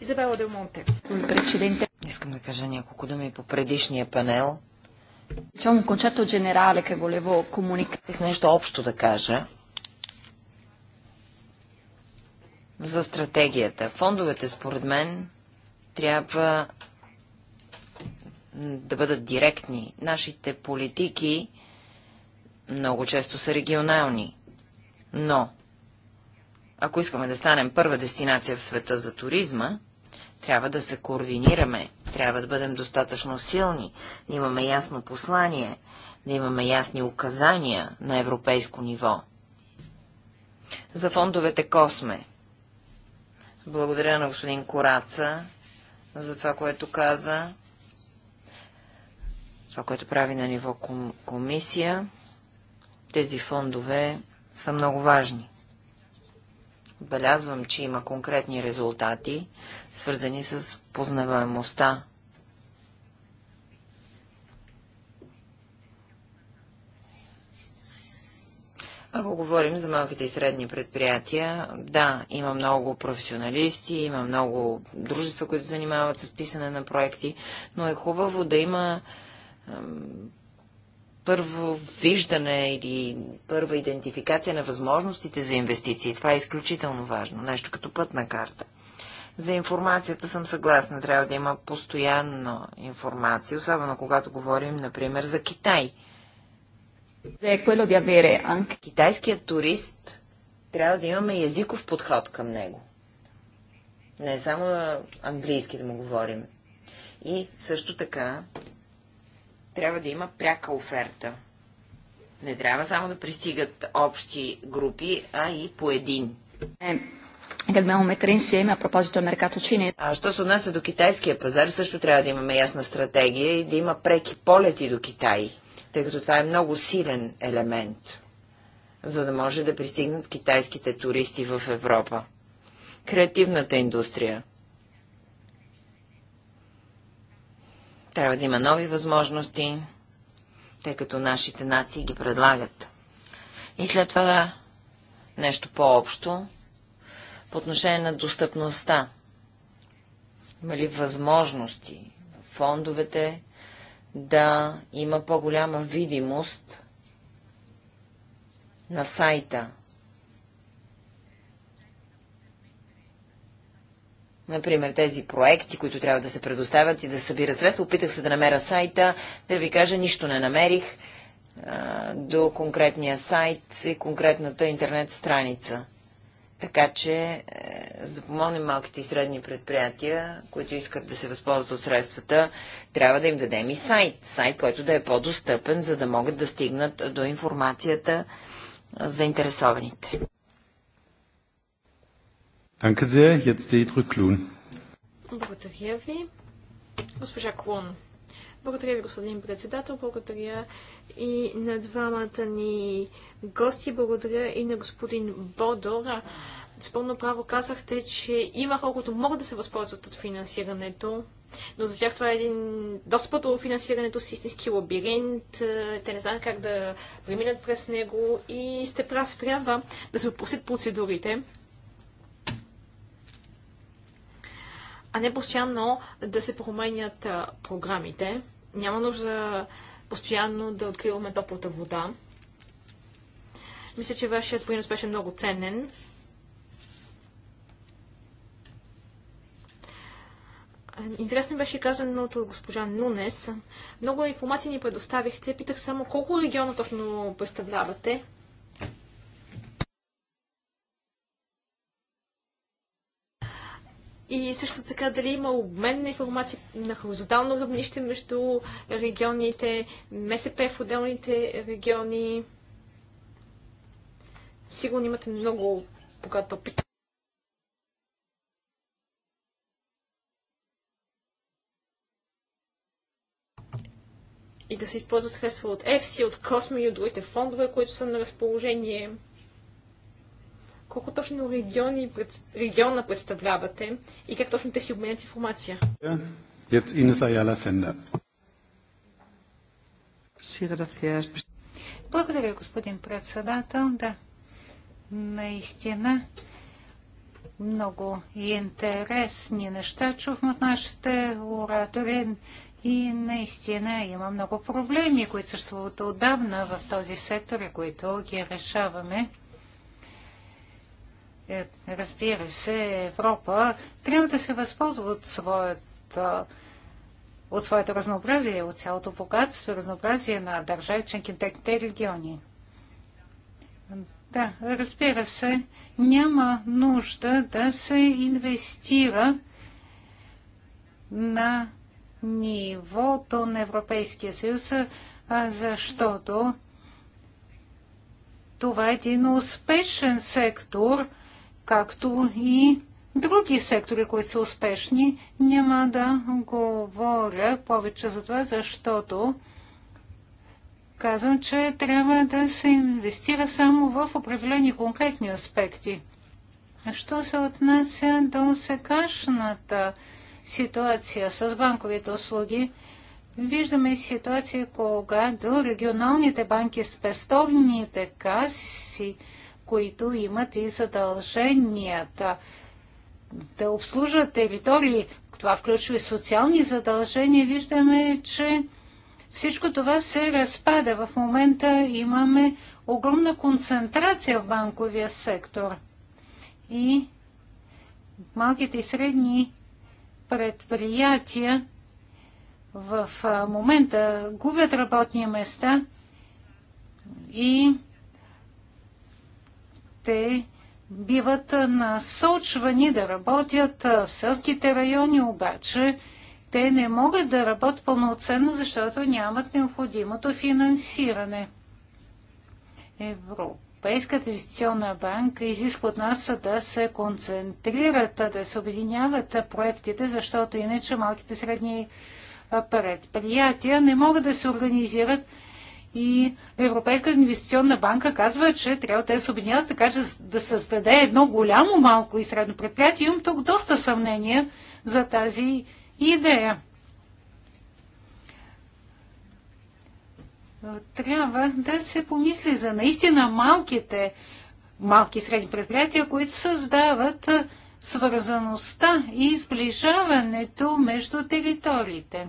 Изабела Делмонте. Монте. Искам да кажа няколко думи по предишния панел. Чом un генерале, generale волево volevo Нещо общо да кажа за стратегията. Фондовете, според мен, трябва да бъдат директни. Нашите политики много често са регионални. Но, ако искаме да станем първа дестинация в света за туризма, трябва да се координираме, трябва да бъдем достатъчно силни, да имаме ясно послание, да имаме ясни указания на европейско ниво. За фондовете Косме. Благодаря на господин Кораца за това, което каза това, което прави на ниво ком комисия, тези фондове са много важни. Отбелязвам, че има конкретни резултати, свързани с познаваемостта. Ако говорим за малките и средни предприятия, да, има много професионалисти, има много дружества, които занимават с писане на проекти, но е хубаво да има първо виждане или първа идентификация на възможностите за инвестиции. Това е изключително важно. Нещо като пътна карта. За информацията съм съгласна. Трябва да има постоянна информация, особено когато говорим, например, за Китай. Е Китайският турист трябва да имаме езиков подход към него. Не само английски да му говорим. И също така трябва да има пряка оферта. Не трябва само да пристигат общи групи, а и по един. Е, а що се отнася до китайския пазар, също трябва да имаме ясна стратегия и да има преки полети до Китай, тъй като това е много силен елемент, за да може да пристигнат китайските туристи в Европа. Креативната индустрия. Трябва да има нови възможности, тъй като нашите нации ги предлагат. И след това да, нещо по-общо по отношение на достъпността. Има ли възможности фондовете да има по-голяма видимост на сайта Например, тези проекти, които трябва да се предоставят и да събират средства. Опитах се да намеря сайта, да ви кажа, нищо не намерих а, до конкретния сайт и конкретната интернет страница. Така че, е, за да помогнем малките и средни предприятия, които искат да се възползват от средствата, трябва да им дадем и сайт. Сайт, който да е по-достъпен, за да могат да стигнат до информацията за интересованите. Danke sehr. Jetzt die Klun. Благодаря ви. Госпожа Клон. Благодаря ви, господин председател. Благодаря и на двамата ни гости. Благодаря и на господин Бодор. С пълно право казахте, че има хора, които могат да се възползват от финансирането, но за тях това е един достъп до финансирането си истински лабиринт. Те не знаят как да преминат през него и сте прав, трябва да се опростят процедурите. а не постоянно да се променят програмите. Няма нужда постоянно да откриваме топлата вода. Мисля, че вашият принос беше много ценен. Интересно беше казано от госпожа Нунес. Много информация ни предоставихте. Питах само колко региона точно представлявате. и също така дали има обмен на информация на хоризонтално равнище между регионите, МСП в отделните региони. Сигурно имате много богат опит. И да се използва средства от EFSI, от Космо и от другите фондове, които са на разположение колко точно региони, региона представлявате и как точно те си обменят информация? Благодаря, господин председател. Да, наистина много интересни неща чухме от нашите оратори и наистина има много проблеми, които съществуват отдавна в този сектор и които ги решаваме. Е, разбира се, Европа трябва да се възползва от своята от своето разнообразие, от цялото богатство, разнообразие на държави, членки техните региони. Да, разбира се, няма нужда да се инвестира на нивото на Европейския съюз, защото това е един успешен сектор – както и други сектори, които са успешни. Няма да говоря повече за това, защото казвам, че трябва да се инвестира само в определени конкретни аспекти. Що се отнася до сегашната ситуация с банковите услуги, виждаме ситуация, когато регионалните банки с пестовните каси – които имат и задълженията да обслужват територии. Това включва и социални задължения. Виждаме, че всичко това се разпада. В момента имаме огромна концентрация в банковия сектор. И малките и средни предприятия в момента губят работни места и те биват насочвани да работят в селските райони, обаче те не могат да работят пълноценно, защото нямат необходимото финансиране. Европейската инвестиционна банка изисква от нас да се концентрират, да се объединяват проектите, защото иначе малките средни предприятия не могат да се организират и Европейската инвестиционна банка казва, че трябва да се объединяват, така че да създаде едно голямо, малко и средно предприятие. Имам тук доста съмнения за тази идея. Трябва да се помисли за наистина малките, малки и средни предприятия, които създават свързаността и сближаването между териториите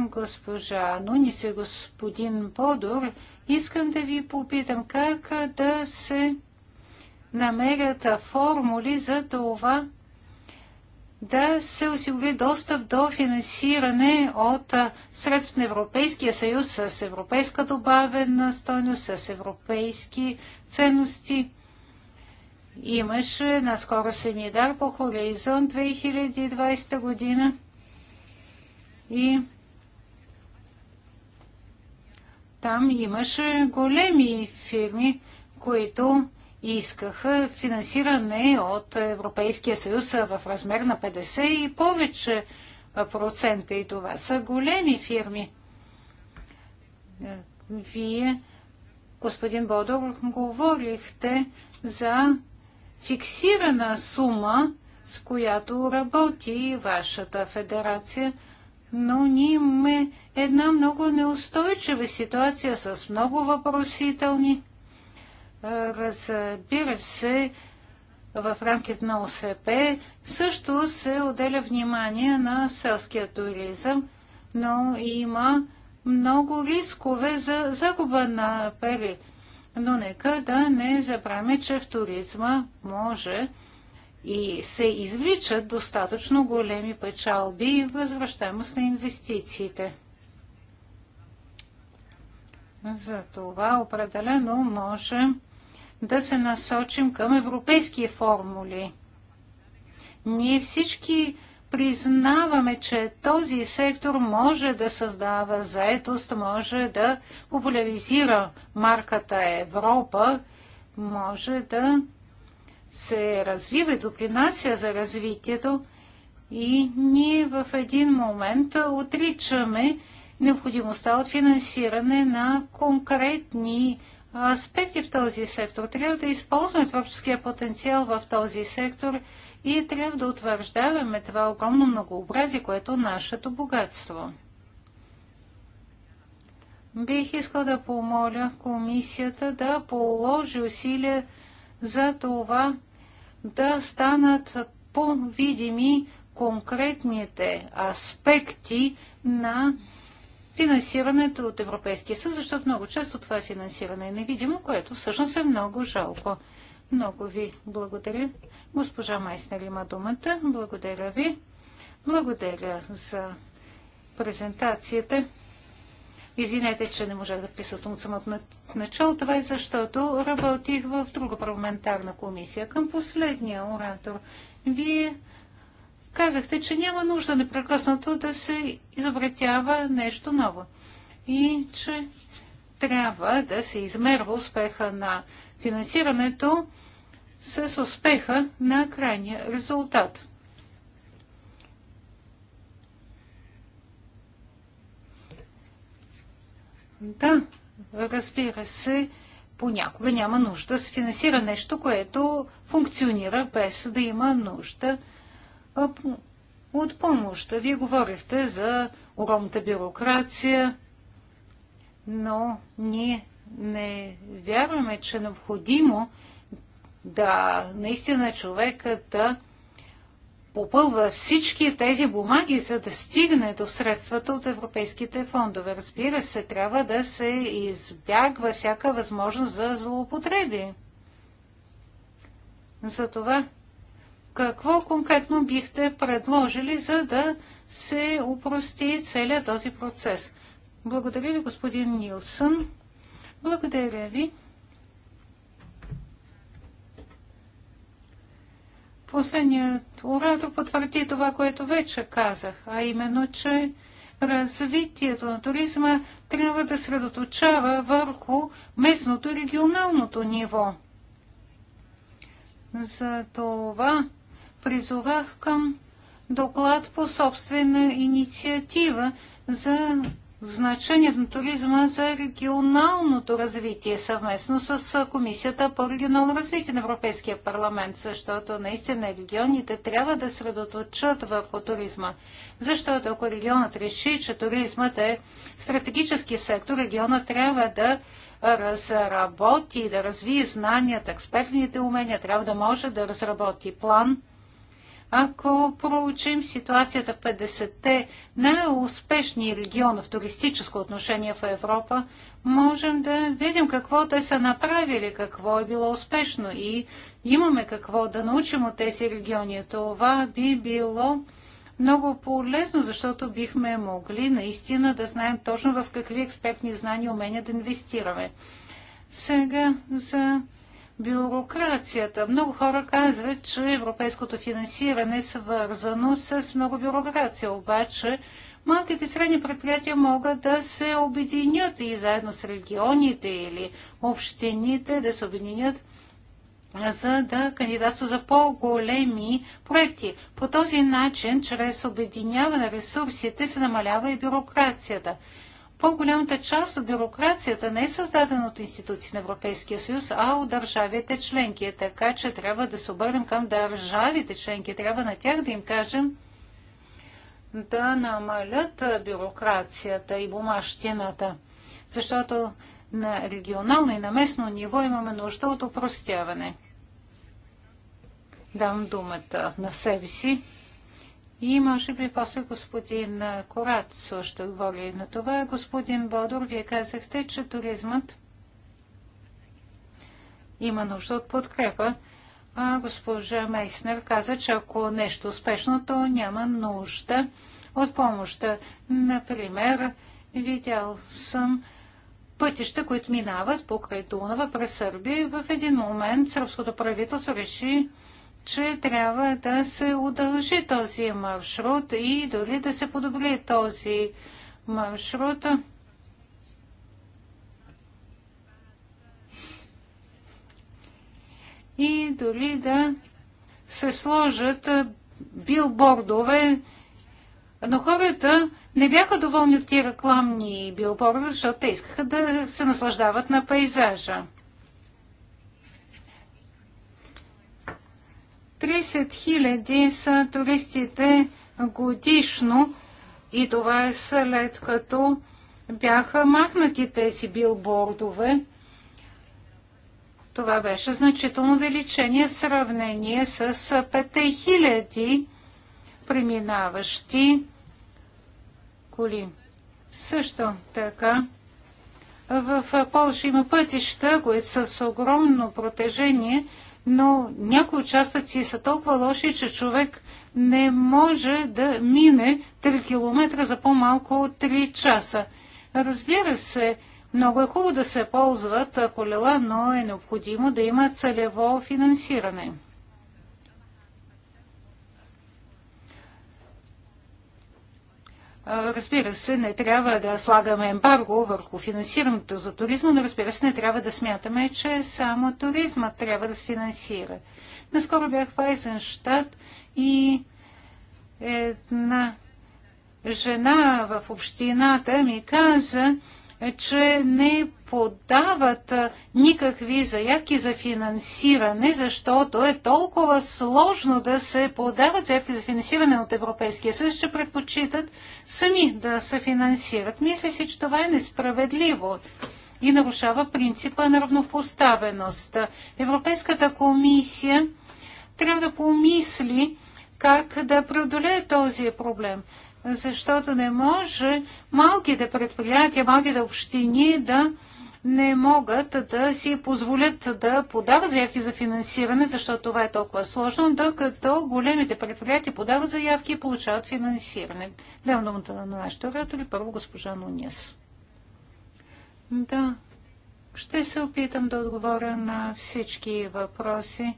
госпожа Нунис и господин Подор, искам да ви попитам как да се намерят формули за това да се осигури достъп до финансиране от средства на Европейския съюз с европейска добавена стойност, с европейски ценности. Имаше наскоро семидар е по Хоризонт 2020 година и Там имаше големи фирми, които искаха финансиране от Европейския съюз в размер на 50 и повече процента. И това са големи фирми. Вие, господин Бодор, говорихте за фиксирана сума, с която работи вашата федерация – но ние имаме една много неустойчива ситуация с много въпросителни. Е, разбира се, в рамките на ОСП също се отделя внимание на селския туризъм, но има много рискове за загуба на пари. Но нека да не забравяме, че в туризма може и се извличат достатъчно големи печалби и възвръщаемост на инвестициите. За това определено можем да се насочим към европейски формули. Ние всички признаваме, че този сектор може да създава заетост, може да популяризира марката Европа, може да се развива и допринася за развитието и ние в един момент отричаме необходимостта от финансиране на конкретни аспекти в този сектор. Трябва да използваме творческия потенциал в този сектор и трябва да утвърждаваме това огромно многообразие, което е нашето богатство. Бих искал да помоля комисията да положи усилия за това да станат по-видими конкретните аспекти на финансирането от Европейския съюз, защото много често това е финансиране е невидимо, което всъщност е много жалко. Много ви благодаря. Госпожа Майснер има думата. Благодаря ви. Благодаря за презентацията. Извинете, че не можах да присъствам от самото начало. Това е защото работих в друга парламентарна комисия. Към последния оратор. Вие казахте, че няма нужда непрекъснато да се изобретява нещо ново. И че трябва да се измерва успеха на финансирането с успеха на крайния резултат. Да, разбира се, понякога няма нужда да се финансира нещо, което функционира без да има нужда от помощ. Вие говорихте за огромната бюрокрация, но ние не вярваме, че е необходимо да наистина човека да попълва всички тези бумаги, за да стигне до средствата от европейските фондове. Разбира се, трябва да се избягва всяка възможност за злоупотреби. За това, какво конкретно бихте предложили, за да се упрости целият този процес? Благодаря ви, господин Нилсън. Благодаря ви. Последният оратор потвърди това, което вече казах, а именно, че развитието на туризма трябва да средоточава върху местното и регионалното ниво. За това призовах към доклад по собствена инициатива за значението на туризма за регионалното развитие съвместно с Комисията по регионално развитие на Европейския парламент, защото наистина регионите трябва да средоточат върху туризма. Защото ако регионът реши, че туризмът е стратегически сектор, региона трябва да разработи, да развие знанията, експертните умения, трябва да може да разработи план – ако проучим ситуацията в 50-те най-успешни региона в туристическо отношение в Европа, можем да видим какво те са направили, какво е било успешно и имаме какво да научим от тези региони. Това би било много полезно, защото бихме могли наистина да знаем точно в какви експертни знания умения да инвестираме. Сега за бюрокрацията. Много хора казват, че европейското финансиране е свързано с много бюрокрация, обаче малките и средни предприятия могат да се обединят и заедно с регионите или общините да се объединят за да кандидатства за по-големи проекти. По този начин, чрез обединяване на ресурсите, се намалява и бюрокрацията. По-голямата част от бюрокрацията не е създадена от институции на Европейския съюз, а от държавите членки. Така че трябва да се обърнем към държавите членки. Трябва на тях да им кажем да намалят бюрокрацията и бумащината. Защото на регионално и на местно ниво имаме нужда от упростяване. Дам думата на себе си. И може би после господин Корац още говори на това. Господин Бодор, вие казахте, че туризмът има нужда от подкрепа. А госпожа Мейснер каза, че ако нещо е успешно, то няма нужда от помощта. Например, видял съм пътища, които минават покрай Дунава през Сърбия. В един момент сръбското правителство реши че трябва да се удължи този маршрут и дори да се подобри този маршрут. И дори да се сложат билбордове, но хората не бяха доволни от тези рекламни билборда, защото те искаха да се наслаждават на пейзажа. 30 хиляди са туристите годишно и това е след като бяха махнати тези билбордове. Това беше значително увеличение в сравнение с 5000 преминаващи коли. Също така в Польша има пътища, които са с огромно протежение – но някои участъци са толкова лоши, че човек не може да мине 3 км за по-малко от 3 часа. Разбира се, много е хубаво да се ползват колела, но е необходимо да има целево финансиране. Разбира се, не трябва да слагаме ембарго върху финансирането за туризма, но разбира се, не трябва да смятаме, че само туризма трябва да се финансира. Наскоро бях в Айзенштадт и една жена в общината ми каза, е, че не подават никакви заявки за финансиране, защото е толкова сложно да се подават заявки за финансиране от Европейския съюз, че предпочитат сами да се финансират. Мисля си, че това е несправедливо и нарушава принципа на равнопоставеност. Европейската комисия трябва да помисли как да преодолее този проблем защото не може малките предприятия, малките общини да не могат да си позволят да подават заявки за финансиране, защото това е толкова сложно, докато големите предприятия подават заявки и получават финансиране. Давам думата на нашите оратори. Първо госпожа Нунис. Да, ще се опитам да отговоря на всички въпроси.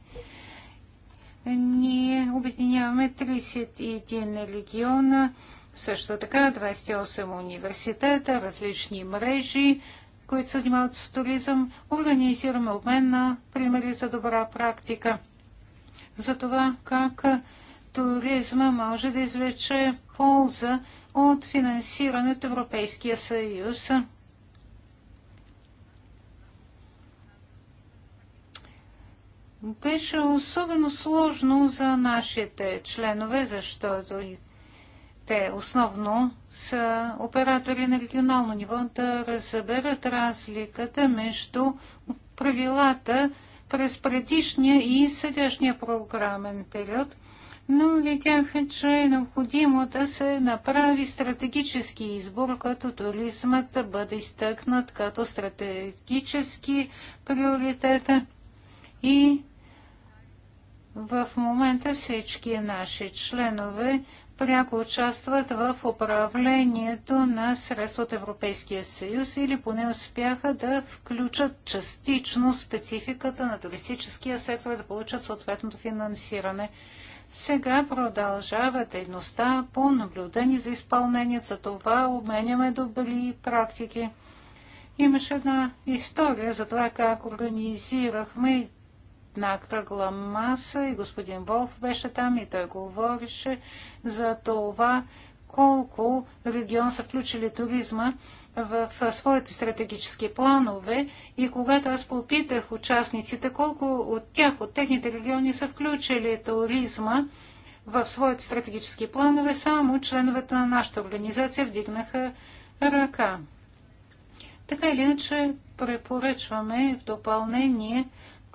Ние обединяваме 31 региона също така 28 университета, различни мрежи, които се занимават с туризъм. Организираме обмен на примери за добра практика. За това как туризма може да извлече полза от финансирането Европейския съюз. беше особено сложно за нашите членове, защото те основно са оператори на регионално ниво, да разберат разликата между правилата през предишния и сегашния програмен период, но видяха, че е необходимо да се направи стратегически избор, като туризмът да бъде изтъкнат като стратегически приоритета и в момента всички наши членове пряко участват в управлението на средства от Европейския съюз или поне успяха да включат частично спецификата на туристическия сектор и да получат съответното финансиране. Сега продължава дейността по наблюдение за изпълнение, за това обменяме добри практики. Имаше една история за това как организирахме една кръгла маса и господин Волф беше там и той говореше за това колко регион са включили туризма в своите стратегически планове и когато аз попитах участниците колко от тях, от техните региони са включили туризма в своите стратегически планове, само членовете на нашата организация вдигнаха ръка. Така или иначе препоръчваме в допълнение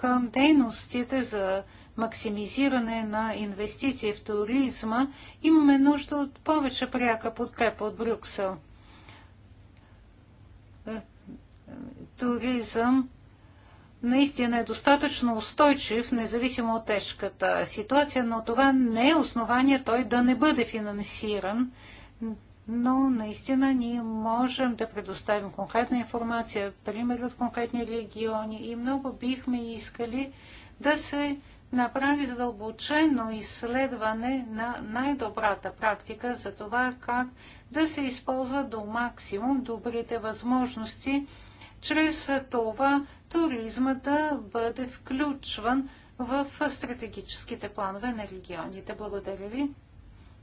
към дейностите за максимизиране на инвестиции в туризма, имаме нужда от повече пряка подкрепа от Брюксел. Е, е, туризъм наистина е достатъчно устойчив, независимо от тежката ситуация, но това не е основание той да не бъде финансиран но наистина ние можем да предоставим конкретна информация, примери от конкретни региони и много бихме искали да се направи задълбочено изследване на най-добрата практика за това как да се използват до максимум добрите възможности, чрез това туризма да бъде включван в стратегическите планове на регионите. Благодаря ви.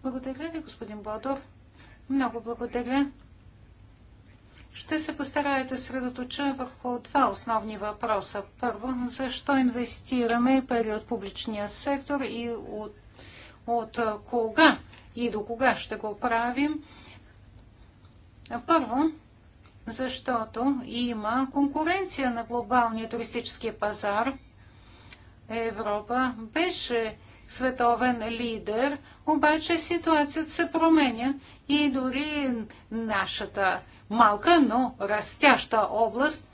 Благодаря ви, господин Бодов. Много благодаря. Ще се постарая да средоточа върху два основни въпроса. Първо, защо инвестираме пари от публичния сектор и от, от кога и до кога ще го правим? Първо, защото има конкуренция на глобалния туристически пазар. Европа беше световен лидер, обаче ситуацията се променя и дори нашата малка, но растяща област,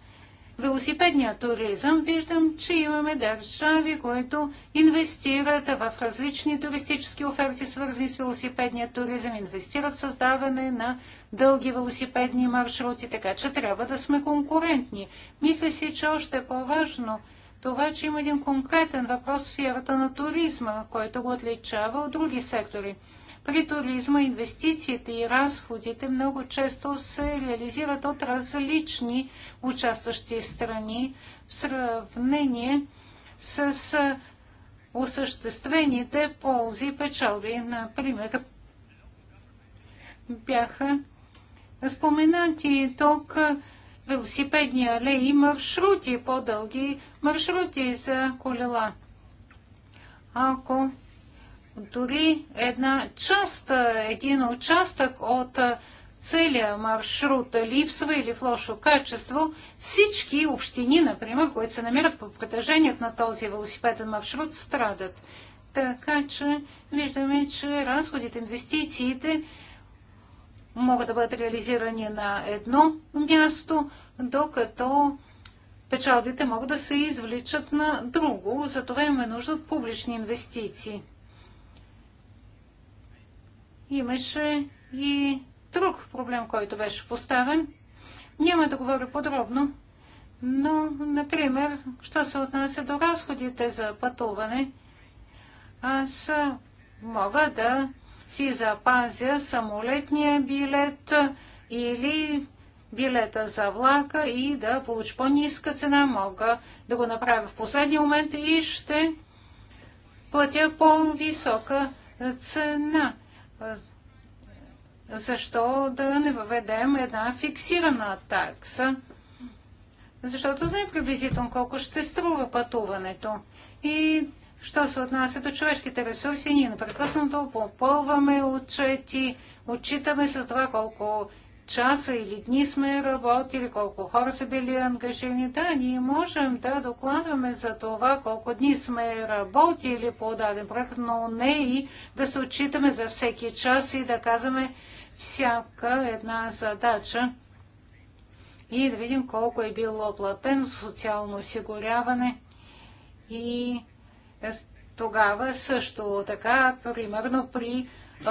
велосипедният туризъм, виждам, че имаме държави, които инвестират в различни туристически оферти, свързани с велосипедния туризъм, инвестират в създаване на дълги велосипедни маршрути, така че трябва да сме конкурентни. Мисля си, че още е по-важно това, че има един конкретен въпрос в сферата на туризма, който го отличава от други сектори. При туризма инвестициите и разходите много често се реализират от различни участващи страни в сравнение с осъществените ползи и печалби. Например, бяха споменати тук велосипедни алеи, маршрути, по-дълги маршрути за колела. Ако дори една част, един участък от целия маршрут липсва или в лошо качество, всички общини, например, които се намират по протежението на този велосипеден маршрут, страдат. Така че виждаме, че разходите, инвестициите могат да бъдат реализирани на едно място, докато печалбите могат да се извличат на друго. Затова имаме нужда от публични инвестиции имаше и друг проблем, който беше поставен. Няма да говоря подробно, но, например, що се отнася до разходите за пътуване, аз мога да си запазя самолетния билет или билета за влака и да получа по-ниска цена. Мога да го направя в последния момент и ще платя по-висока цена защо да не въведем една фиксирана такса, защото знаем приблизително колко ще струва пътуването. И що се отнася до човешките ресурси, ние напрекъснато попълваме отчети, отчитаме с това колко часа или дни сме работили, колко хора са били ангажирани. Да, ние можем да докладваме за това колко дни сме работили по даден проект, но не и да се отчитаме за всеки час и да казваме всяка една задача и да видим колко е било платено за социално осигуряване и е, тогава също така, примерно при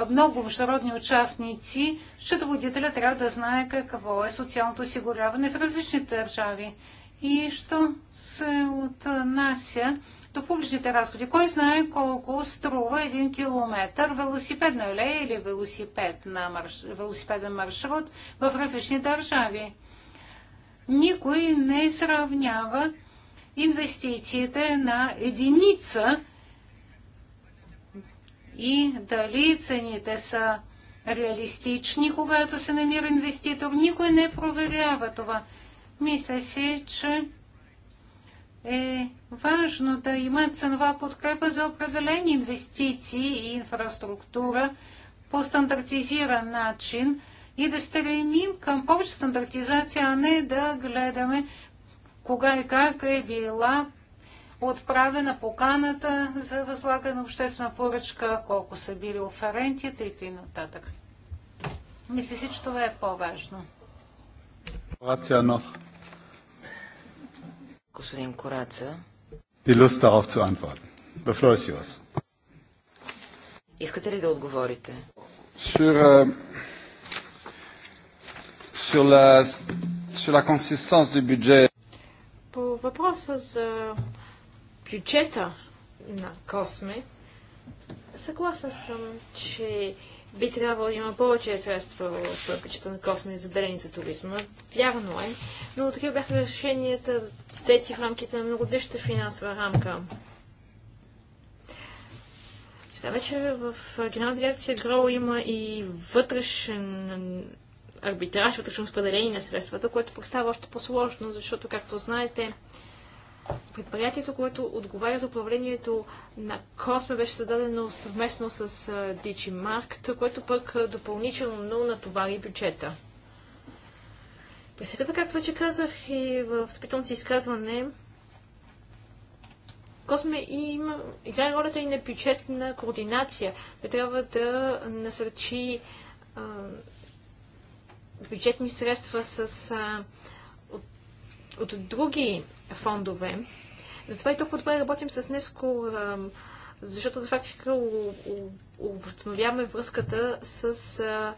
много международни участници, счетоводителя трябва да знае какво е социалното осигуряване в различните държави. И що се отнася до публичните разходи? Кой знае колко струва един километър велосипедна еле или велосипед на марш... велосипеден маршрут в различни държави? Никой не сравнява инвестициите на единица и дали цените са реалистични, когато се намира инвеститор. Никой не проверява това. Мисля си, че е важно да има ценова подкрепа за определени инвестиции и инфраструктура по стандартизиран начин и да стремим към повече стандартизация, а не да гледаме кога и как е била отправена поканата за възлагане на обществена поръчка, колко са били оферентите и т.н. Мисля си, че това е по-важно. Господин Кораца. Die Lust darauf zu antworten. The floor is Искате ли да отговорите? Sur, euh, sur, la, sur la consistance du budget. По въпроса за бюджета на Косме, съгласен съм, че би трябвало да има повече средства в бюджета на Косме, заделени за туризма. Вярно е, но такива бяха решенията взети в рамките на многодишната финансова рамка. Сега вече в Генерална дирекция ГРО има и вътрешен арбитраж, вътрешно споделение на средствата, което пък става още по-сложно, защото, както знаете, предприятието, което отговаря за управлението на Косме, беше създадено съвместно с DigiMarkt, което пък допълнително натовари бюджета. сега, както вече казах и в спитълното си изказване, Косме има, играе ролята и на бюджетна координация. Той трябва да насърчи а, бюджетни средства с а, от, от други фондове. Затова и толкова добре работим с НЕСКО, защото на фактика възстановяваме връзката с а,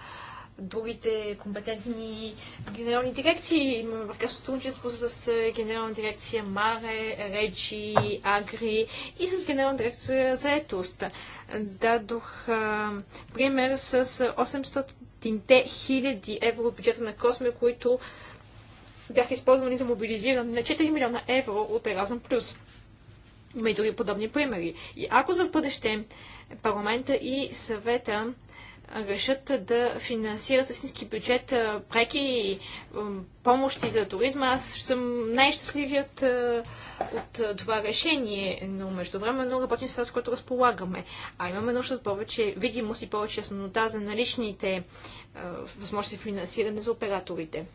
другите компетентни генерални дирекции. Имаме прекрасно сътрудничество с генерална дирекция Маре, Речи, Агри и с генерална дирекция Заетост. Дадох а, пример с 800 хиляди евро от бюджета на Косме, които бяха използвани за мобилизиране на 4 милиона евро от Еразъм Плюс. Има и други подобни примери. И ако за бъдеще парламента и съвета решат да финансират истински бюджет преки помощи за туризма. Аз съм най-щастливият от това решение, но междувременно работим с това, с което разполагаме. А имаме нужда от повече видимост и повече яснота за наличните възможности финансиране за операторите.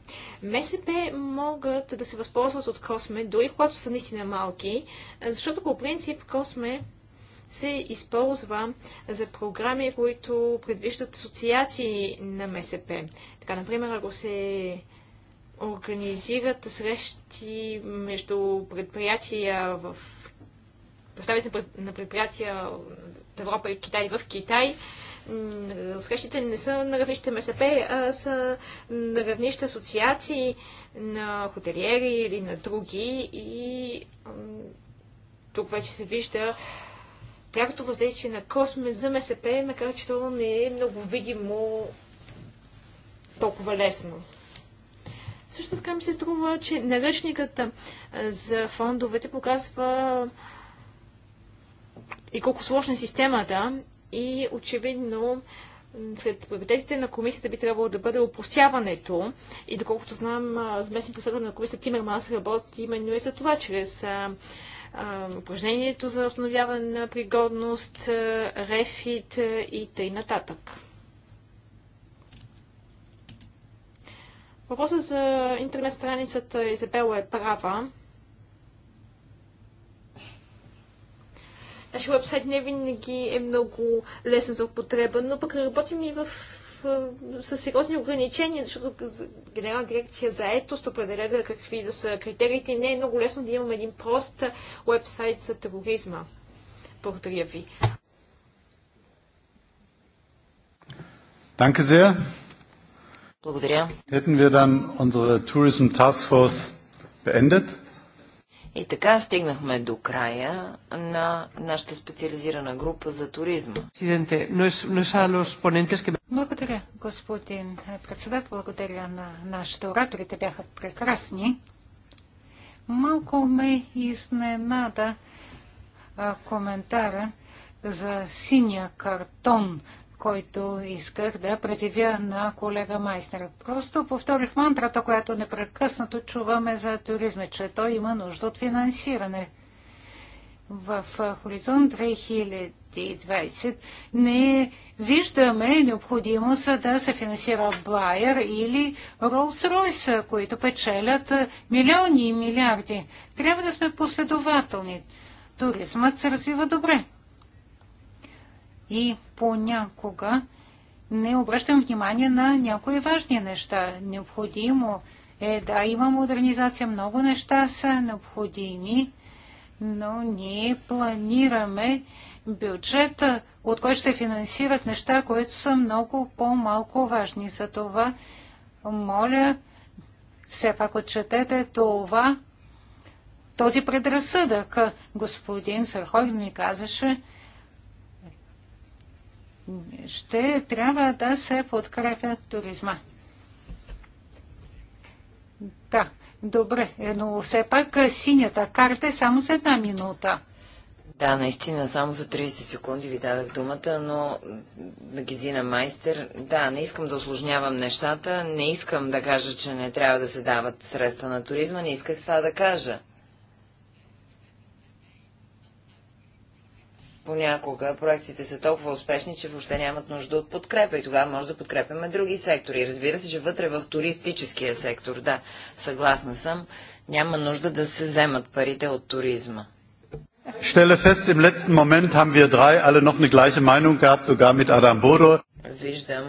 МСП могат да се възползват от Косме, дори когато са наистина малки, защото по принцип Косме се използва за програми, които предвиждат асоциации на МСП. Така, например, ако се организират срещи между предприятия в представите на предприятия от Европа и Китай в Китай, срещите не са на равнище МСП, а са на равнище асоциации на хотелиери или на други. И тук вече се вижда прякото въздействие на Косме за МСП, макар че това не е много видимо толкова лесно. Също така ми се струва, че наръчникът за фондовете показва и колко сложна е системата и очевидно сред приоритетите на комисията би трябвало да бъде опростяването. И доколкото знам, заместник председател на комисията Тимерманс работи именно и за това, чрез упражнението за установяване на пригодност, рефит и т.н. нататък. Въпросът за интернет страницата Изабела е права. Нашия вебсайт не винаги е много лесен за употреба, но пък работим и в с сериозни ограничения, защото Генерална дирекция за етост определя какви да са критериите. Не е много лесно да имаме един прост вебсайт за тероризма. Благодаря ви. Danke sehr. Благодаря. Hätten wir dann unsere Tourism Task Force beendet? И така стигнахме до края на нашата специализирана група за туризма. Е е Благодаря, господин председател. Благодаря на нашите оратори. Те бяха прекрасни. Малко ме изненада коментара за синия картон който исках да предявя на колега Майстер. Просто повторих мантрата, която непрекъснато чуваме за туризма, че той има нужда от финансиране. В Хоризонт 2020 не виждаме необходимост да се финансира Байер или Ролс-Ройс, които печелят милиони и милиарди. Трябва да сме последователни. Туризмът се развива добре и понякога не обръщам внимание на някои важни неща. Необходимо е да има модернизация, много неща са необходими, но ние планираме бюджет, от който се финансират неща, които са много по-малко важни. За това моля, все пак отчетете това, този предразсъдък. Господин Ферхойн ми казваше, ще трябва да се подкрепя туризма. Да, добре, е, но все пак е, синята карта е само за една минута. Да, наистина, само за 30 секунди ви дадах думата, но Гизина Майстер, да, не искам да осложнявам нещата, не искам да кажа, че не трябва да се дават средства на туризма, не исках това да кажа. понякога проектите са толкова успешни, че въобще нямат нужда от подкрепа и тогава може да подкрепяме други сектори. Разбира се, че вътре в туристическия сектор, да, съгласна съм, няма нужда да се вземат парите от туризма. Stelle fest, im letzten Moment haben wir drei alle noch eine gleiche Meinung gehabt, sogar mit Adam Bodo. Виждам,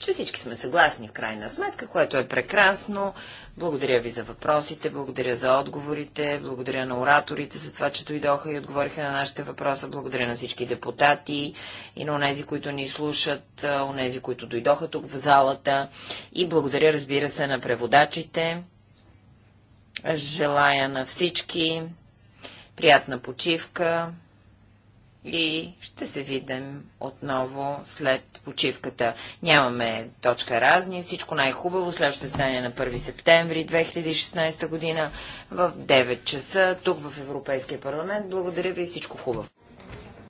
че всички сме съгласни в крайна сметка, което е прекрасно. Благодаря ви за въпросите, благодаря за отговорите, благодаря на ораторите за това, че дойдоха и отговориха на нашите въпроса, благодаря на всички депутати и на онези, които ни слушат, онези, които дойдоха тук в залата и благодаря, разбира се, на преводачите. Желая на всички приятна почивка и ще се видим отново след почивката. Нямаме точка разни, всичко най-хубаво. Следващото стане на 1 септември 2016 година в 9 часа тук в Европейския парламент. Благодаря ви и всичко хубаво.